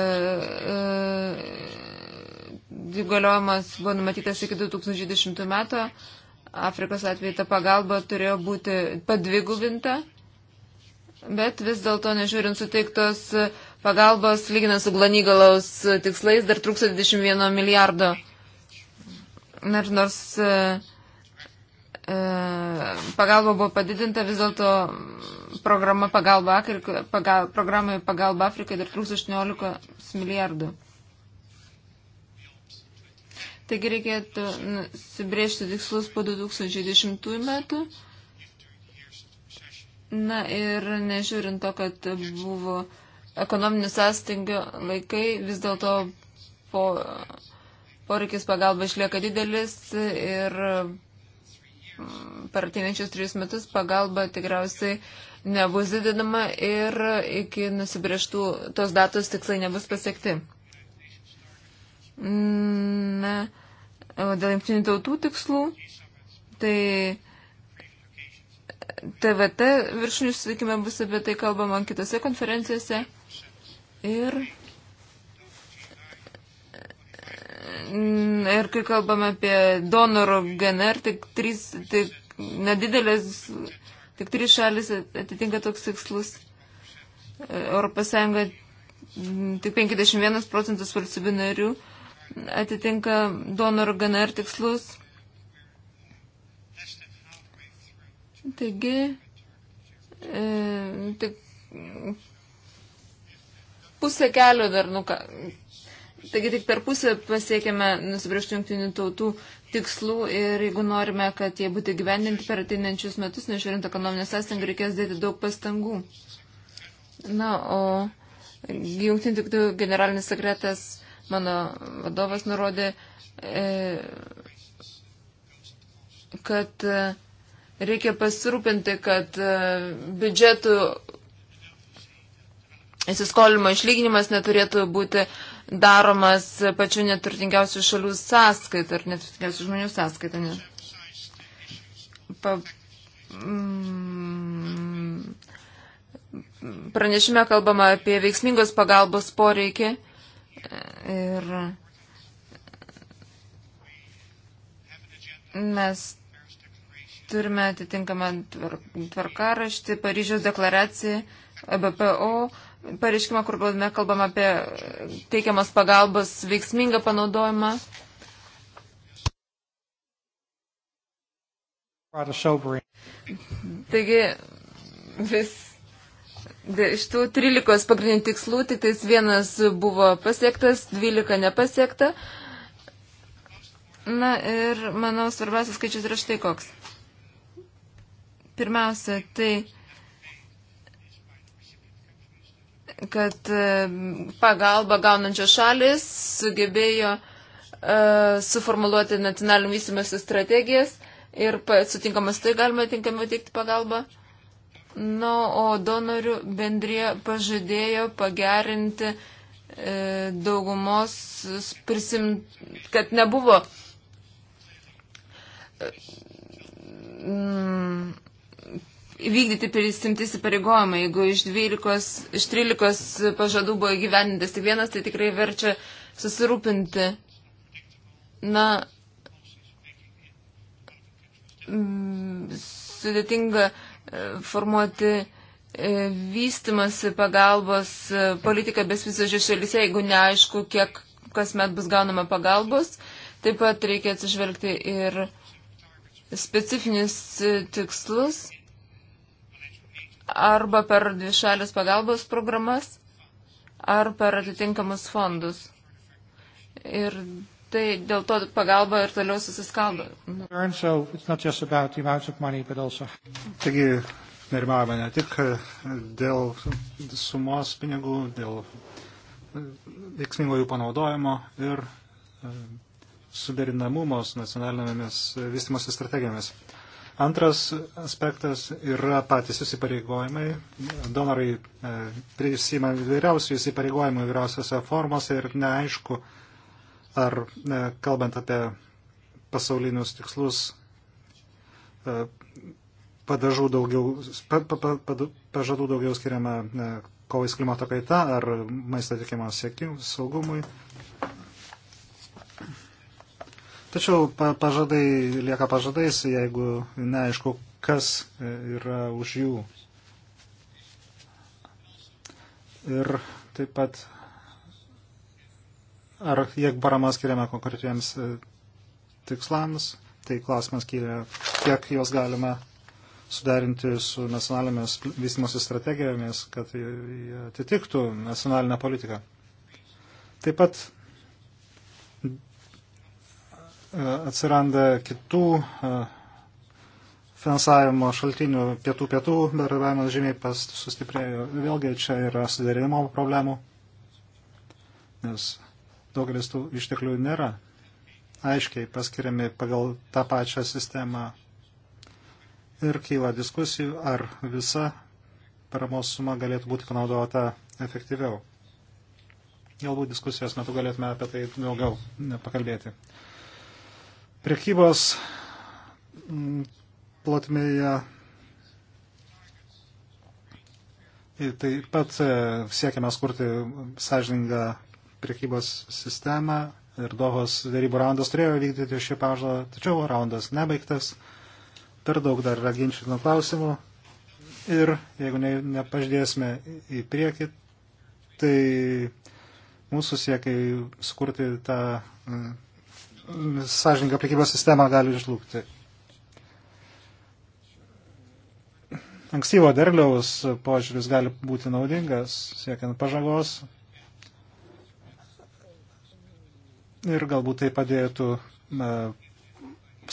galiojimas buvo numatytas iki 2010 metų. Afrikos atveju ta pagalba turėjo būti padviguvinta, bet vis dėlto, nežiūrint suteiktos pagalbos, lyginant su Glanygalaus tikslais, dar trūksta 21 milijardo. Ir nors uh, E, pagalba buvo padidinta, vis dėlto programa pagalba, pagal, programai pagalba Afrikai dar trūks 18 milijardų. Taigi reikėtų nusibriežti tikslus po 2010 metų. Na ir nežiūrint to, kad buvo ekonominių sąstingio laikai, vis dėlto po, poreikis pagalba išlieka didelis ir per ateinančius tris metus pagalba tikriausiai nebus didinama ir iki nusibrieštų tos datos tikslai nebus pasiekti. Na, o dėl jungtinių tautų tikslų, tai TVT viršinių susitikime bus apie tai kalbama kitose konferencijose. Ir Mm, ir kai kalbame apie donorų GNR, tik trys, tik nedidelės, tik trys šalis atitinka toks tikslus. Europos Sąjunga mm, tik 51 procentus valstybių narių atitinka donorų GNR tikslus. Taigi, e, tik pusę kelio dar nuka, Taigi tik per pusę pasiekėme nusibrieštų jungtinių tautų tikslų ir jeigu norime, kad jie būtų gyvendinti per ateinančius metus, nežiūrint ekonominės sąstingą, reikės dėti daug pastangų. Na, o jungtinių tautų generalinis sekretas, mano vadovas, nurodė, e, kad e, reikia pasirūpinti, kad e, biudžetų įsiskolimo išlyginimas neturėtų būti daromas pačių neturtingiausių šalių sąskaitų ar neturtingiausių žmonių sąskaitų. Ne? Pa, mm, pranešime kalbama apie veiksmingos pagalbos poreikį ir mes turime atitinkamą tvarkaraštį, Paryžiaus deklaraciją, e BPO pareiškimą, kur kalbam apie teikiamas pagalbos veiksmingą panaudojimą. Taigi, vis iš tų 13 pagrindinių tikslų, tik tais vienas buvo pasiektas, 12 nepasiekta. Na ir, manau, svarbiausias skaičius yra štai koks. Pirmiausia, tai kad e, pagalba gaunančios šalis sugebėjo uh, suformuluoti nacionalinių vystimosi strategijas ir sutinkamas tai galima tinkamai teikti pagalbą. Na, nu, o donorių bendrė pažadėjo pagerinti e, daugumos prisim, kad nebuvo e, mm, įvykdyti prisimti įsipareigojimai. Jeigu iš, 12, iš 13 pažadų buvo įgyvendintas tik vienas, tai tikrai verčia susirūpinti. Na, mm, sudėtinga e, formuoti e, vystimasi pagalbos e, politika besvisažė šalyse, jeigu neaišku, kiek kasmet bus gaunama pagalbos. Taip pat reikia atsižvelgti ir specifinius tikslus arba per dvišalės pagalbos programas, ar per atitinkamus fondus. Ir tai dėl to pagalba ir toliau susiskaldo. Taigi, nerimavome ne tik e, dėl sumos pinigų, dėl e, veiksmingo jų panaudojimo ir e, suderinamumos nacionalinėmis vystimosi strategijomis. Antras aspektas yra patys įsipareigojimai. Donorai e, prisima vyriausių įsipareigojimų vyriausiose formose ir neaišku, ar e, kalbant apie pasaulinius tikslus, e, padažų daugiau, pa, pa, pa, pažadų daugiau skiriama kovai klimato kaita ar maisto tikimo saugumui. Tačiau pažadai lieka pažadais, jeigu neaišku, kas yra už jų. Ir taip pat, ar jeigu parama skiriame konkretiems e, tikslams, tai klausimas kyla, kiek juos galima suderinti su nacionalinėmis vystimosi strategijomis, kad atitiktų nacionalinę politiką. Taip pat atsiranda kitų finansavimo šaltinių pietų pietų, bendravimas žymiai pas sustiprėjo. Vėlgi čia yra suderinimo problemų, nes daugelis tų išteklių nėra aiškiai paskiriami pagal tą pačią sistemą. Ir kyla diskusijų, ar visa paramos suma galėtų būti panaudota efektyviau. Galbūt diskusijos metu galėtume apie tai daugiau pakalbėti. Prekybos mm, plotmėje taip pat e, siekiame skurti sąžiningą prekybos sistemą ir Dohos darybų raundas turėjo vykdyti šį pažadą, tačiau raundas nebaigtas, per daug dar yra ginčinų klausimų ir jeigu ne, nepaždėsime į priekį, tai mūsų siekiai skurti tą mm, sąžininką prekybos sistemą gali išlūkti. Ankstyvo derliaus požiūris gali būti naudingas, siekiant pažangos. Ir galbūt tai padėtų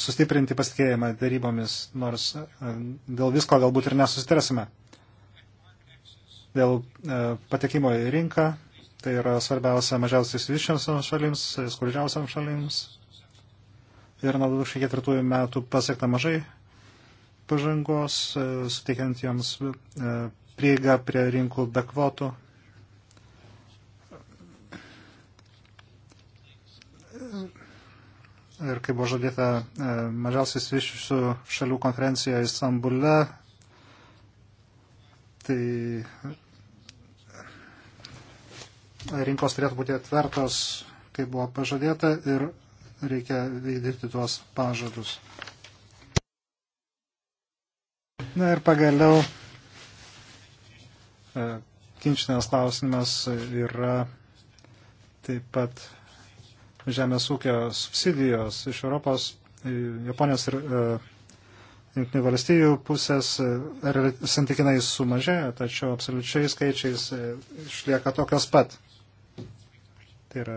sustiprinti pasitikėjimą darybomis, nors e, dėl visko galbūt ir nesusitarsime. Dėl e, patekimo į rinką, tai yra svarbiausia mažiausiai išsivyščiams šalims, skurdžiausiams šalims, ir nuo 2004 metų pasiekta mažai pažangos, e, suteikiant joms e, prieigą prie rinkų be kvotų. Ir kaip buvo žadėta e, mažiausiai svišiusių šalių konferencijoje Istambule, tai rinkos turėtų būti atvertos, kaip buvo pažadėta, ir reikia vykdyti tuos pažadus. Na ir pagaliau e, kinčinės klausimas yra taip pat žemės ūkio subsidijos iš Europos, e, Japonijos ir e, Junktinių valstybių pusės santykinai sumažėjo, tačiau absoliučiai skaičiais išlieka tokios pat. Tai yra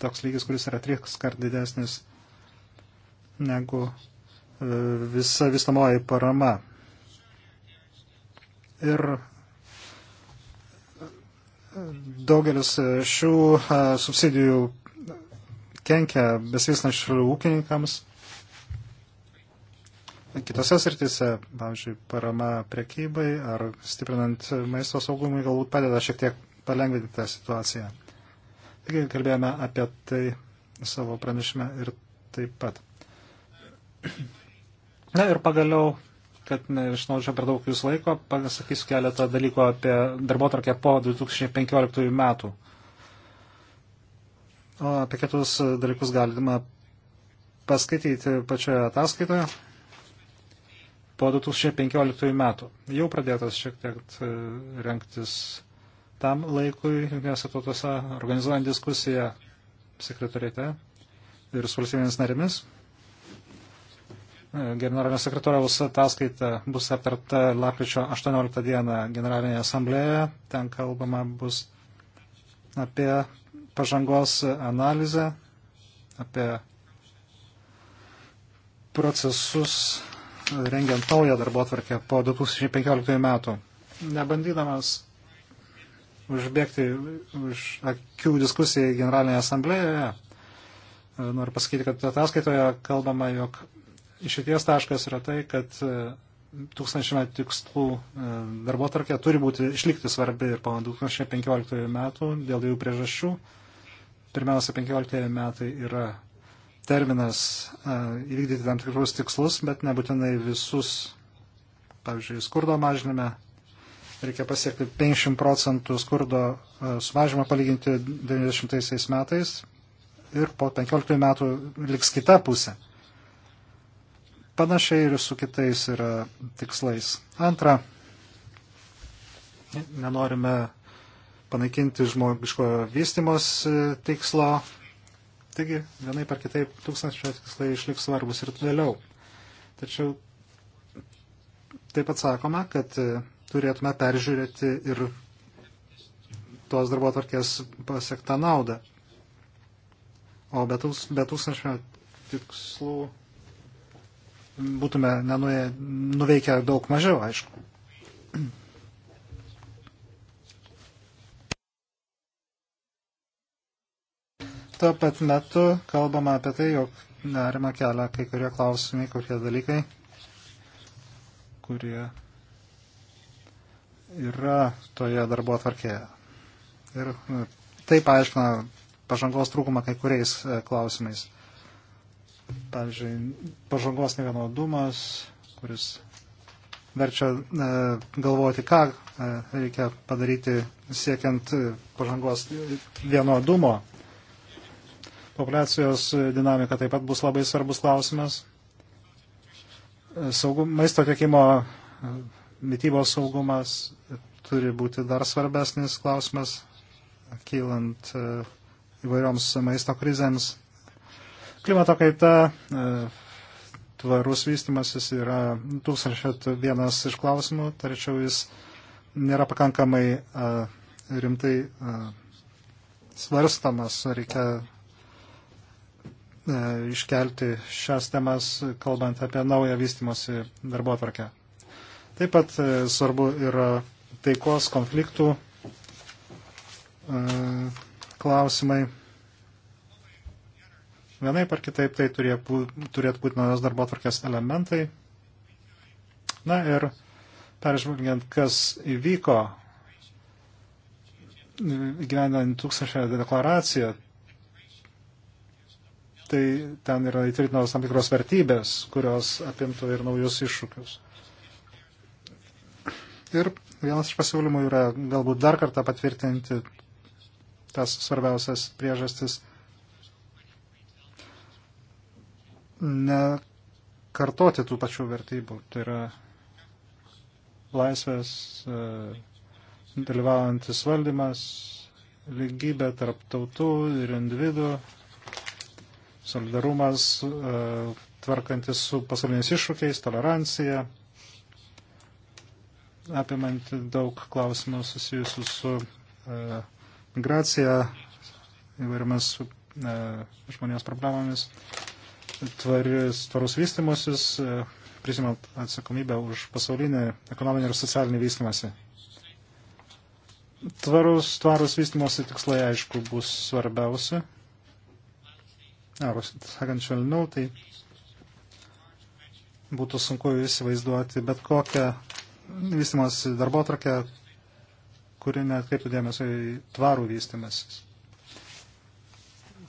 toks lygis, kuris yra tris kart didesnis negu e, visa visamoji parama. Ir daugelis šių e, subsidijų kenkia besivysnačių ūkininkams. Kitose sritise, pavyzdžiui, parama prekybai ar stiprinant maisto saugumui galbūt padeda šiek tiek palengvinti tą situaciją. Taigi kalbėjome apie tai savo pranešime ir taip pat. Na ir pagaliau, kad neišnaučiau per daug jūsų laiko, pasakysiu keletą dalykų apie darbotarkę po 2015 metų. O apie kitus dalykus galima paskaityti pačioje ataskaitoje po 2015 metų. Jau pradėtas šiek tiek e, renktis tam laikui Junkinėse tautose organizuojant diskusiją sekretorite ir su valstybėmis narėmis. Generalinio sekretoriaus ataskaita bus aptarta lapkričio 18 dieną Generalinėje asamblėje. Ten kalbama bus apie pažangos analizę, apie procesus rengiant naują darbo atvarkę po 2015 metų. Nebandydamas užbėgti už akių diskusiją Generalinėje asamblėjoje. E, noriu pasakyti, kad ataskaitoje kalbama, jog išėties taškas yra tai, kad e, tūkstančiame tikslų e, darbo tarkė turi būti išlikti svarbi ir po 2015 metų dėl dviejų priežasčių. Pirmiausia, 15 metai yra terminas įvykdyti tam tikrus tikslus, bet nebūtinai visus, pavyzdžiui, skurdo mažinime reikia pasiekti 50 procentų skurdo e, sumažimą palyginti 90 metais ir po 15 metų liks kita pusė. Panašiai ir su kitais yra tikslais. Antra, nenorime panaikinti žmogiškojo vystimos e, tikslo. Taigi, vienai par kitaip tūkstančio tikslai išliks svarbus ir toliau. Tačiau taip pat sakoma, kad e, turėtume peržiūrėti ir tos darbo atvarkės pasiektą naudą. O be, tūs, be tūkstančio tikslų būtume nenuė, nuveikę daug mažiau, aišku. Tuo pat metu kalbama apie tai, jog nerima kelia kai kurie klausimai, kurie dalykai, kurie yra toje darbo atvarkėje. Ir e, tai paaiškina pažangos trūkumą kai kuriais e, klausimais. Pavyzdžiui, pažangos nevienodumas, kuris verčia e, galvoti, ką reikia padaryti siekiant pažangos vienodumo. Populiacijos dinamika taip pat bus labai svarbus klausimas. Saugum, maisto tiekimo mytybos saugumas turi būti dar svarbesnis klausimas, kylant e, įvairioms maisto krizėms. Klimato kaita, e, tvarus vystimasis yra 1001 iš klausimų, tačiau jis nėra pakankamai e, rimtai svarstamas, reikia iškelti šias temas, kalbant apie naują vystimosi darbo atvarkę. Taip pat e, svarbu yra taikos konfliktų e, klausimai. Vienai par kitaip tai turėtų būti naujos darbo tvarkės elementai. Na ir peržvelgiant, kas įvyko gyvenant tūkstančią deklaraciją, tai ten yra įtvirtinamos tam tikros vertybės, kurios apimtų ir naujus iššūkius. Ir vienas iš pasiūlymų yra galbūt dar kartą patvirtinti tas svarbiausias priežastis. Ne kartoti tų pačių vertybių. Tai yra laisvės, e, dalyvaujantis valdymas, lygybė tarp tautų ir individų, solidarumas, e, tvarkantis su pasauliniais iššūkiais, tolerancija, apimant daug klausimų susijusių su e, migracija, įvairiamis e, žmonijos problemomis, tvaris, tvarus vystimasis, e, prisimant atsakomybę už pasaulinį ekonominį ir socialinį vystimąsi. Tvarus, tvarus vystimosi tikslai, aišku, bus svarbiausi. Ar, sakant švelniau, tai būtų sunku įsivaizduoti bet kokią vystimas darbo trakę, kuri netkreiptų dėmesio į tvarų vystimasis.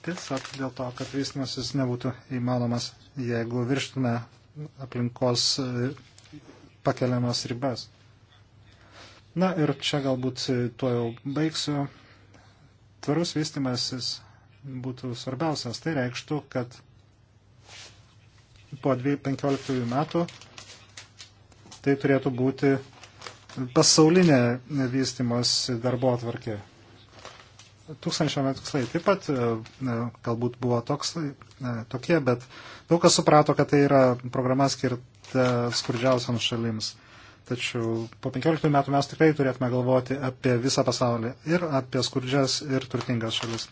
Tiesiog dėl to, kad vystimasis nebūtų įmanomas, jeigu virštume aplinkos e, pakeliamas ribas. Na ir čia galbūt e, tuo jau baigsiu. Tvarus vystimasis būtų svarbiausias. Tai reikštų, kad po 15 metų tai turėtų būti pasaulinė vystimos darbo atvarkė. Tūkstančio metų tikslai taip pat e, galbūt buvo toks, e, tokie, bet daug kas suprato, kad tai yra programa skirta skurdžiausiams šalims. Tačiau po 15 metų mes tikrai turėtume galvoti apie visą pasaulį ir apie skurdžias ir turtingas šalis.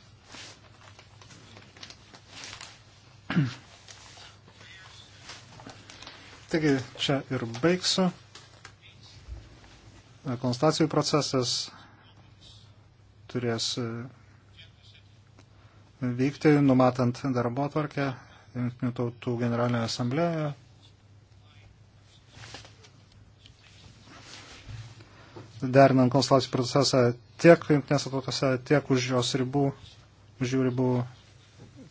Taigi čia ir baigsiu. Konstacijų procesas turės e, vykti, numatant darbo tvarkę Junktinių tautų generalinėje asamblėje. Derinant konsultacijų procesą tiek Junktinėse tautose, tiek už jos ribų, už jų ribų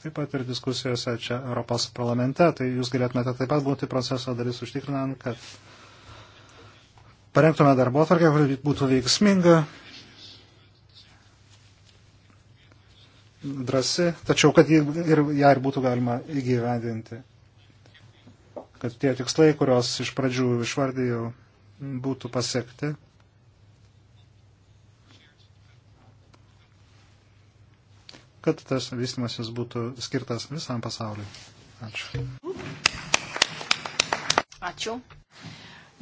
taip pat ir diskusijose čia Europos parlamente. Tai jūs galėtumėte taip pat būti proceso dalis užtikrinant, kad parengtume darbo tvarkę, kuri būtų veiksminga, drasi, tačiau kad jį ir, ją ir būtų galima įgyvendinti. Kad tie tikslai, kuriuos iš pradžių išvardėjau, būtų pasiekti. kad tas vystimasis būtų skirtas visam pasauliu. Ačiū. Ačiū.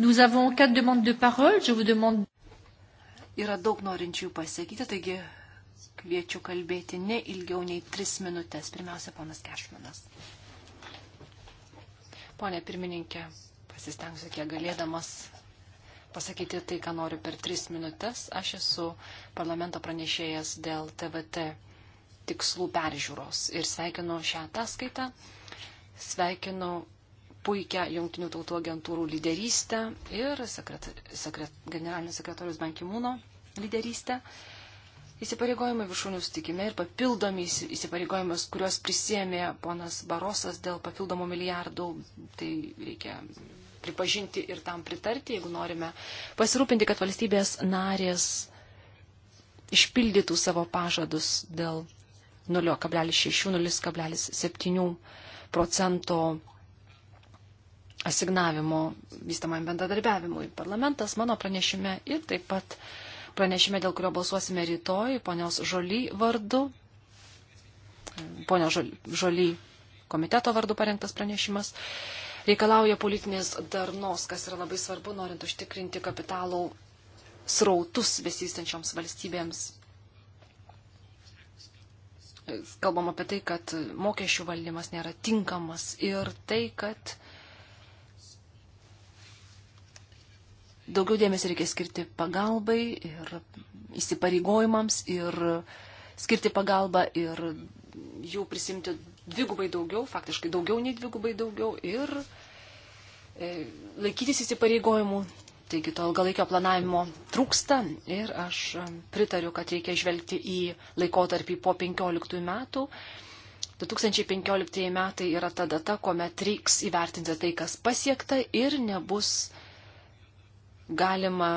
Nous avons quatre demandes de parole. Je vous demande. Yra daug norinčių pasakyti, taigi kviečiu kalbėti ne ilgiau nei tris minutės. Pirmiausia, ponas Kešmanas. Pone pirmininkė, pasistengsiu kiek galėdamas pasakyti tai, ką noriu per tris minutės. Aš esu parlamento pranešėjas dėl TVT tikslų peržiūros. Ir sveikinu šią ataskaitą, sveikinu puikią Junktinių tautų agentūrų lyderystę ir sekret, sekret, generalinio sekretorius Bankimūno lyderystę. Įsipareigojimai viršūnių sutikime ir papildomi įsipareigojimas, kuriuos prisėmė ponas Barosas dėl papildomų milijardų, tai reikia pripažinti ir tam pritarti, jeigu norime pasirūpinti, kad valstybės narės išpildytų savo pažadus dėl 0,6-0,7 procento asignavimo vystamam bendradarbiavimui. Parlamentas mano pranešime ir taip pat pranešime, dėl kurio balsuosime rytoj, ponios Žoly vardu. Ponio Žoly komiteto vardu parengtas pranešimas reikalauja politinės darnos, kas yra labai svarbu, norint užtikrinti kapitalų srautus besistančioms valstybėms kalbam apie tai, kad mokesčių valdymas nėra tinkamas ir tai, kad daugiau dėmesio reikia skirti pagalbai ir įsipareigojimams ir skirti pagalbą ir jų prisimti dvigubai daugiau, faktiškai daugiau nei dvigubai daugiau ir e, laikytis įsipareigojimų Taigi to ilgalaikio planavimo trūksta ir aš um, pritariu, kad reikia žvelgti į laikotarpį po 15 metų. 2015 metai yra ta data, kuomet reiks įvertinti tai, kas pasiekta ir nebus galima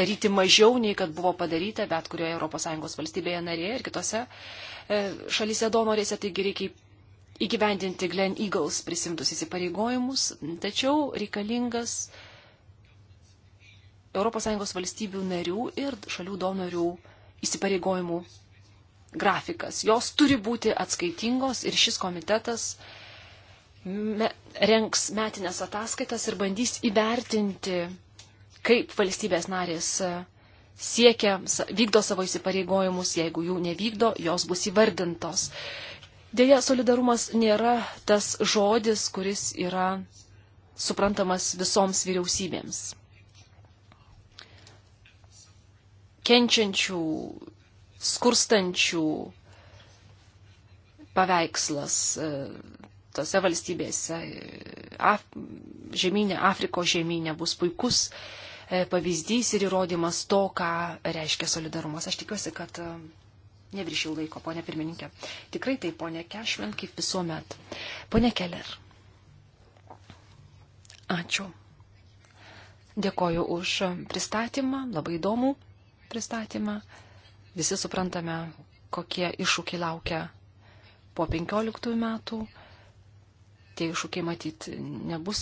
daryti mažiau, nei kad buvo padaryta bet kurioje ES valstybėje narėje ir kitose e, šalyse donorėse. Taigi reikia įgyvendinti Glen Eagles prisimtus įsipareigojimus, tačiau reikalingas ES valstybių narių ir šalių donorių įsipareigojimų grafikas. Jos turi būti atskaitingos ir šis komitetas me, renks metinės ataskaitas ir bandys įvertinti, kaip valstybės narės siekia, vykdo savo įsipareigojimus, jeigu jų nevykdo, jos bus įvardintos. Deja, solidarumas nėra tas žodis, kuris yra suprantamas visoms vyriausybėms. kenčiančių, skurstančių paveikslas e, tose valstybėse. E, Af, žemynė, Afrikos žemynė bus puikus e, pavyzdys ir įrodymas to, ką reiškia solidarumas. Aš tikiuosi, kad neviršiau laiko, ponė pirmininkė. Tikrai tai, ponė Kešvin, kaip visuomet. Ponė Keller. Ačiū. Dėkoju už pristatymą, labai įdomu pristatymą. Visi suprantame, kokie iššūkiai laukia po 15 metų. Tie iššūkiai matyt nebus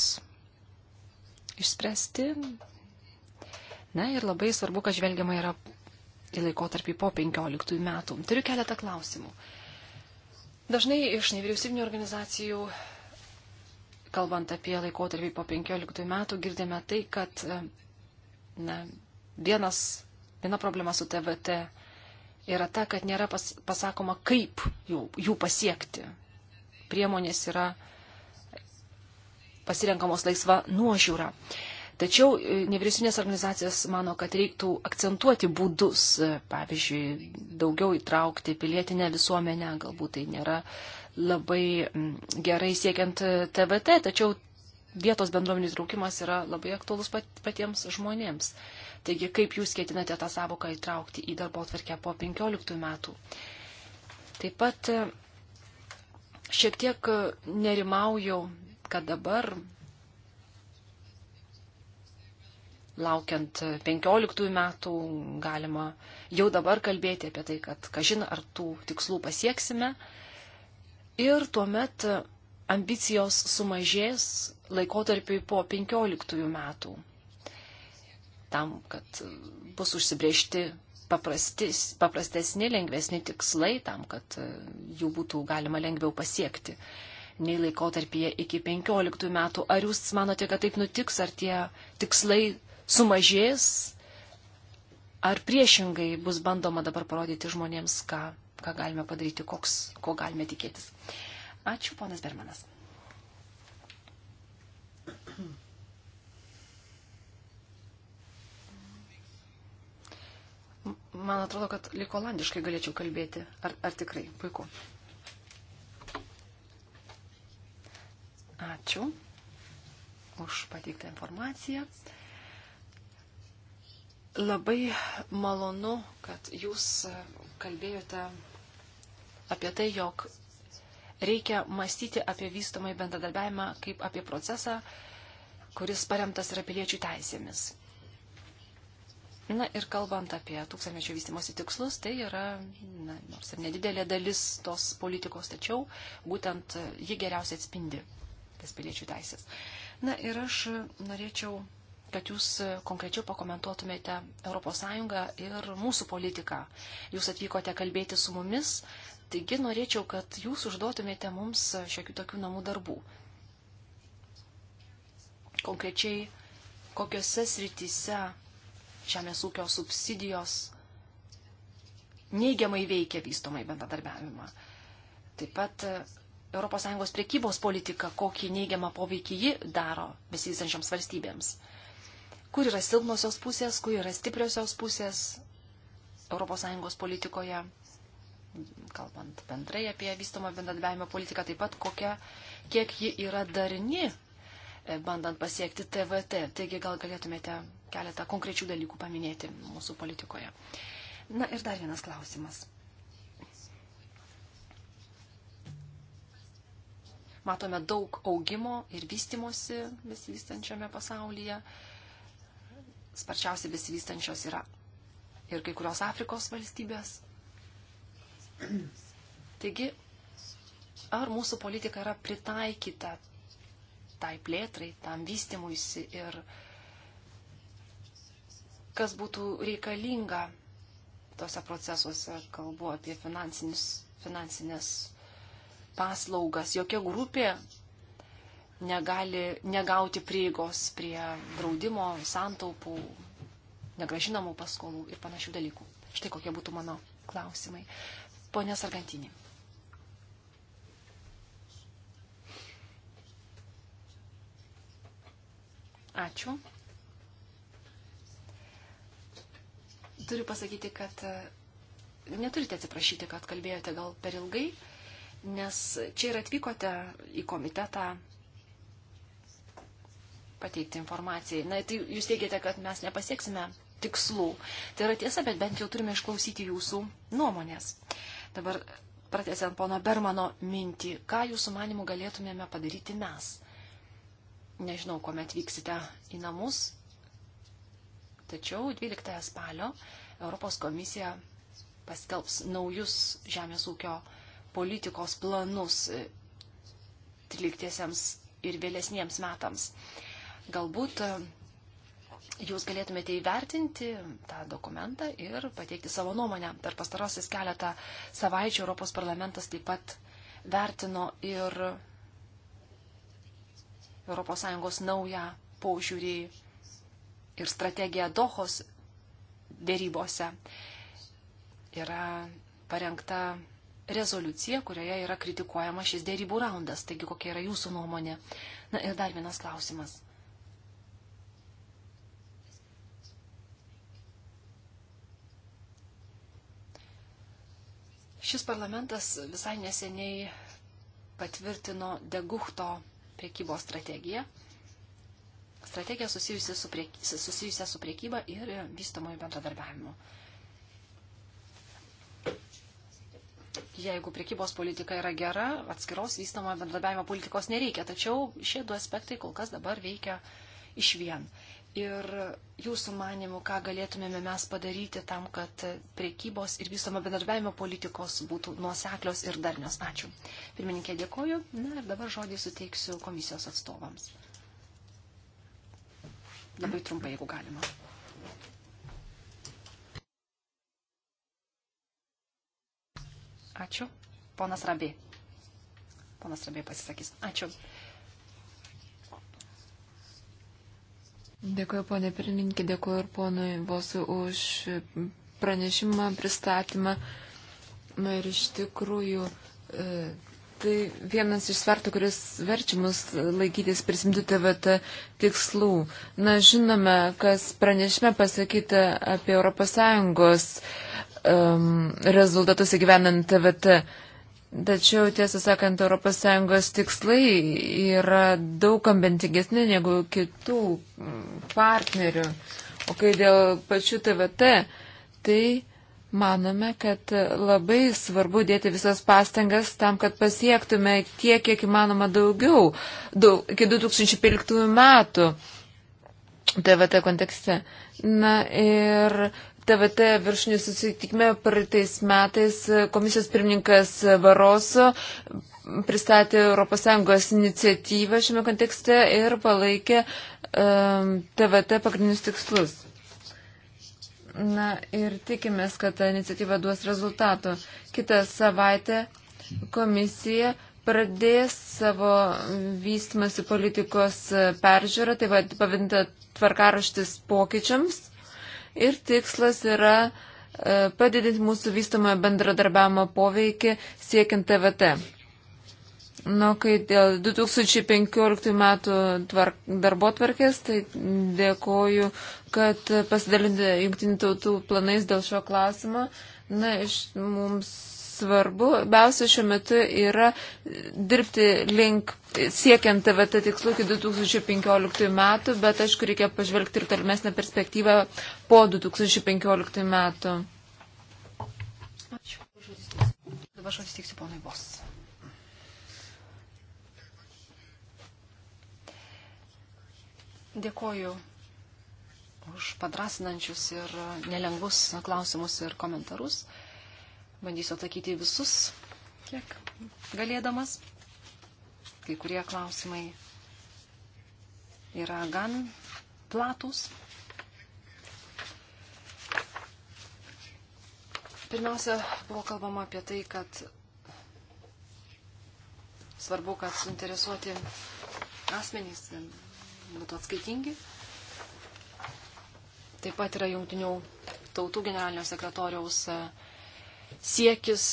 išspręsti. Na ir labai svarbu, kad žvelgiama yra į laikotarpį po 15 metų. Turiu keletą klausimų. Dažnai iš nevyriausybinio organizacijų, kalbant apie laikotarpį po 15 metų, girdėme tai, kad na, vienas Viena problema su TVT yra ta, kad nėra pas, pasakoma, kaip jų, jų pasiekti. Priemonės yra pasirenkamos laisva nuožiūra. Tačiau e, nevyriausybinės organizacijos mano, kad reiktų akcentuoti būdus, e, pavyzdžiui, daugiau įtraukti pilietinę visuomenę, galbūt tai nėra labai gerai siekiant TVT, e, tačiau vietos bendruomenės traukimas yra labai aktuolus patiems žmonėms. Taigi, kaip jūs ketinate tą savoką įtraukti į darbo atvarkę po 15 metų? Taip pat e, šiek tiek nerimaujau, kad dabar, laukiant 15 metų, galima jau dabar kalbėti apie tai, kad kažin ar tų tikslų pasieksime. Ir tuomet e, ambicijos sumažės laikotarpiui po 15 metų, tam, kad bus užsibriežti paprastesni, lengvesni tikslai, tam, kad jų būtų galima lengviau pasiekti nei laikotarpyje iki 15 metų. Ar jūs manote, kad taip nutiks, ar tie tikslai sumažės, ar priešingai bus bandoma dabar parodyti žmonėms, ką, ką galime padaryti, koks, ko galime tikėtis. Ačiū, ponas Bermanas. Man atrodo, kad liko olandiškai galėčiau kalbėti. Ar, ar tikrai? Puiku. Ačiū už pateiktą informaciją. Labai malonu, kad jūs kalbėjote apie tai, jog reikia mąstyti apie vystomą bendradarbiavimą kaip apie procesą, kuris paremtas yra piliečių teisėmis. Na ir kalbant apie tūkstantmečio vystimosi tikslus, tai yra, na, nors ir nedidelė dalis tos politikos, tačiau būtent ji geriausiai atspindi tas piliečių teisės. Na ir aš norėčiau, kad jūs konkrečiau pakomentuotumėte ES ir mūsų politiką. Jūs atvykote kalbėti su mumis, taigi norėčiau, kad jūs užduotumėte mums šiokių tokių namų darbų. Konkrečiai, kokiuose srityse žemės ūkio subsidijos neigiamai veikia vystomai bendradarbiavimą. Taip pat ES priekybos politika, kokį neigiamą poveikį ji daro besivystančioms valstybėms. Kur yra silpnosios pusės, kur yra stipriosios pusės ES politikoje, kalbant bendrai apie vystomą bendradarbiavimo politiką, taip pat kokia, kiek ji yra darni, e, bandant pasiekti TVT. Taigi gal galėtumėte keletą konkrečių dalykų paminėti mūsų politikoje. Na ir dar vienas klausimas. Matome daug augimo ir vystimosi besivystančiame pasaulyje. Sparčiausiai besivystančios yra ir kai kurios Afrikos valstybės. Taigi, ar mūsų politika yra pritaikyta tai plėtrai, tam vystimuisi ir uh, kas būtų reikalinga tose procesuose, kalbu apie finansinės paslaugas. Jokia grupė negali negauti prieigos prie draudimo, santaupų, negražinamų paskolų ir panašių dalykų. Štai kokie būtų mano klausimai. Pone Sargantinė. Ačiū. turiu pasakyti, kad e, neturite atsiprašyti, kad kalbėjote gal per ilgai, nes čia ir atvykote į komitetą pateikti informacijai. Na, tai jūs teigiate, kad mes nepasieksime tikslų. Tai yra tiesa, bet bent jau turime išklausyti jūsų nuomonės. Dabar pratesiant pono Bermano mintį, ką jūsų manimų galėtumėme padaryti mes. Nežinau, kuomet vyksite į namus, Tačiau 12 spalio Europos komisija paskelbs naujus žemės ūkio politikos planus 13 ir vėlesniems metams. Galbūt e, jūs galėtumėte įvertinti tą dokumentą ir pateikti savo nuomonę. Per pastarosius keletą savaičių Europos parlamentas taip pat vertino ir ES naują požiūrį ir strategija Dohos dėrybose yra parengta rezoliucija, kurioje yra kritikuojama šis dėrybų raundas. Taigi, kokia yra jūsų nuomonė? Na ir dar vienas klausimas. Šis parlamentas visai neseniai patvirtino Degukto priekybos strategiją strategiją susijusią su, priek... susijusią su priekyba ir vystamojo bendradarbiavimu. Jeigu priekybos politika yra gera, atskiros vystamojo bendradarbiavimo politikos nereikia, tačiau šie du aspektai kol kas dabar veikia iš vien. Ir jūsų manimų, ką galėtumėme mes padaryti tam, kad priekybos ir vystamo bendarbiavimo politikos būtų nuoseklios ir darnios. Ačiū. Pirmininkė, dėkoju. Na ir dabar žodį suteiksiu komisijos atstovams. Labai trumpai, jeigu galima. Ačiū. Ponas Rabė. Ponas Rabė pasisakys. Ačiū. Dėkuoju, ponė pirmininkė, dėkuoju ir ponui Vosu už pranešimą, pristatymą. Na ir iš tikrųjų. E, Tai vienas iš svertų, kuris verčia mus laikytis prisimti TVT tikslų. Na, žinome, kas pranešime pasakyta apie ES um, rezultatus įgyvenant TVT. Tačiau, tiesą sakant, ES tikslai yra daug ambicingesni negu kitų mm, partnerių. O kai dėl pačių TVT, tai Manome, kad labai svarbu dėti visas pastangas tam, kad pasiektume tiek, kiek įmanoma daugiau daug, iki 2015 metų TVT kontekste. Na ir TVT viršinių susitikime praeitais metais komisijos pirmininkas Baroso pristatė ES iniciatyvą šiame kontekste ir palaikė um, ehm, TVT pagrindinius tikslus. Na ir tikimės, kad ta iniciatyva duos rezultato. Kitą savaitę komisija pradės savo vystimasi politikos peržiūrą, tai pavadinta tvarkaraštis pokyčiams. Ir tikslas yra e, padidinti mūsų vystamą bendradarbiavimo poveikį siekiant TVT. Nu, kai dėl 2015 metų tvark, darbo tvarkės, tai dėkoju, kad pasidalinti jungtinių tautų planais dėl šio klausimo. Na, iš, mums svarbu, biausia šiuo metu yra dirbti link siekiant TVT tikslų iki 2015 metų, bet aišku, reikia pažvelgti ir tolimesnę perspektyvą po 2015 metų. Ačiū. Dabar aš atsitiksiu ponui Bos. Dėkoju už padrasinančius ir nelengvus klausimus ir komentarus. Bandysiu atsakyti visus, kiek galėdamas. Kai kurie klausimai yra gan platus. Pirmiausia, buvo kalbama apie tai, kad svarbu, kad suinteresuoti asmenys būtų atskaitingi. Taip pat yra jungtinių tautų generalinio sekretoriaus e, siekis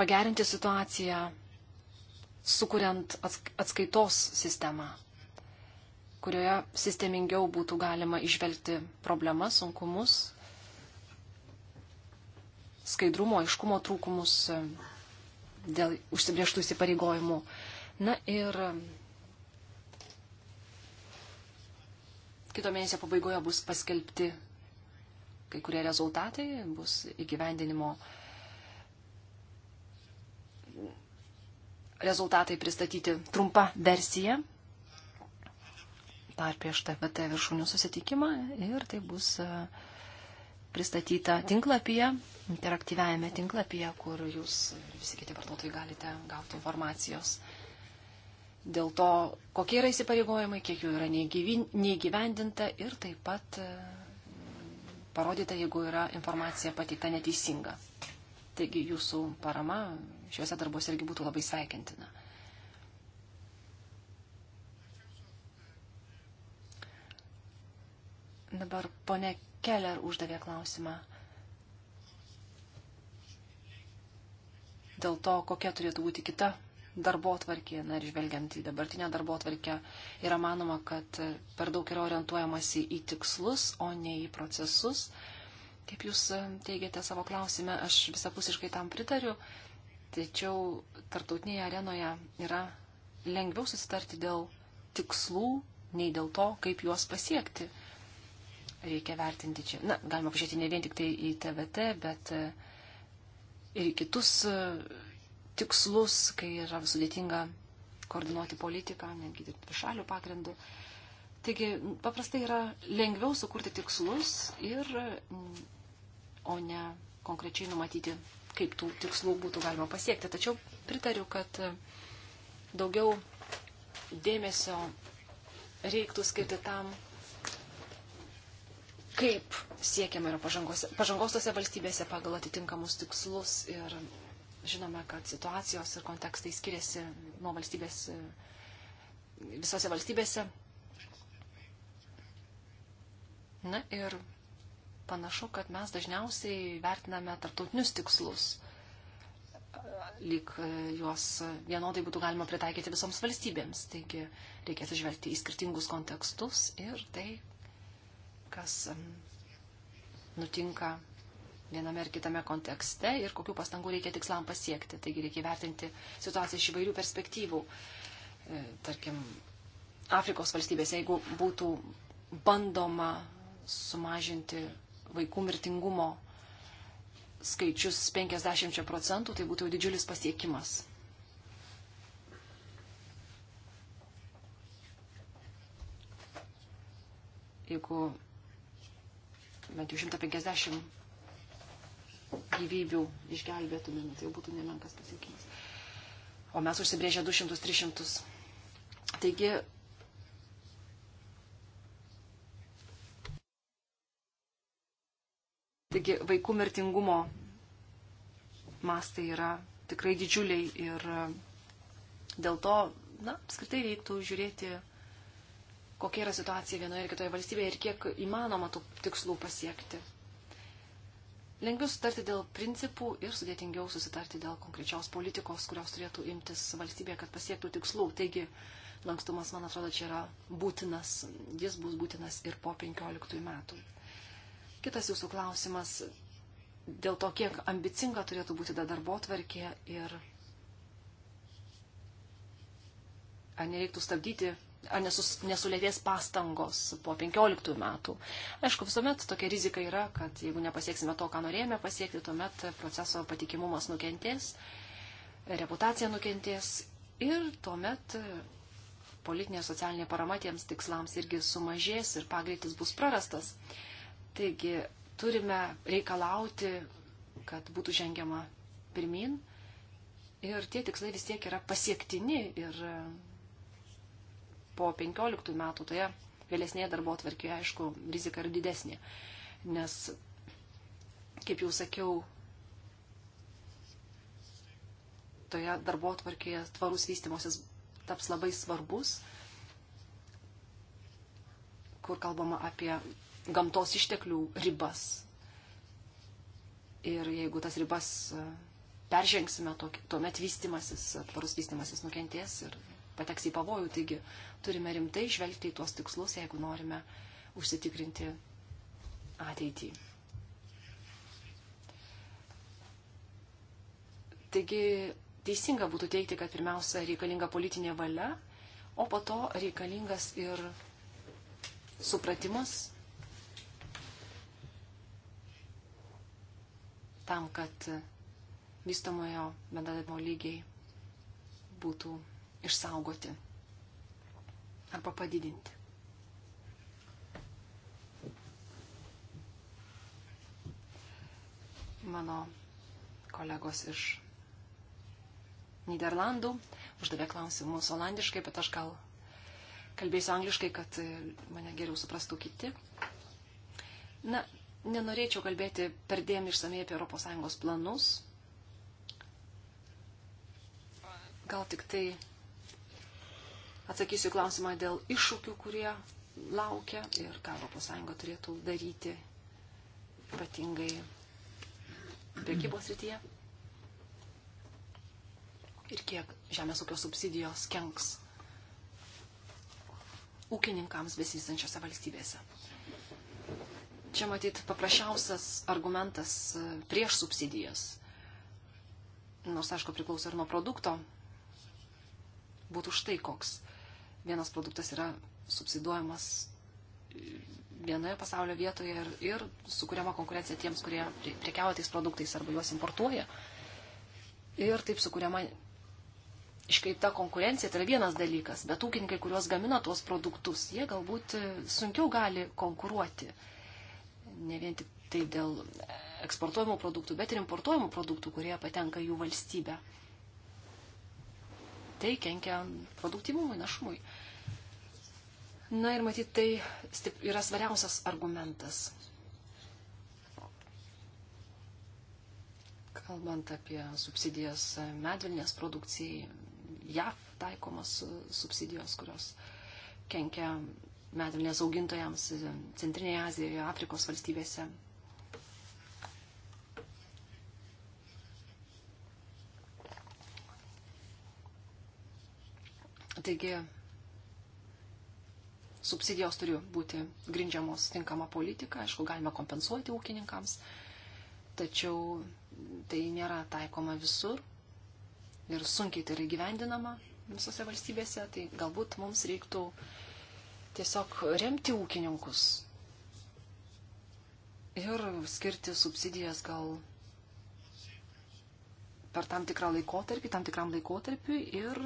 pagerinti situaciją, sukuriant atskaitos sistemą, kurioje sistemingiau būtų galima išvelgti problemas, sunkumus, skaidrumo, aiškumo trūkumus e, dėl užsibrieštų įsipareigojimų. Na ir Kito mėnesio pabaigoje bus paskelbti kai kurie rezultatai, bus įgyvendinimo rezultatai pristatyti trumpa versija dar prieš TVT viršūnių susitikimą ir tai bus e, pristatyta tinklapyje, interaktyviajame tinklapyje, kur jūs visi kiti vartotojai galite gauti informacijos dėl to, kokie yra įsipareigojimai, kiek jų yra neįgyvendinta ir taip pat e, parodyta, jeigu yra informacija pateikta neteisinga. Taigi jūsų parama šiuose darbuose irgi būtų labai sveikintina. Dabar ponė Keller uždavė klausimą dėl to, kokia turėtų būti kita darbo tvarkė. Na ir žvelgiant į dabartinę darbo tvarkę, yra manoma, kad per daug yra orientuojamasi į tikslus, o ne į procesus. Kaip jūs teigiate savo klausime, aš visapusiškai tam pritariu, tačiau tarptautinėje arenoje yra lengviau susitarti dėl tikslų, nei dėl to, kaip juos pasiekti. Reikia vertinti čia. Na, galima pažiūrėti ne vien tik tai į TVT, bet ir kitus tikslus, kai yra sudėtinga koordinuoti politiką, netgi dirbti šalių pagrindų. Taigi paprastai yra lengviau sukurti tikslus ir, mm, o ne konkrečiai numatyti, kaip tų tikslų būtų galima pasiekti. Tačiau pritariu, kad daugiau dėmesio reiktų skirti tam, kaip siekiama yra pažangos, pažangos tose valstybėse pagal atitinkamus tikslus ir Žinome, kad situacijos ir kontekstai skiriasi nuo valstybės, visose valstybėse. Na ir panašu, kad mes dažniausiai vertiname tarptautinius tikslus, lyg juos vienodai būtų galima pritaikyti visoms valstybėms. Taigi reikėtų žvelgti į skirtingus kontekstus ir tai, kas mm, nutinka viename ar kitame kontekste ir kokių pastangų reikia tikslam pasiekti. Taigi reikia vertinti situaciją iš įvairių perspektyvų. E, tarkim, Afrikos valstybėse, jeigu būtų bandoma sumažinti vaikų mirtingumo skaičius 50 procentų, tai būtų jau didžiulis pasiekimas. Jeigu bent jau 150 gyvybių išgelbėtumėme, tai jau būtų nemenkas pasiekimas. O mes užsibrėžę 200-300. Taigi Taigi vaikų mirtingumo mastai yra tikrai didžiuliai ir dėl to, na, apskritai reiktų žiūrėti, kokia yra situacija vienoje ir kitoje valstybėje ir kiek įmanoma tų tikslų pasiekti. Lengviau sutarti dėl principų ir sudėtingiau susitarti dėl konkrečios politikos, kurios turėtų imtis valstybė, kad pasiektų tikslų. Taigi, lankstumas, man atrodo, čia yra būtinas, jis bus būtinas ir po 15 metų. Kitas jūsų klausimas dėl to, kiek ambicinga turėtų būti ta darbo tvarkė ir ar nereiktų stabdyti ar nesus, nesulėtės pastangos po 15 metų. Aišku, visuomet tokia rizika yra, kad jeigu nepasieksime to, ką norėjome pasiekti, tuomet proceso patikimumas nukentės, reputacija nukentės ir tuomet politinė ir socialinė parama tiems tikslams irgi sumažės ir pagreitis bus prarastas. Taigi turime reikalauti, kad būtų žengiama pirmin ir tie tikslai vis tiek yra pasiektini ir po 15 metų toje vėlesnėje darbo atvarkėje, aišku, rizika yra didesnė. Nes, kaip jau sakiau, toje darbo atvarkėje tvarus vystimosis taps labai svarbus, kur kalbama apie gamtos išteklių ribas. Ir jeigu tas ribas e, peržengsime, tuomet vystimasis, tvarus vystimasis nukentės ir pateks į pavojų. Taigi turime rimtai žvelgti į tuos tikslus, jeigu norime užsitikrinti ateitį. Taigi teisinga būtų teikti, kad pirmiausia reikalinga politinė valia, o po to reikalingas ir supratimas tam, kad vystomojo bendradavimo lygiai būtų išsaugoti arba padidinti. Mano kolegos iš Niderlandų uždavė klausimus olandiškai, bet aš gal kalbėsiu angliškai, kad mane geriau suprastų kiti. Na, nenorėčiau kalbėti per dėm išsamei apie ES planus. Gal tik tai Atsakysiu klausimą dėl iššūkių, kurie laukia ir ką ES turėtų daryti ypatingai priekybos rytyje. Ir kiek žemės ūkio subsidijos kenks ūkininkams besistančiose valstybėse. Čia matyt paprasčiausias argumentas prieš subsidijas, nors aišku priklauso ir nuo produkto, būtų štai koks – vienas produktas yra subsiduojamas vienoje pasaulio vietoje ir, ir sukūriama konkurencija tiems, kurie priekiavo tais produktais arba juos importuoja. Ir taip sukūriama iškreipta konkurencija, tai yra vienas dalykas, bet ūkininkai, kuriuos gamina tuos produktus, jie galbūt sunkiau gali konkuruoti. Ne vien tik tai dėl eksportuojamų produktų, bet ir importuojamų produktų, kurie patenka jų valstybę. Tai kenkia produktyvumui, našumui. Na ir matyt, tai yra svariausias argumentas. Kalbant apie subsidijas medvilnės produkcijai, JAV taikomas subsidijos, kurios kenkia medvilnės augintojams Centrinėje Azijoje, Afrikos valstybėse. Taigi subsidijos turi būti grindžiamos tinkama politika, aišku, galime kompensuoti ūkininkams, tačiau tai nėra taikoma visur ir sunkiai tai yra gyvendinama visose valstybėse, tai galbūt mums reiktų tiesiog remti ūkininkus ir skirti subsidijas gal per tam tikrą laikotarpį, tam tikram laikotarpiu ir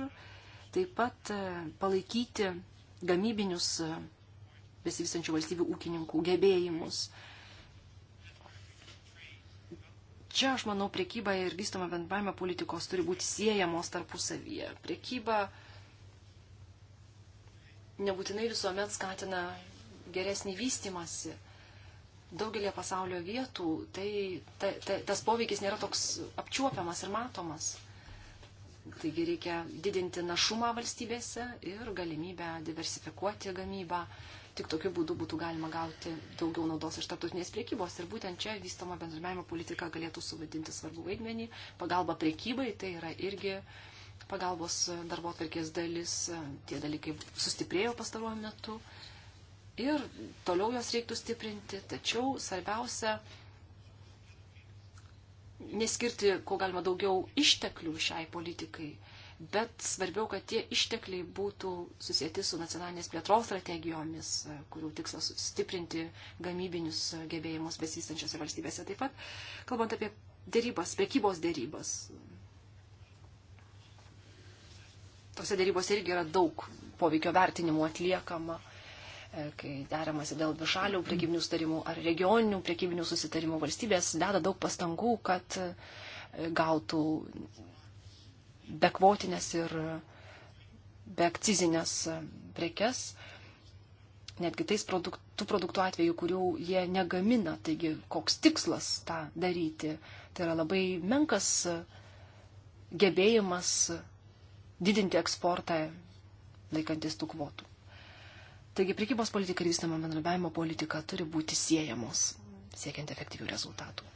taip pat e, palaikyti gamybinius e, besivystančių valstybių ūkininkų gebėjimus. Čia, aš manau, priekyba ir vystoma bendravimo politikos turi būti siejamos tarpusavyje. Priekyba nebūtinai visuomet skatina geresnį vystimąsi. Daugelį pasaulio vietų tai, ta, ta, tas poveikis nėra toks apčiuopiamas ir matomas. Taigi reikia didinti našumą valstybėse ir galimybę diversifikuoti gamybą. Tik tokiu būdu būtų galima gauti daugiau naudos iš tarptautinės priekybos. Ir būtent čia vystoma bendradarbiavimo politika galėtų suvaidinti svarbu vaidmenį. Pagalba priekybai tai yra irgi pagalbos darbo atverkės dalis. Tie dalykai sustiprėjo pastaruoju metu. Ir toliau jos reiktų stiprinti. Tačiau svarbiausia neskirti, kuo galima daugiau išteklių šiai politikai, bet svarbiau, kad tie ištekliai būtų susijęti su nacionalinės plėtros strategijomis, e, kurių tikslas stiprinti gamybinius gebėjimus besistančiose valstybėse. Taip pat, kalbant apie dėrybas, prekybos dėrybas, tose dėrybose irgi yra daug poveikio vertinimų atliekama. Uh, E, kai deramasi dėl dvišalių priekybinių sutarimų ar regioninių priekybinių susitarimų, valstybės deda daug pastangų, kad e, gautų bekvotinės ir beakcizinės prekes, netgi tais produkt, tų produktų atveju, kurių jie negamina. Taigi, koks tikslas tą daryti, tai yra labai menkas gebėjimas didinti eksportą laikantis tų kvotų. Taigi prekybos politika ir vystama bendradarbiavimo politika turi būti siejamos, siekiant efektyvių rezultatų.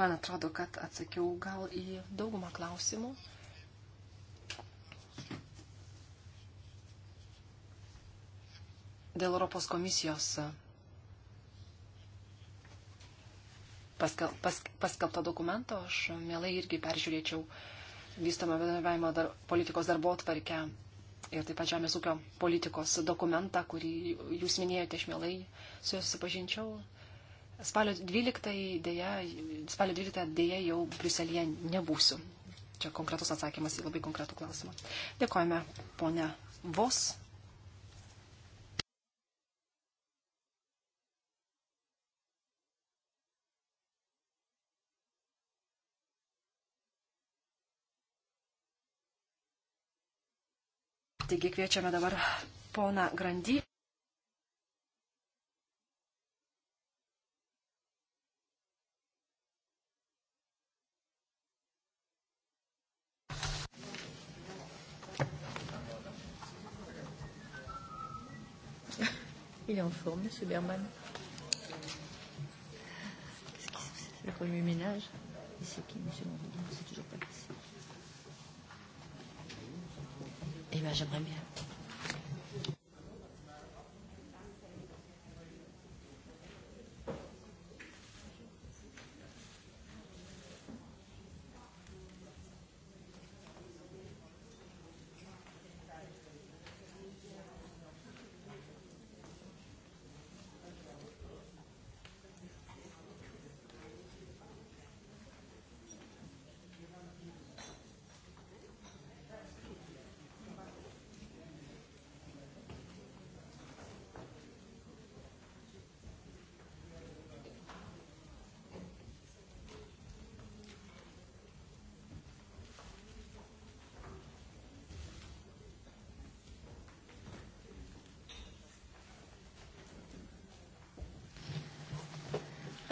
Man atrodo, kad atsakiau gal į daugumą klausimų. Dėl Europos komisijos e, paskelbto dokumento aš mielai irgi peržiūrėčiau uh, vystamo bendradarbiavimo dar, politikos darbo tvarkę ir taip pat žemės ūkio politikos dokumentą, kurį jūs minėjote, aš mielai su juo susipažinčiau. Spalio 12 dėja, spalio 12 dėja jau Briuselėje nebūsiu. Čia konkretus atsakymas į labai konkretų klausimą. Dėkojame, ponia Vos. Taigi kviečiame dabar poną Grandy. Il est en forme, M. Berman. Qu'est-ce qui se passe Le premier ménage Et c'est qui, M. Montréal C'est toujours pas J'aimerais bien.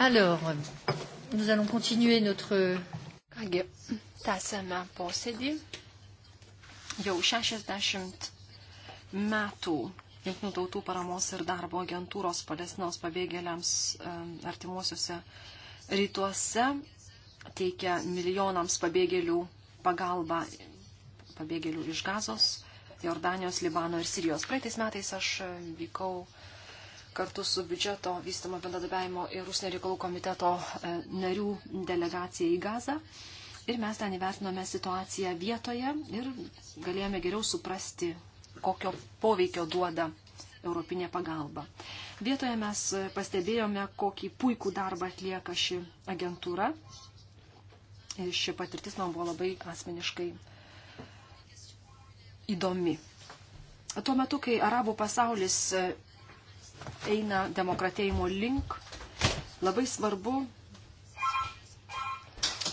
Alors, nous allons continuer notre. Kągi, tęsėme posėdį. Jau 60 metų Junktinių tautų paramos ir darbo agentūros Palestinos pabėgėliams artimuosiuose rytuose teikia milijonams pabėgėlių pagalbą, pabėgėlių iš Gazos, Jordanijos, Libano ir Sirijos. Praeitais metais aš vykau kartu su biudžeto vystamo bendradarbiavimo ir užsienio reikalų komiteto e, narių delegacija į Gazą. Ir mes ten įvertinome situaciją vietoje ir galėjome geriau suprasti, kokio poveikio duoda europinė pagalba. Vietoje mes pastebėjome, kokį puikų darbą atlieka ši agentūra. Ir ši patirtis man buvo labai asmeniškai įdomi. Tuo metu, kai arabų pasaulis eina demokratėjimo link, labai svarbu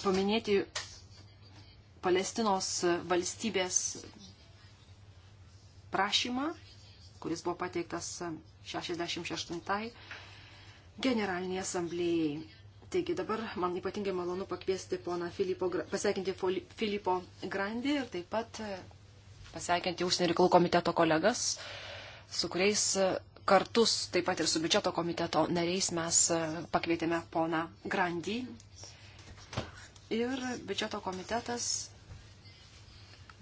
paminėti Palestinos valstybės prašymą, kuris buvo pateiktas 66 generalinėje asamblėjai. Taigi dabar man ypatingai malonu pakviesti poną Filipo, pasveikinti Filipo Grandi ir taip pat pasveikinti užsienio reikalų komiteto kolegas, su kuriais kartus, taip pat ir su biudžeto komiteto nariais mes e, pakvietėme poną Grandį. Ir biudžeto komitetas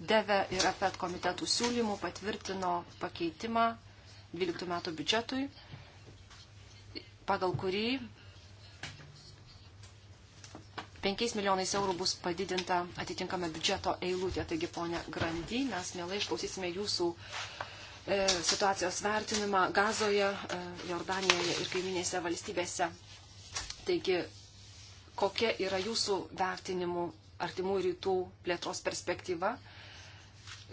Deve ir APET komitetų siūlymų patvirtino pakeitimą 12 metų biudžetui, pagal kurį 5 milijonais eurų bus padidinta atitinkama biudžeto eilutė. Taigi, ponia Grandy, mes mielai išklausysime jūsų uh, E, situacijos vertinimą Gazoje, e, Jordanijoje ir kaiminėse valstybėse. Taigi, kokia yra jūsų vertinimų artimų rytų plėtros perspektyva,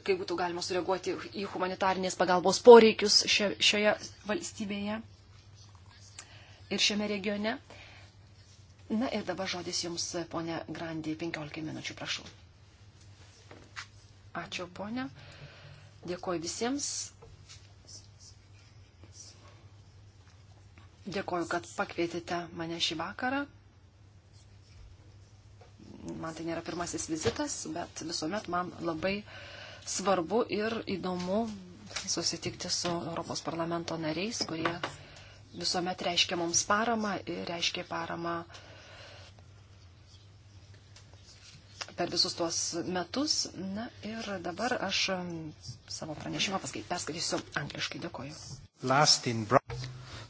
kaip būtų galima sureaguoti į humanitarnės pagalbos poreikius šioje valstybėje ir šiame regione. Na ir dabar žodis jums, ponė Grandį, 15 minučių, prašau. Ačiū, ponė. Dėkuoju visiems Dėkoju, kad pakvietėte mane šį vakarą. Man tai nėra pirmasis vizitas, bet visuomet man labai svarbu ir įdomu susitikti su Europos parlamento nariais, kurie visuomet reiškia mums paramą ir reiškia paramą per visus tuos metus. Na ir dabar aš savo pranešimą perskaitysiu angliškai. Dėkoju.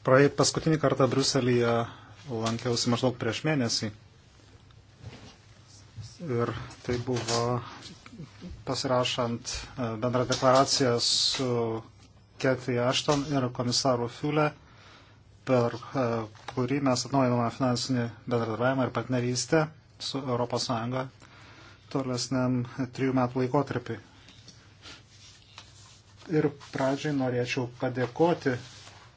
Praeit paskutinį kartą Bruselėje lankiausi maždaug prieš mėnesį. Ir tai buvo pasirašant e, bendrą deklaraciją su Ketty Ashton ir komisaru Fiule, per e, kurį mes atnaujinome finansinį bendradarbiavimą ir partnerystę su ES tolesniam trijų metų laikotarpiui. Ir pradžiai norėčiau padėkoti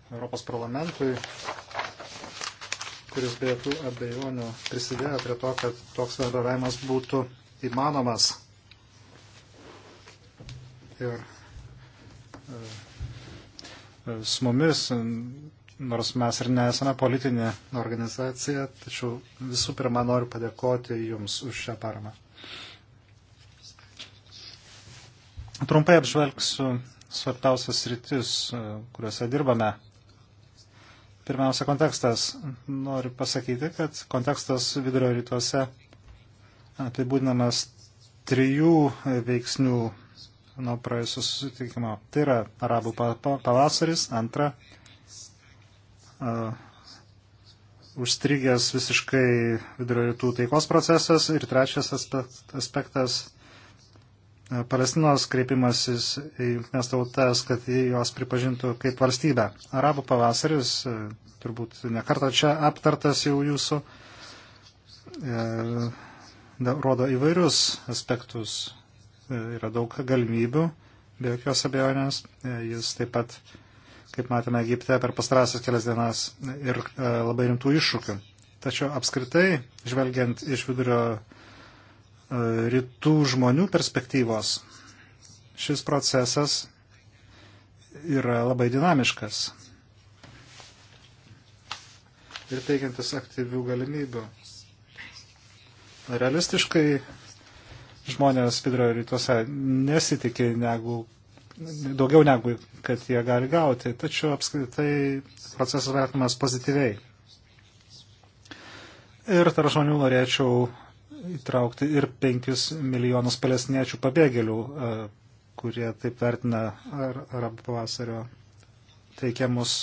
Europos parlamentui, kuris be jokių abejonių prisidėjo prie to, kad toks bendravimas būtų įmanomas. Ir e, e, su mumis, nors mes ir nesame politinė organizacija, tačiau visų pirma noriu padėkoti Jums už šią paramą. Trumpai apžvelgsiu svarbiausias rytis, e, kuriuose dirbame Pirmiausia, kontekstas. Noriu pasakyti, kad kontekstas vidurio rytuose apibūdinamas tai trijų veiksnių nuo praėjusio susitikimo. Tai yra arabų pavasaris, antra, uh, užstrigęs visiškai vidurio rytų taikos procesas ir trečias aspektas Palestinos kreipimasis į jungtinės tautas, kad jos pripažintų kaip valstybę. Arabų pavasaris, e, turbūt nekarta čia aptartas jau jūsų, e, rodo įvairius aspektus. E, yra daug galimybių, be jokios abejonės. E, jis taip pat, kaip matėme Egipte, per pastarąsias kelias dienas ir e, labai rimtų iššūkių. Tačiau apskritai, žvelgiant iš vidurio rytų žmonių perspektyvos šis procesas yra labai dinamiškas ir teikiantis aktyvių galimybių. Realistiškai žmonės vidurio rytuose nesitikė negu, daugiau negu, kad jie gali gauti, tačiau apskritai procesas vertinamas pozityviai. Ir tarp žmonių norėčiau įtraukti ir 5 milijonus palestiniečių pabėgėlių, e, kurie taip vertina arabų pavasario teikiamus,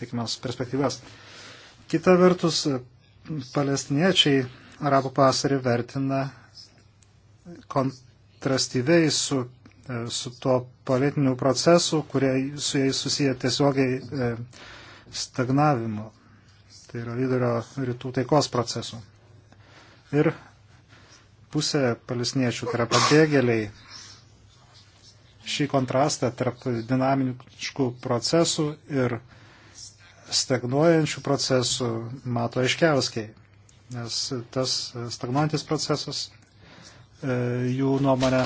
teikiamas perspektyvas. Kita vertus, e, palestiniečiai arabų pavasarį vertina kontrastyviai su, e, su tuo politiniu procesu, kurie su jais susiję tiesiogiai stagnavimu. Tai yra vidurio rytų taikos procesu. Ir pusė palestiniečių, tai yra pabėgėliai. Šį kontrastą tarp dinamiškų procesų ir stagnuojančių procesų mato aiškiausiai, nes tas stagnuojantis procesas e, jų nuomonė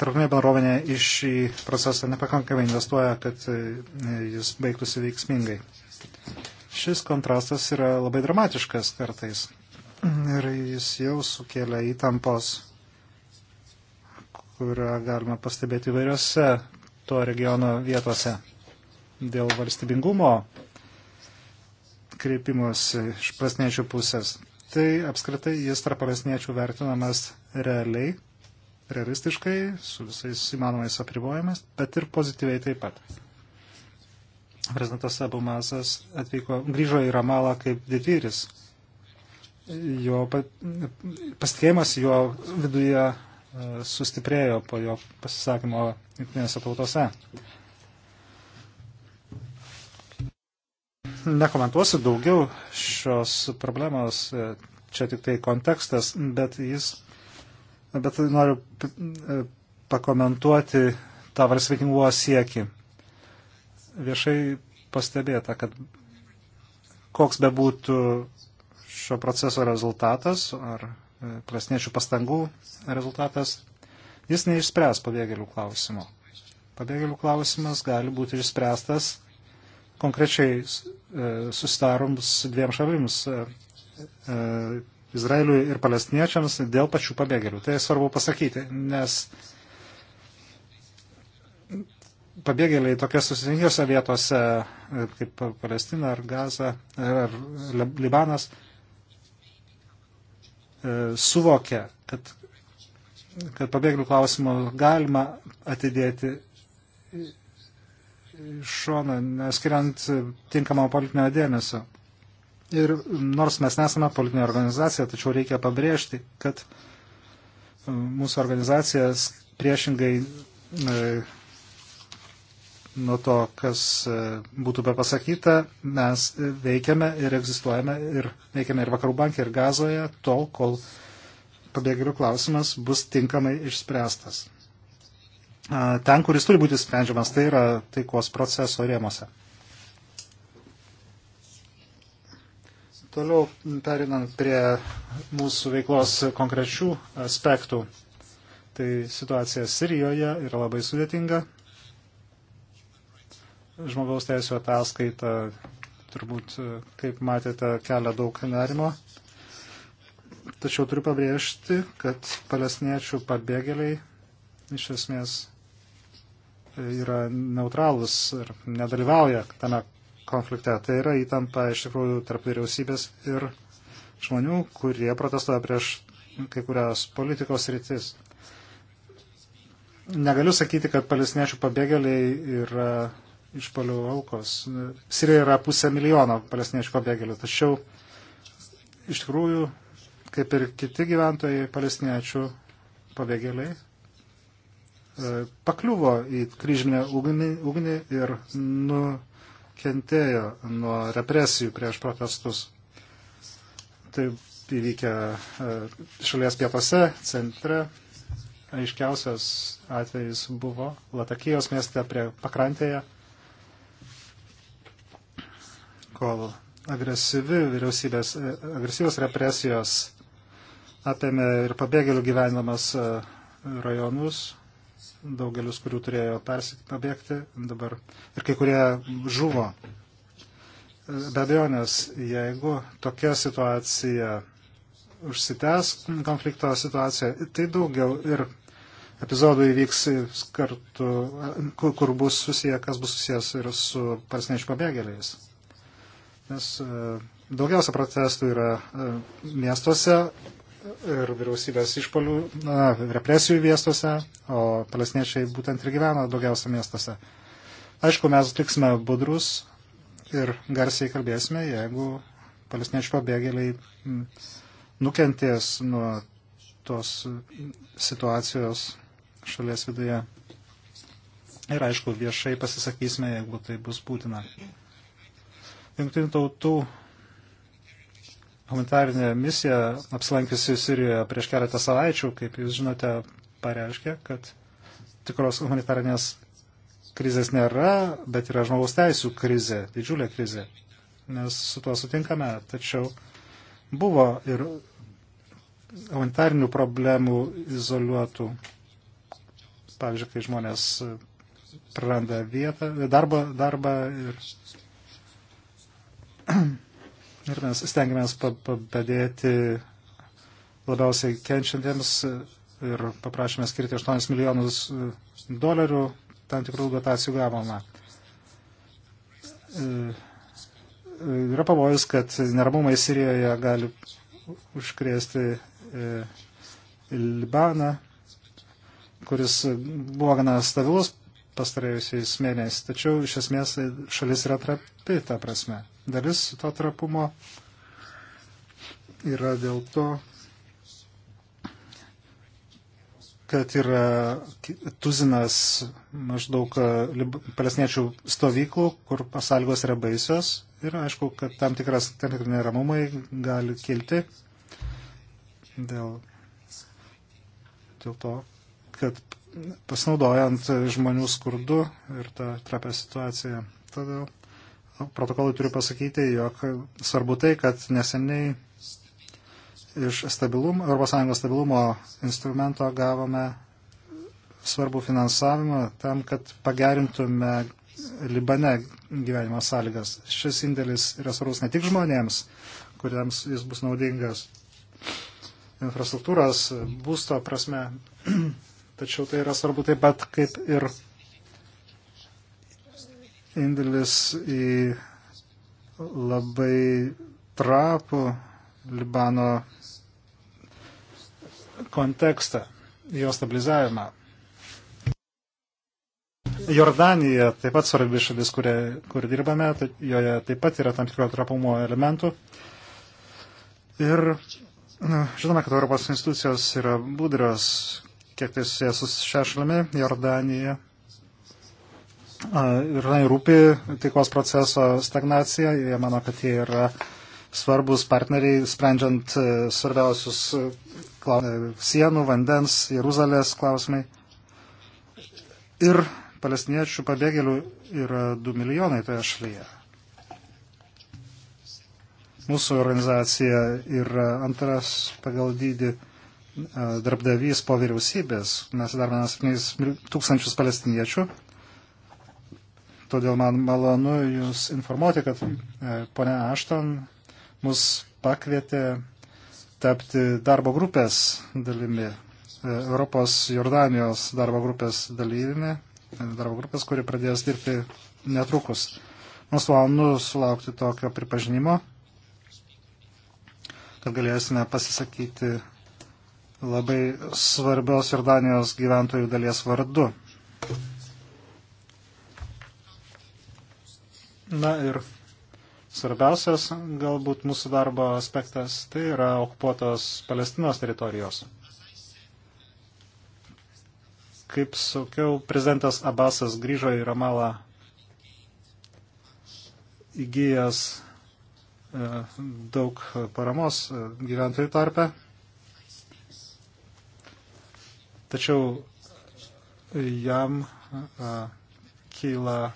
tarptautinė bendruomenė iš šį procesą nepakankamai investuoja, kad e, jis baigtųsi veiksmingai. Šis kontrastas yra labai dramatiškas kartais ir jis jau sukėlė įtampos, kurią galima pastebėti įvairiose to regiono vietose. Dėl valstybingumo kreipimus iš prasniečių pusės. Tai apskritai jis tarp prasniečių vertinamas realiai, realistiškai, su visais įmanomais apribojimais, bet ir pozityviai taip pat. Prezidentas Abumasas atvyko, grįžo į Ramalą kaip didvyris jo pasitikėjimas jo viduje e, sustiprėjo po jo pasisakymo jungtinėse tautose. Nekomentuosiu daugiau šios problemos, e, čia tik tai kontekstas, bet jis, bet noriu e, pakomentuoti tą valstybingumo siekį. Viešai pastebėta, kad koks bebūtų šio proceso rezultatas ar palestiniečių e, pastangų rezultatas, jis neišspręs pabėgėlių klausimo. Pabėgėlių klausimas gali būti išspręstas konkrečiai e, susitarums dviem šalims e, - Izraeliui ir palestiniečiams dėl pačių pabėgėlių. Tai svarbu pasakyti, nes pabėgėliai tokiose susirinkiuose vietose kaip Palestina ar Gaza ar Libanas E, suvokia, kad, kad pabėgėlių klausimo galima atidėti šoną, neskiriant tinkamą politinio dėmesio. Ir nors mes nesame politinė organizacija, tačiau reikia pabrėžti, kad e, mūsų organizacija priešingai e, nuo to, kas e, būtų bepasakyta, mes veikiame ir egzistuojame ir veikiame ir Vakarų bankė, ir Gazoje tol, kol pabėgėlių klausimas bus tinkamai išspręstas. Ten, kuris turi būti sprendžiamas, tai yra taikos proceso rėmose. Toliau perinant prie mūsų veiklos konkrečių aspektų, tai situacija Sirijoje yra labai sudėtinga, žmogaus teisų ataskaita turbūt, e, kaip matėte, kelia daug nerimo. Tačiau turiu pabrėžti, kad palestiniečių pabėgėliai iš esmės e, yra neutralus ir nedalyvauja tame konflikte. Tai yra įtampa iš tikrųjų tarp vyriausybės ir žmonių, kurie protestuoja prieš kai kurias politikos rytis. Negaliu sakyti, kad palestiniečių pabėgėliai yra išpalių aukos. Sirijoje yra pusė milijono palestiniečių pabėgėlių, tačiau iš tikrųjų, kaip ir kiti gyventojai palestiniečių pabėgėliai, e, pakliuvo į kryžminę ugnį, ugnį ir nukentėjo nuo represijų prieš protestus. Tai įvykę e, šalies pietose, centre. Aiškiausias atvejis buvo Latakijos mieste prie pakrantėje kol agresyvi vyriausybės, e, agresyvios represijos apėmė ir pabėgėlių gyvenamas e, rajonus, daugelis kurių turėjo persik, pabėgti dabar ir kai kurie žuvo. E, be abejonės, jeigu tokia situacija užsitęs, konflikto situacija, tai daugiau ir epizodų įvyks kartu, kur bus susiję, kas bus susijęs ir su palestiniečių pabėgėliais nes e, daugiausia protestų yra e, miestuose ir vyriausybės išpolių, na, represijų miestuose, o palestiniečiai būtent ir gyvena daugiausia miestuose. Aišku, mes liksime budrus ir garsiai kalbėsime, jeigu palestiniečių pabėgėliai nukentės nuo tos situacijos šalies viduje. Ir aišku, viešai pasisakysime, jeigu tai bus būtina. Junktinių tautų humanitarinė misija apsilankiusi Sirijoje prieš keletą savaičių, kaip jūs žinote, pareiškė, kad tikros humanitarinės krizės nėra, bet yra žmogaus teisų krizė, didžiulė krizė. Mes su tuo sutinkame, tačiau buvo ir humanitarinių problemų izoliuotų. Pavyzdžiui, kai žmonės praranda vietą, darbą, darbą ir ir mes stengiamės padėti labiausiai kenčiantiems ir paprašėme skirti 8 milijonus e, dolerių, tam tikrų dotacijų gavome. E, e, yra pavojus, kad neramumai Sirijoje gali užkrėsti Libaną, kuris buvo gana stabilus pastarėjusiais mėnesiais. Tačiau iš esmės šalis yra trapi tą prasme. Dalis to trapumo yra dėl to, kad yra tuzinas maždaug e, palestiniečių stovyklų, kur pasalgos yra baisios ir aišku, kad tam tikras tam tikri neramumai gali kilti dėl, dėl to, kad pasinaudojant žmonių skurdu ir tą trapę situaciją. Todėl protokolui turiu pasakyti, jog svarbu tai, kad neseniai iš stabilum, ES stabilumo instrumento gavome svarbų finansavimą tam, kad pagerintume Libane gyvenimo sąlygas. Šis indėlis yra svarbus ne tik žmonėms, kuriems jis bus naudingas infrastruktūros būsto prasme, Tačiau tai yra svarbu taip pat kaip ir indėlis į labai trapų Libano kontekstą, jo stabilizavimą. Jordanija taip pat svarbi šalis, kur, kur dirbame, tai joje taip pat yra tam tikro trapumo elementų. Ir na, žinome, kad Europos institucijos yra budrios, kiek tai susijęs su šia šalimi, Jordanija. Jordanai rūpi taikos proceso stagnacija, jie mano, kad jie yra svarbus partneriai, sprendžiant e, svarbiausius e, e, sienų, vandens, Jeruzalės klausimai. Ir palestiniečių pabėgėlių yra 2 milijonai toje šalyje. Mūsų organizacija yra antras pagal dydį E, darbdavys po vyriausybės. Mes darbame 7 tūkstančius palestiniečių. Todėl man malonu Jūs informuoti, kad e, ponia Ašton mus pakvietė tapti darbo grupės dalimi, e, Europos Jordanijos darbo grupės dalyvimi, darbo grupės, kuri pradės dirbti netrukus. Mums valnu sulaukti tokio pripažinimo, kad galėsime pasisakyti labai svarbios ir Danijos gyventojų dalies vardu. Na ir svarbiausias galbūt mūsų darbo aspektas tai yra okupuotos Palestinos teritorijos. Kaip sakiau, prezidentas Abbasas grįžo į Ramalą įgyjęs e, daug paramos e, gyventojų tarpe. Tačiau jam kyla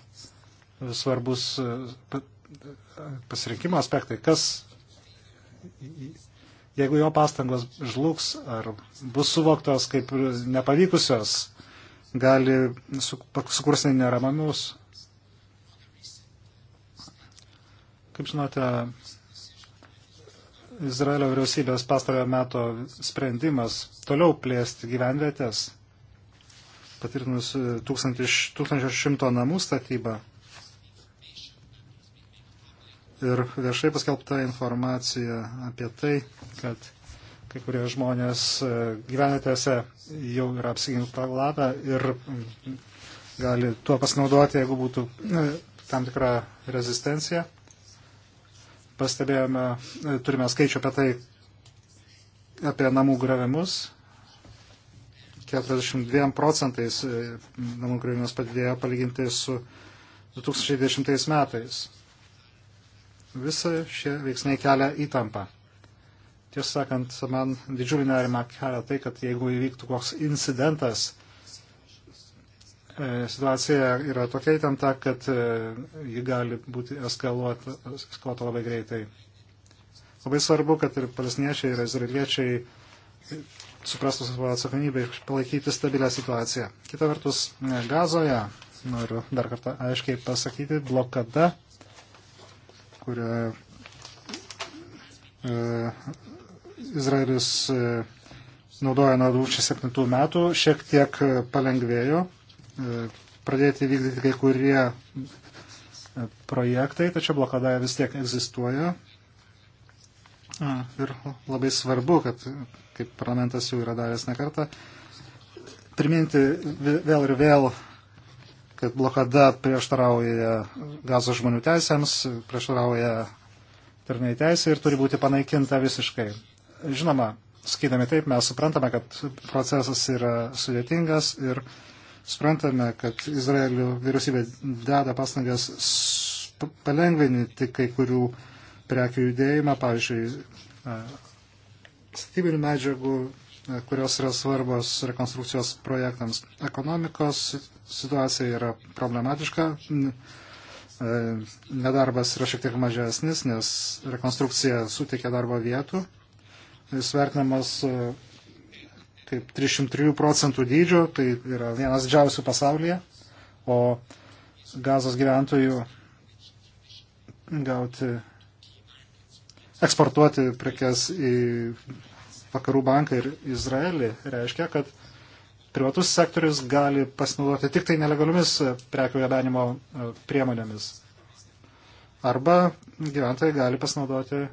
svarbus pasirinkimo aspektai, kas, jeigu jo pastangos žlugs ar bus suvoktos kaip nepavykusios, gali sukursti neramamus. Kaip žinote, Izraelio vyriausybės pastarojo meto sprendimas toliau plėsti gyvenvietės, patvirtinus 1600 e, namų statybą ir viešai paskelbta informacija apie tai, kad kai kurie žmonės e, gyvenvietėse jau yra apsiginklavę ir gali tuo pasinaudoti, jeigu būtų e, tam tikra rezistencija pastebėjome, e, turime skaičių apie tai, apie namų grevimus. 42 procentais e, namų grevimas padidėjo palyginti su 2010 metais. Visa šie veiksniai kelia įtampą. Tiesą sakant, man didžiulį nerimą kelia tai, kad jeigu įvyktų koks incidentas, E, situacija yra tokia įtempta, kad e, ji gali būti eskaluota, eskaluota labai greitai. Labai svarbu, kad ir palestiniečiai, ir izraeliečiai suprastų savo atsakomybę ir palaikyti stabilę situaciją. Kita vertus, e, gazoje, noriu dar kartą aiškiai pasakyti, blokada, kurią e, Izraelis e, naudoja nuo 2007 metų, šiek tiek palengvėjo E, pradėti vykdyti kai kurie e, projektai, tačiau blokada vis tiek egzistuoja. Ir labai svarbu, kad, kaip parlamentas jau yra davęs nekartą, priminti vėl ir vėl, kad blokada prieštarauja gazo žmonių teisėms, prieštarauja tarnai teisė ir turi būti panaikinta visiškai. Žinoma, skaitami taip, mes suprantame, kad procesas yra sudėtingas ir uh, Sprantame, kad Izraelio vyriausybė deda pastangas palengvinti kai kurių prekių judėjimą, pavyzdžiui, statybinių medžiagų, kurios yra svarbos rekonstrukcijos projektams. Ekonomikos situacija yra problematiška, nedarbas yra šiek tiek mažesnis, nes rekonstrukcija suteikia darbo vietų, svertinamas kaip 303 procentų dydžio, tai yra vienas didžiausių pasaulyje, o gazos gyventojų gauti, eksportuoti prekes į vakarų banką ir Izraelį reiškia, kad privatus sektorius gali pasinaudoti tik tai nelegaliomis prekių gabenimo e, priemonėmis. Arba gyventojai gali pasinaudoti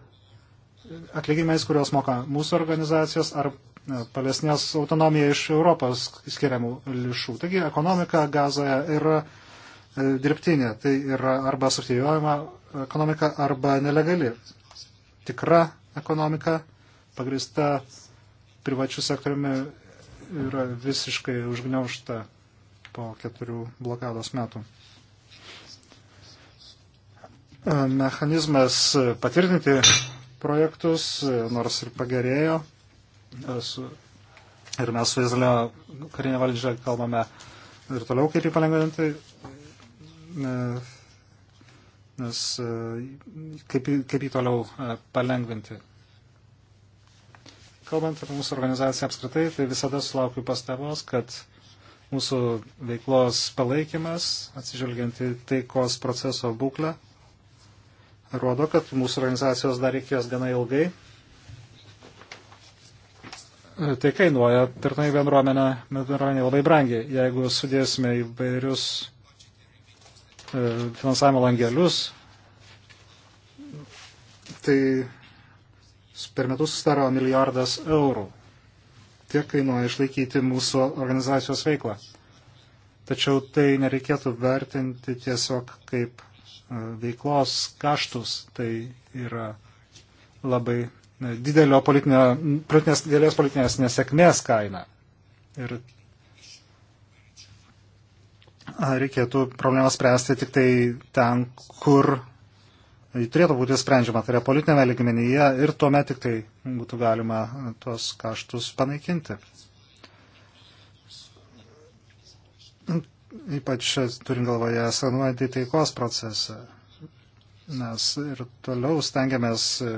atlyginimais, kuriuos moka mūsų organizacijos ar e, palesnės autonomija iš Europos skiriamų lišų. Taigi ekonomika gazoje yra e, dirbtinė, tai yra arba subsidijuojama ekonomika arba nelegali. Tikra ekonomika pagrista privačių sektoriumi yra visiškai užgneušta po keturių blokados metų e, mechanizmas patvirtinti projektus, nors ir pagerėjo. Ir mes su Izraelio karinė valdžia kalbame ir toliau, kaip jį palengvinti. E, nes e, kaip, kaip jį toliau e, palengvinti. Kalbant apie mūsų organizaciją apskritai, tai visada sulaukiu pastabos, kad mūsų veiklos palaikymas, atsižvelgiant į taikos proceso būklę, rodo, kad mūsų organizacijos dar reikės gana ilgai. Tai kainuoja tarnai bendruomenė, bendruomenė labai brangiai. Jeigu sudėsime įvairius e, finansavimo langelius, tai per metus sudaro milijardas eurų. Tiek kainuoja išlaikyti mūsų organizacijos veiklą. Tačiau tai nereikėtų vertinti tiesiog kaip E, veiklos kaštus, tai yra labai e, didelio politinio, politinės, didelės politinės nesėkmės kaina. Ir reikėtų problemą spręsti tik tai ten, kur jį turėtų būti sprendžiama, tai yra politinėme ligmenyje ir tuomet tik tai būtų galima tuos kaštus panaikinti ypač turint galvoje sanuojantį taikos procesą. Mes ir toliau stengiamės e,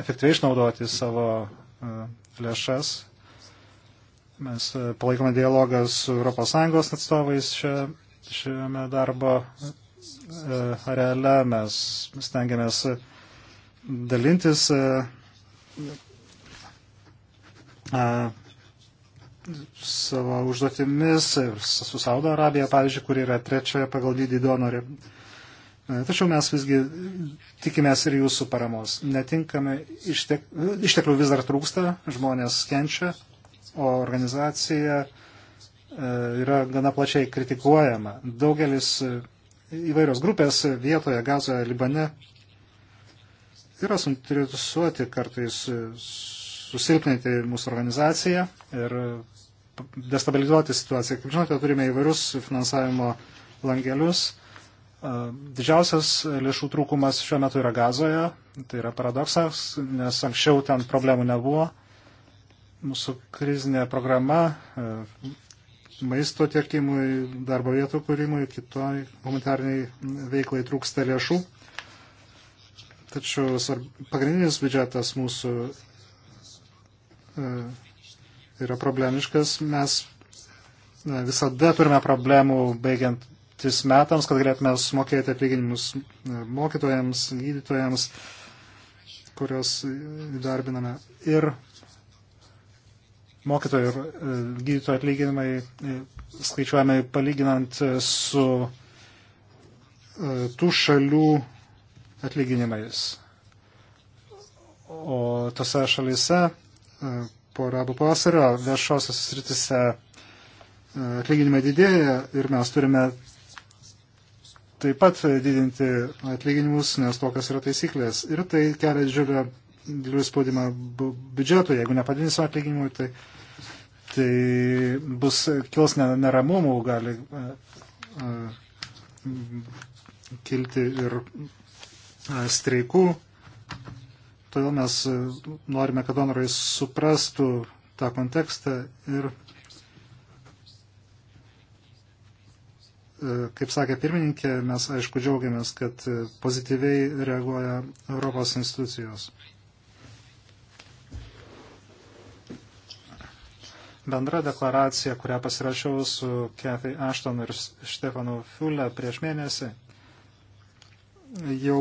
efektyviai išnaudoti savo e, lėšas. Mes e, palaikome dialogą su ES atstovais šia, šiame darbo areale. Mes stengiamės dalintis savo užduotimis ir su Saudo Arabija, pavyzdžiui, kur yra trečioje pagal dydį donorė. E, tačiau mes visgi tikimės ir jūsų paramos. Netinkami ištek, išteklių vis dar trūksta, žmonės kenčia, o organizacija e, yra gana plačiai kritikuojama. Daugelis e, įvairios grupės vietoje, Gazoje, Libane yra suinteresuoti kartais susilpninti mūsų organizaciją ir destabilizuoti situaciją. Kaip žinote, turime įvairius finansavimo langelius. Didžiausias lėšų trūkumas šiuo metu yra gazoje, tai yra paradoksas, nes anksčiau ten problemų nebuvo. Mūsų krizinė programa maisto tiekimui, darbo vietų kūrimui, kitoj humanitarniai veiklai trūksta lėšų. Tačiau pagrindinis biudžetas mūsų E, yra problemiškas. Mes visada turime problemų baigiantis metams, kad galėtume sumokėti atlyginimus e, mokytojams, gydytojams, kurios darbiname. Ir mokytojų ir e, gydytojų atlyginimai skaičiuojami palyginant su tų šalių atlyginimais. O tose šalise E, po arabų pavasario viešosios sritise e, atlyginimai didėja ir mes turime taip pat didinti atlyginimus, nes tokios yra taisyklės. Ir tai kelia didžiulį, didžiulį spaudimą biudžetui. Jeigu nepadidinsim atlyginimų, tai, tai bus kils neramumų, gali a, e, a, kilti ir a, streikų Todėl mes e, norime, kad donorai suprastų tą kontekstą ir, e, kaip sakė pirmininkė, mes aišku džiaugiamės, kad e, pozityviai reaguoja Europos institucijos. bendra deklaracija, kurią pasirašiau su Kathy Ashton ir Stefanu Fiule prieš mėnesį, jau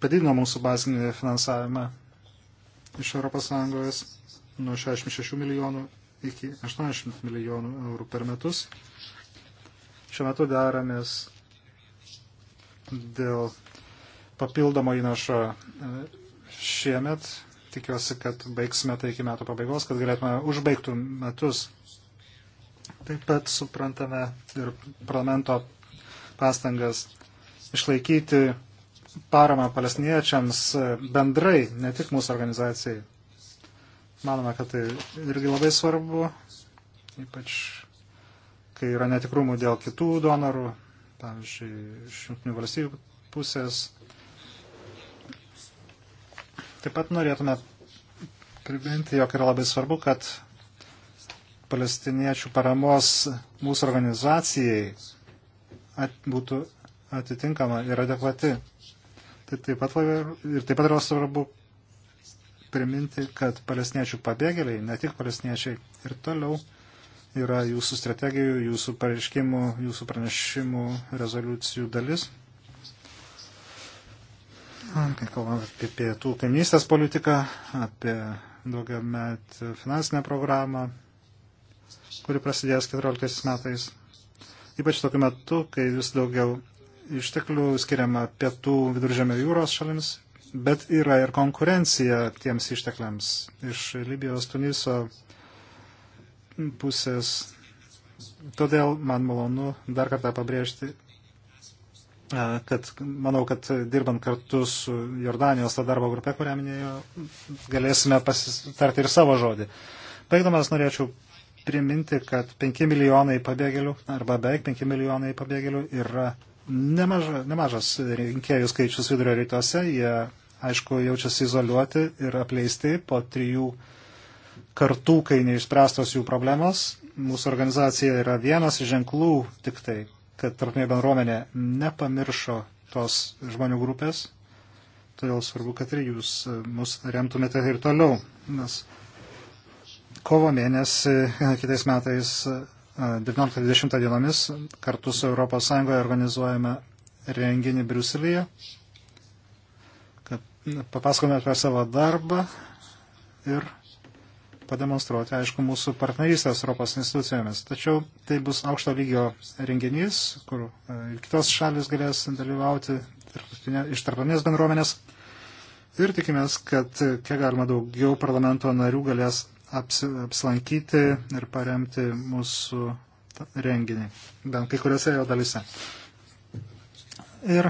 padidino mūsų bazinį finansavimą iš ES nuo 66 milijonų iki 80 milijonų eurų per metus. Šiuo metu deramės dėl papildomo įnašo e, šiemet. Tikiuosi, kad baigsime tai iki metų pabaigos, kad galėtume užbaigtų metus. Taip pat suprantame ir parlamento pastangas išlaikyti paramą palestiniečiams bendrai, ne tik mūsų organizacijai. Manome, kad tai irgi labai svarbu, ypač kai yra netikrumų dėl kitų donorų, pavyzdžiui, iš jungtinių valstybių pusės. Taip pat norėtume priminti, jog yra labai svarbu, kad palestiniečių paramos mūsų organizacijai at, būtų atitinkama ir adekvati. Tai taip pat, ir taip pat yra svarbu priminti, kad palestiniečių pabėgėliai, ne tik palestiniečiai, ir toliau yra jūsų strategijų, jūsų pareiškimų, jūsų pranešimų, rezoliucijų dalis. Kai kalbame apie pietų kaimynystės politiką, apie daugiamet finansinę programą, kuri prasidės 14 metais. Ypač tokiu metu, kai vis daugiau išteklių skiriama pietų viduržėmio jūros šalims, bet yra ir konkurencija tiems ištekliams iš Libijos, Tuniso pusės. Todėl man malonu dar kartą pabrėžti, kad manau, kad dirbant kartu su Jordanijos tą darbo grupę, kurią minėjo, galėsime pasitarti ir savo žodį. Baigdamas norėčiau priminti, kad 5 milijonai pabėgėlių arba beveik 5 milijonai pabėgėlių yra nemaža, nemažas rinkėjų skaičius vidurio rytuose. Jie, aišku, jaučiasi izoliuoti ir apleisti po trijų kartų, kai neišspręstos jų problemos. Mūsų organizacija yra vienas iš ženklų tik tai, kad tarpinė bendruomenė nepamiršo tos žmonių grupės. Todėl svarbu, kad ir jūs e, mus remtumėte ir toliau. Nes kovo mėnesį kitais metais 19-20 dienomis kartu su ES organizuojame renginį Briuselėje, kad papasakome apie savo darbą ir pademonstruoti, aišku, mūsų partnerystės Europos institucijomis. Tačiau tai bus aukšto lygio renginys, kur e, ir kitos šalis galės dalyvauti iš tarptautinės bendruomenės. Ir tikimės, kad kiek galima daugiau parlamento narių galės aps, apsilankyti ir paremti mūsų renginį, bent kai kuriuose jo dalise. Ir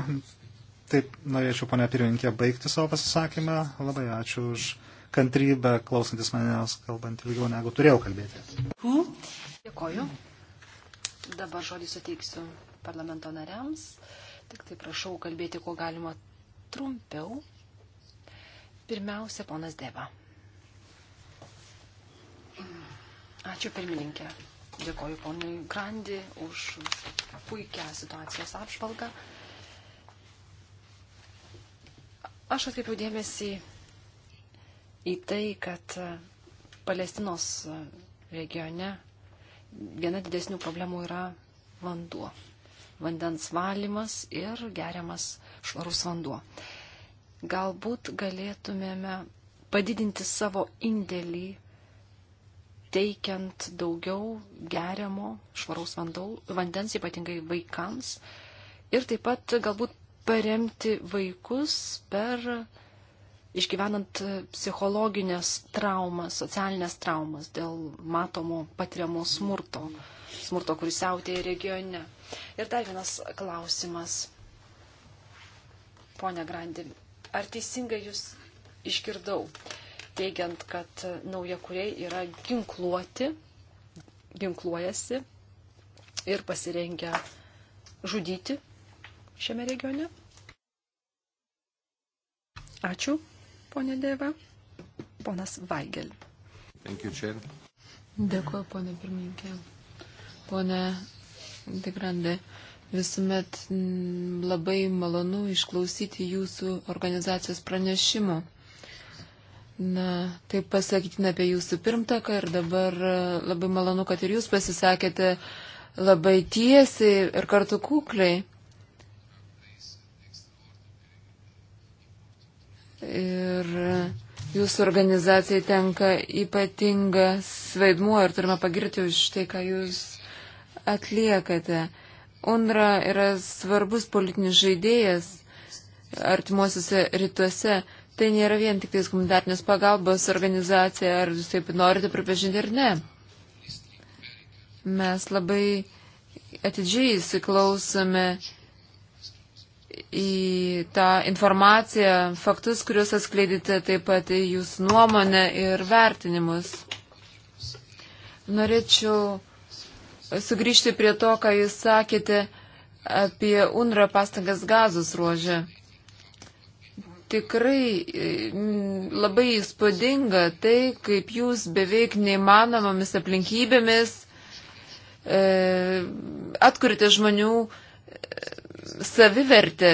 taip norėčiau, ponia pirmininkė, baigti savo pasisakymą. Labai ačiū už kantrybę, klausantis manęs, kalbant ilgiau negu turėjau kalbėti. Dėkoju. Dabar žodį suteiksiu parlamento nariams. Tik tai prašau kalbėti, kuo galima trumpiau. Pirmiausia, ponas Deva. Ačiū pirmininkė. Dėkoju ponui Grandi už puikią situacijos apžvalgą. Aš atkreipiau dėmesį į tai, kad Palestinos regione viena didesnių problemų yra vanduo. Vandens valymas ir geriamas švarus vanduo. Galbūt galėtumėme padidinti savo indėlį teikiant daugiau geriamo švaraus vandens, ypatingai vaikams. Ir taip pat galbūt paremti vaikus per išgyvenant psichologinės traumas, socialinės traumas dėl matomo patiriamo smurto, smurto, kuris siautėja regione. Ir dar vienas klausimas. Pone Grandi, ar teisingai jūs išgirdau? teigiant, kad naujakuriai yra ginkluoti, ginkluojasi ir pasirengę žudyti šiame regione. Ačiū, ponė Dėva. Ponas Vaigel. Dėkuoju, ponė pirmininkė. Pone Digrande, visuomet labai malonu išklausyti jūsų organizacijos pranešimo. Na, taip pasakytina apie jūsų pirmtaką ir dabar e, labai malonu, kad ir jūs pasisakėte labai tiesiai ir kartu kukliai. Ir jūsų organizacijai tenka ypatingas vaidmuo ir turime pagirti už tai, ką jūs atliekate. UNRA yra svarbus politinis žaidėjas artimuosiuose rytuose. Tai nėra vien tik tais humanitarnės pagalbos organizacija, ar jūs taip norite pripažinti ar ne. Mes labai atidžiai įsiklausome į tą informaciją, faktus, kuriuos atskleidite, taip pat į jūsų nuomonę ir vertinimus. Norėčiau sugrįžti prie to, ką jūs sakėte apie UNRWA pastangas gazos ruožę. Tikrai e, labai įspūdinga tai, kaip jūs beveik neįmanomomis aplinkybėmis e, atkurite žmonių e, savivertę.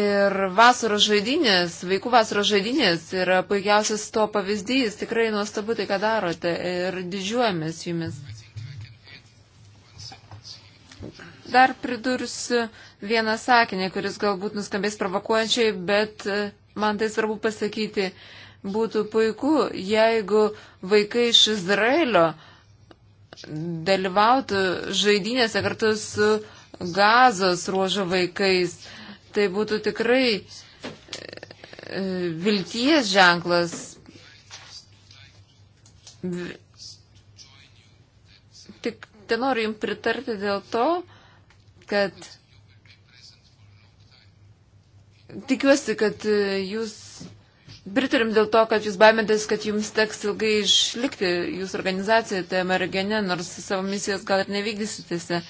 Ir vasaros žaidynės, vaikų vasaros žaidynės yra puikiausias to pavyzdys. Tikrai nuostabu tai, ką darote ir didžiuojamės jumis. Dar pridursiu vieną sakinį, kuris galbūt nuskambės provokuojančiai, bet e, man tai svarbu pasakyti. Būtų puiku, jeigu vaikai iš Izraelio dalyvautų žaidynėse kartu su gazos ruožo vaikais. Tai būtų tikrai e, e, vilties ženklas. Tik ten noriu jums pritarti dėl to, kad Tikiuosi, kad e, jūs pritarim dėl to, kad jūs baimėtės, kad jums teks ilgai išlikti jūsų organizacijoje tame regione, nors savo misijos gal ir nevykdysitėse.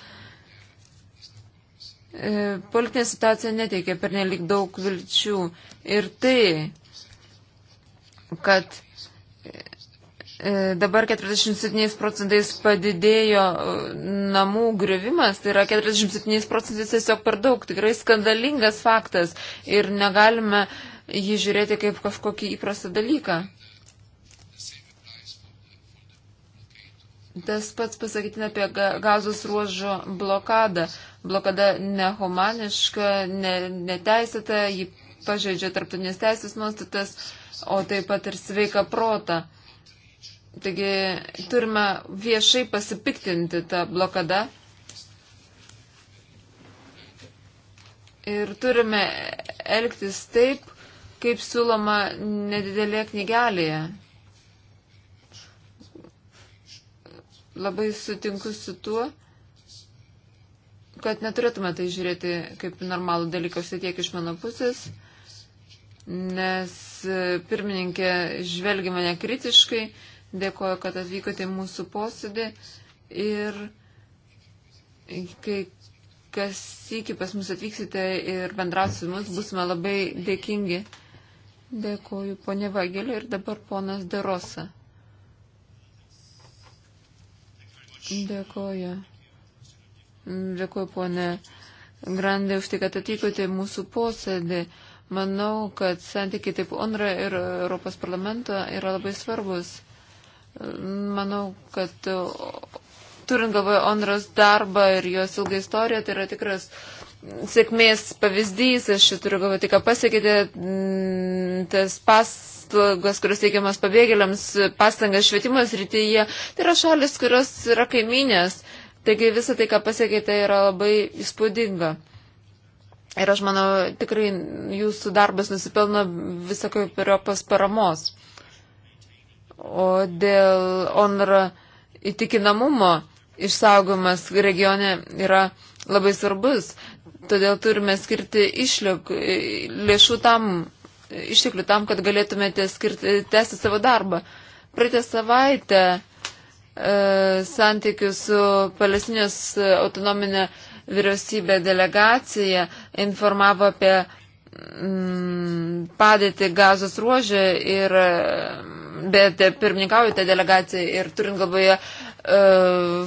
E, politinė situacija neteikia per nelik daug vilčių. Ir tai, kad E, dabar 47 procentais padidėjo e, namų grevimas, tai yra 47 procentais tiesiog per daug, tikrai skandalingas faktas ir negalime jį žiūrėti kaip kažkokį įprastą dalyką. Tas pats pasakytina apie gazos ruožo blokadą. Blokada nehumaniška, ne, neteisėta, ji pažeidžia tarptautinės teisės nuostatas, o taip pat ir sveika protą. Taigi turime viešai pasipiktinti tą blokadą. Ir turime elgtis taip, kaip siūloma nedidelė knygelėje. Labai sutinku su tuo, kad neturėtume tai žiūrėti kaip normalų dalyką, tai tiek iš mano pusės, nes e, pirmininkė žvelgia mane kritiškai Dėkoju, kad atvykote į mūsų posėdį ir kai kas iki pas mus atvyksite ir bendrausite su mus, būsime labai dėkingi. Dėkoju, ponė Vagelė ir dabar ponas Derosa. Dėkoju. Dėkoju, ponė Grandė, už tai, kad atvykote į mūsų posėdį. Manau, kad santykiai taip UNRA ir Europos parlamento yra labai svarbus. Manau, kad turint galvoje Onros darbą ir jos ilgą istoriją, tai yra tikras sėkmės pavyzdys. Aš čia turiu galvoje, tik ką pasiekėte mm, tas paslaugas, kurios teikiamas pabėgėliams, pastangas švietimo srityje. Tai yra šalis, kurios yra kaiminės. Taigi visą tai, ką pasiekėte, yra labai įspūdinga. Ir aš manau, tikrai jūsų darbas nusipelno visokio periopas paramos. O dėl ONRA įtikinamumo išsaugomas regione yra labai svarbus, todėl turime skirti išliuk, lėšų tam, išteklių tam, kad galėtumėte skirti, tęsti savo darbą. Praeitą savaitę e, santykių su Palestinės autonominė vyriausybė delegacija informavo apie m, mm, padėtį gazos ruožę ir m, bet e, pirmininkaujate delegacijai ir turint galvoje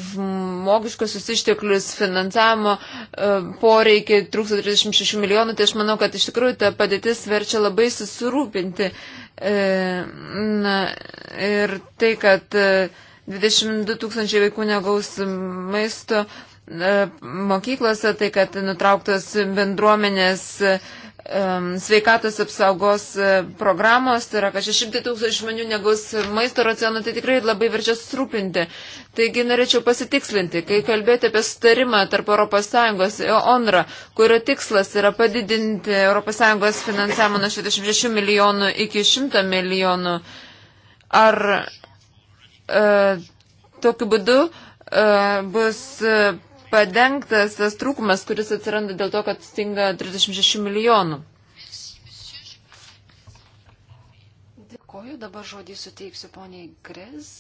žmogiškosius e, išteklius, finansavimo e, poreikį, trūksta 36 milijonų, tai aš manau, kad iš tikrųjų ta padėtis verčia labai susirūpinti. E, na, ir tai, kad 22 e, tūkstančiai vaikų negaus maisto e, mokyklose, tai kad nutrauktos bendruomenės sveikatos apsaugos e, programos, tai yra, kad 600 tūkstančių žmonių negaus maisto racionų, tai tikrai labai verčia susirūpinti. Taigi norėčiau pasitikslinti, kai kalbėjote apie sutarimą tarp ES ir ONRA, kurio tikslas yra padidinti ES finansavimą nuo 66 milijonų iki 100 milijonų, ar e, tokiu būdu e, bus padengtas tas trūkumas, kuris atsiranda dėl to, kad stinga 36 milijonų. Dėkoju, dabar žodį suteiksiu poniai Grez.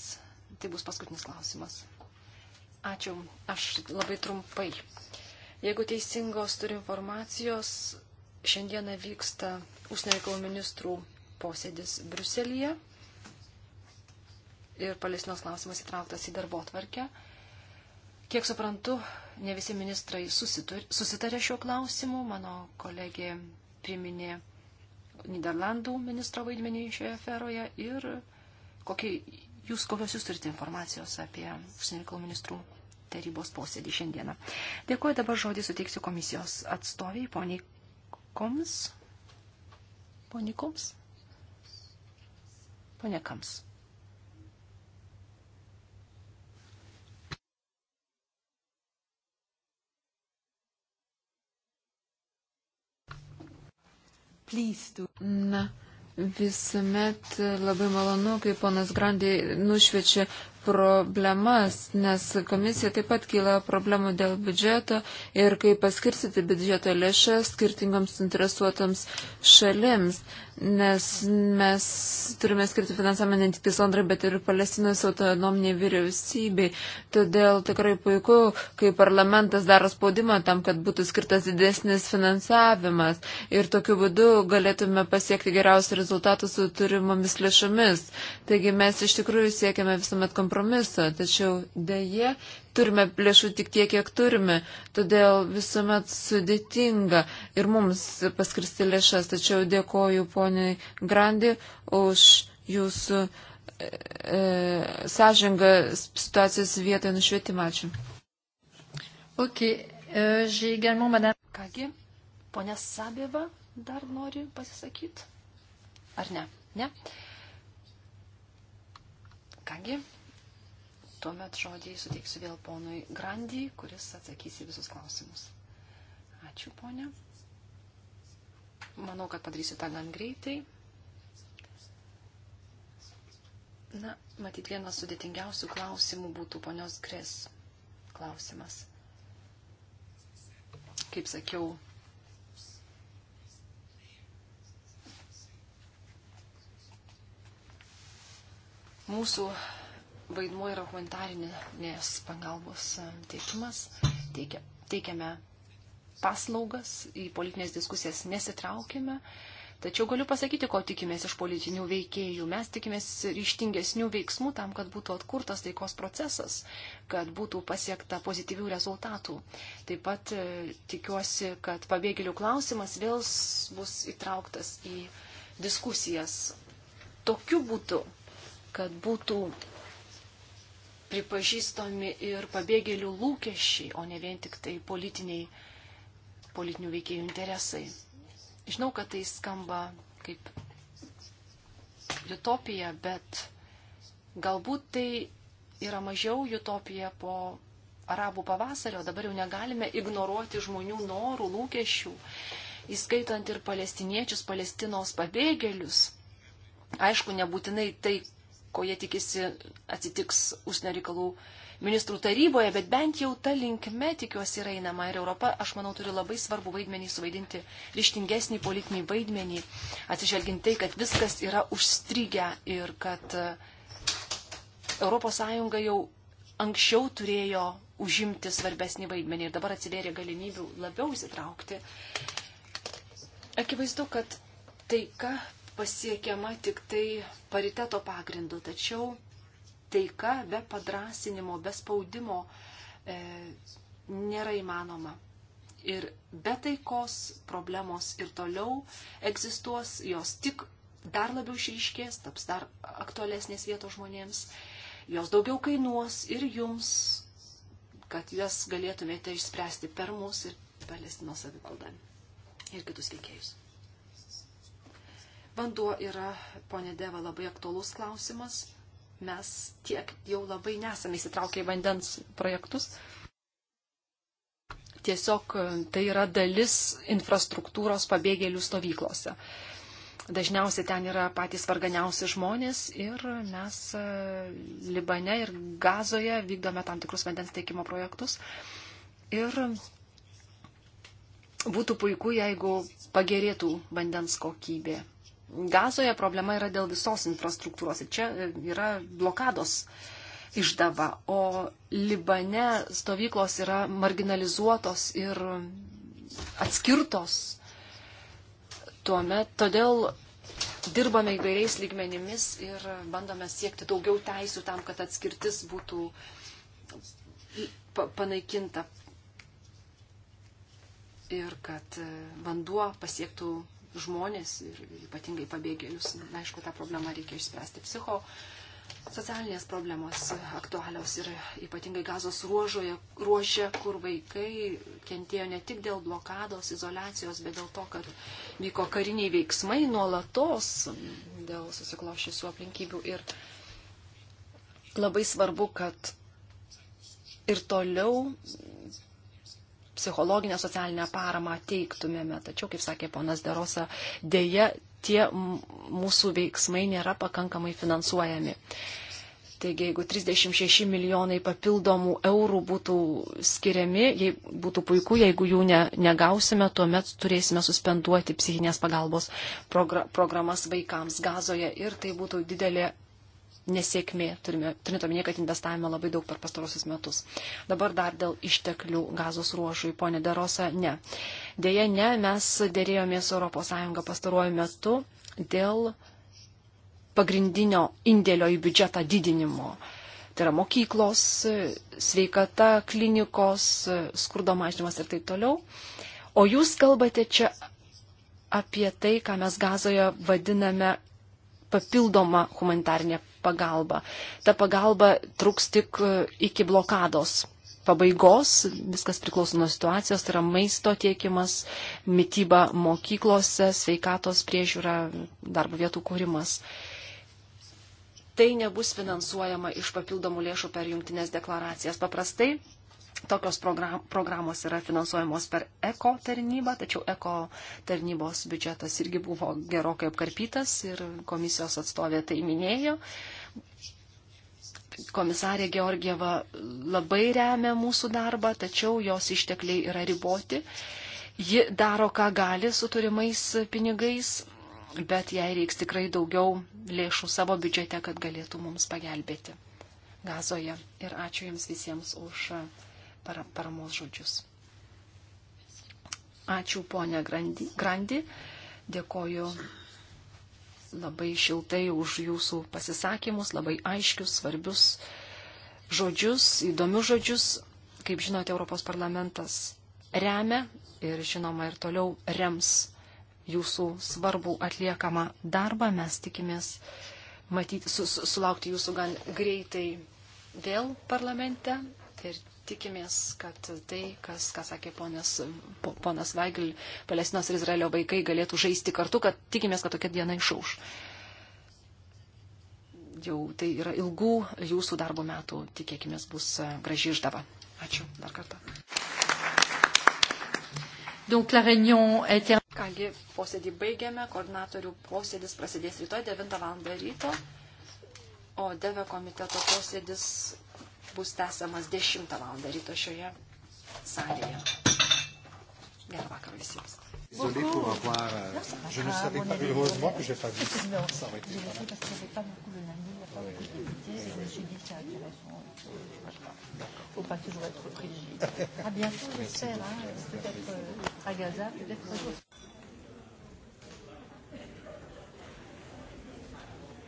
Tai bus paskutinis klausimas. Ačiū, aš labai trumpai. Jeigu teisingos turi informacijos, šiandieną vyksta užsienio reikalų ministrų posėdis Bruselėje ir Palestinos klausimas įtrauktas į darbo tvarkę. Kiek suprantu, ne visi ministrai susitarė šiuo klausimu. Mano kolegė priminė Niderlandų ministro vaidmenį šioje aferoje ir kokie, jūs, kokios jūs turite informacijos apie užsienio reikalų ministrų tarybos posėdį šiandieną. Dėkuoju, dabar žodį suteiksiu komisijos atstoviai, poniai Koms. Poniai Koms. Pone Kams. Na, visuomet labai malonu, kai ponas Grandį nušvečia problemas, nes komisija taip pat kyla problemų dėl biudžeto ir kaip paskirsyti biudžeto lėšas skirtingoms interesuotams šalims nes mes turime skirti finansavimą ne tik Islandrai, tai bet ir Palestinos autonominiai vyriausybei. Todėl tikrai puiku, kai parlamentas daro spaudimą tam, kad būtų skirtas didesnis finansavimas ir tokiu būdu galėtume pasiekti geriausių rezultatų su turimomis lėšomis. Taigi mes iš tikrųjų siekiame visuomet kompromiso, tačiau dėje turime lėšų tik tiek, kiek turime, todėl visuomet sudėtinga ir mums paskirsti lėšas. Tačiau dėkoju poniai Grandi už jūsų e, e, sąžingą situacijos vietoje nušvietimą. Ačiū. Okay. Uh, madame... Kągi, ponia Sabėva dar nori pasisakyti? Ar ne? Ne? Kągi, Tuomet žodį suteiksiu vėl ponui Grandį, kuris atsakys į visus klausimus. Ačiū, ponė. Manau, kad padarysiu tą gan greitai. Na, matyt, vienas sudėtingiausių klausimų būtų ponios Gres klausimas. Kaip sakiau, mūsų vaidmuo yra humanitarinės pagalbos e, teikimas. Teikia, teikiame paslaugas, į politinės diskusijas nesitraukime. Tačiau galiu pasakyti, ko tikimės iš politinių veikėjų. Mes tikimės ryštingesnių veiksmų tam, kad būtų atkurtas taikos procesas, kad būtų pasiekta pozityvių rezultatų. Taip pat e, tikiuosi, kad pabėgėlių klausimas vėl bus įtrauktas į diskusijas. Tokiu būdu, kad būtų pripažįstami ir pabėgėlių lūkesčiai, o ne vien tik tai politiniai, politinių veikėjų interesai. Žinau, kad tai skamba kaip utopija, bet galbūt tai yra mažiau utopija po arabų pavasario, dabar jau negalime ignoruoti žmonių norų, lūkesčių, įskaitant ir palestiniečius, palestinos pabėgėlius. Aišku, nebūtinai tai, ko jie tikisi atsitiks užsienio reikalų ministrų taryboje, bet bent jau ta linkme tikiuosi yra einama ir Europa, aš manau, turi labai svarbu vaidmenį suvaidinti, ryštingesnį politinį vaidmenį, atsižvelgiant tai, kad viskas yra užstrigę ir kad ES jau anksčiau turėjo užimti svarbesnį vaidmenį ir dabar atsivėrė galimybių labiau įsitraukti. Akivaizdu, kad taika pasiekiama tik tai pariteto pagrindu, tačiau taika be padrasinimo, be spaudimo e, nėra įmanoma. Ir be taikos problemos ir toliau egzistuos, jos tik dar labiau išryškės, taps dar aktualesnės vietos žmonėms, jos daugiau kainuos ir jums, kad jas galėtumėte išspręsti per mus ir Palestinos savivaldą ir kitus veikėjus. Vanduo yra, ponė Deva, labai aktuolus klausimas. Mes tiek jau labai nesame įsitraukę į vandens projektus. Tiesiog e, tai yra dalis infrastruktūros pabėgėlių stovyklose. Dažniausiai ten yra patys varganiausi žmonės ir mes e, Libane ir Gazoje vykdome tam tikrus vandens teikimo projektus. Ir būtų puiku, jeigu pagerėtų vandens kokybė Gazoje problema yra dėl visos infrastruktūros ir čia e, yra blokados išdava, o Libane stovyklos yra marginalizuotos ir atskirtos. Tuomet todėl dirbame įvairiais lygmenimis ir bandome siekti daugiau teisų tam, kad atskirtis būtų panaikinta ir kad e, vanduo pasiektų žmonės ir ypatingai pabėgėlius. Aišku, tą problemą reikia išspręsti. Psicho socialinės problemos aktualios ir ypatingai gazos ruožoje, ruožė, kur vaikai kentėjo ne tik dėl blokados, izolacijos, bet dėl to, kad vyko kariniai veiksmai nuolatos dėl susiklošysių aplinkybių. Ir labai svarbu, kad ir toliau psichologinę, socialinę paramą teiktumėme. Tačiau, kaip sakė ponas Derosa, dėja tie mūsų veiksmai nėra pakankamai finansuojami. Taigi, jeigu 36 milijonai papildomų eurų būtų skiriami, jei, būtų puiku, jeigu jų ne, negausime, tuomet turėsime suspenduoti psichinės pagalbos progra, programas vaikams gazoje ir tai būtų didelė nesėkmė, turint omenyje, kad investavome labai daug per pastarosius metus. Dabar dar dėl išteklių gazos ruožui, ponė Derosa, ne. Deja, ne, mes dėrėjomės su ES pastaruoju metu dėl pagrindinio indėlio į biudžetą didinimo. Tai yra mokyklos, sveikata, klinikos, skurdo mažinimas ir taip toliau. O jūs kalbate čia apie tai, ką mes gazoje vadiname papildomą humanitarnę pagalba. Ta pagalba truks tik e, iki blokados pabaigos, viskas priklauso nuo situacijos, tai yra maisto tiekimas, mytyba mokyklose, sveikatos priežiūra, darbo vietų kūrimas. Tai nebus finansuojama iš papildomų lėšų per jungtinės deklaracijas. Paprastai Tokios programos yra finansuojamos per ECO tarnybą, tačiau ECO tarnybos biudžetas irgi buvo gerokai apkarpytas ir komisijos atstovė tai minėjo. Komisarė Georgieva labai remia mūsų darbą, tačiau jos ištekliai yra riboti. Ji daro, ką gali su turimais pinigais, bet jai reiks tikrai daugiau lėšų savo biudžete, kad galėtų mums pagelbėti gazoje. Ir ačiū Jums visiems už. Uh, paramos žodžius. Ačiū ponia Grandi, Grandi. dėkoju labai šiltai už jūsų pasisakymus, labai aiškius, svarbius žodžius, įdomius žodžius. Kaip žinote, Europos parlamentas remia ir žinoma ir toliau rems jūsų svarbų atliekamą darbą. Mes tikimės matyti, su, su, sulaukti jūsų gan greitai vėl parlamente ir tikimės, kad tai, kas, ką sakė ponas, ponas Vaigil, Palestinos ir Izraelio vaikai galėtų žaisti kartu, kad tikimės, kad tokia diena išauš. Jau tai yra ilgų jūsų darbo metų, tikėkime, bus e, graži išdava. Ačiū dar kartą. Donc, la réunion est... Kągi, posėdį baigėme, koordinatorių posėdis prasidės rytoj 9 val. ryto, o DV komiteto posėdis bus tęsiamas 10 val. ryto šioje salėje. Gerą vakarą visiems. Désolé pour avoir. Euh, non, je ne savais pas, heureusement que je n'ai pas vu. Non, ça aurait été. Je l'ai fait parce qu'il n'y avait pas beaucoup le lundi, il n'y a pas beaucoup de qualité, et je me suis dit, c'est intéressant. Il ne faut pas toujours être privilégié. À bientôt, j'espère. Hein, peut-être euh, à Gaza, peut-être.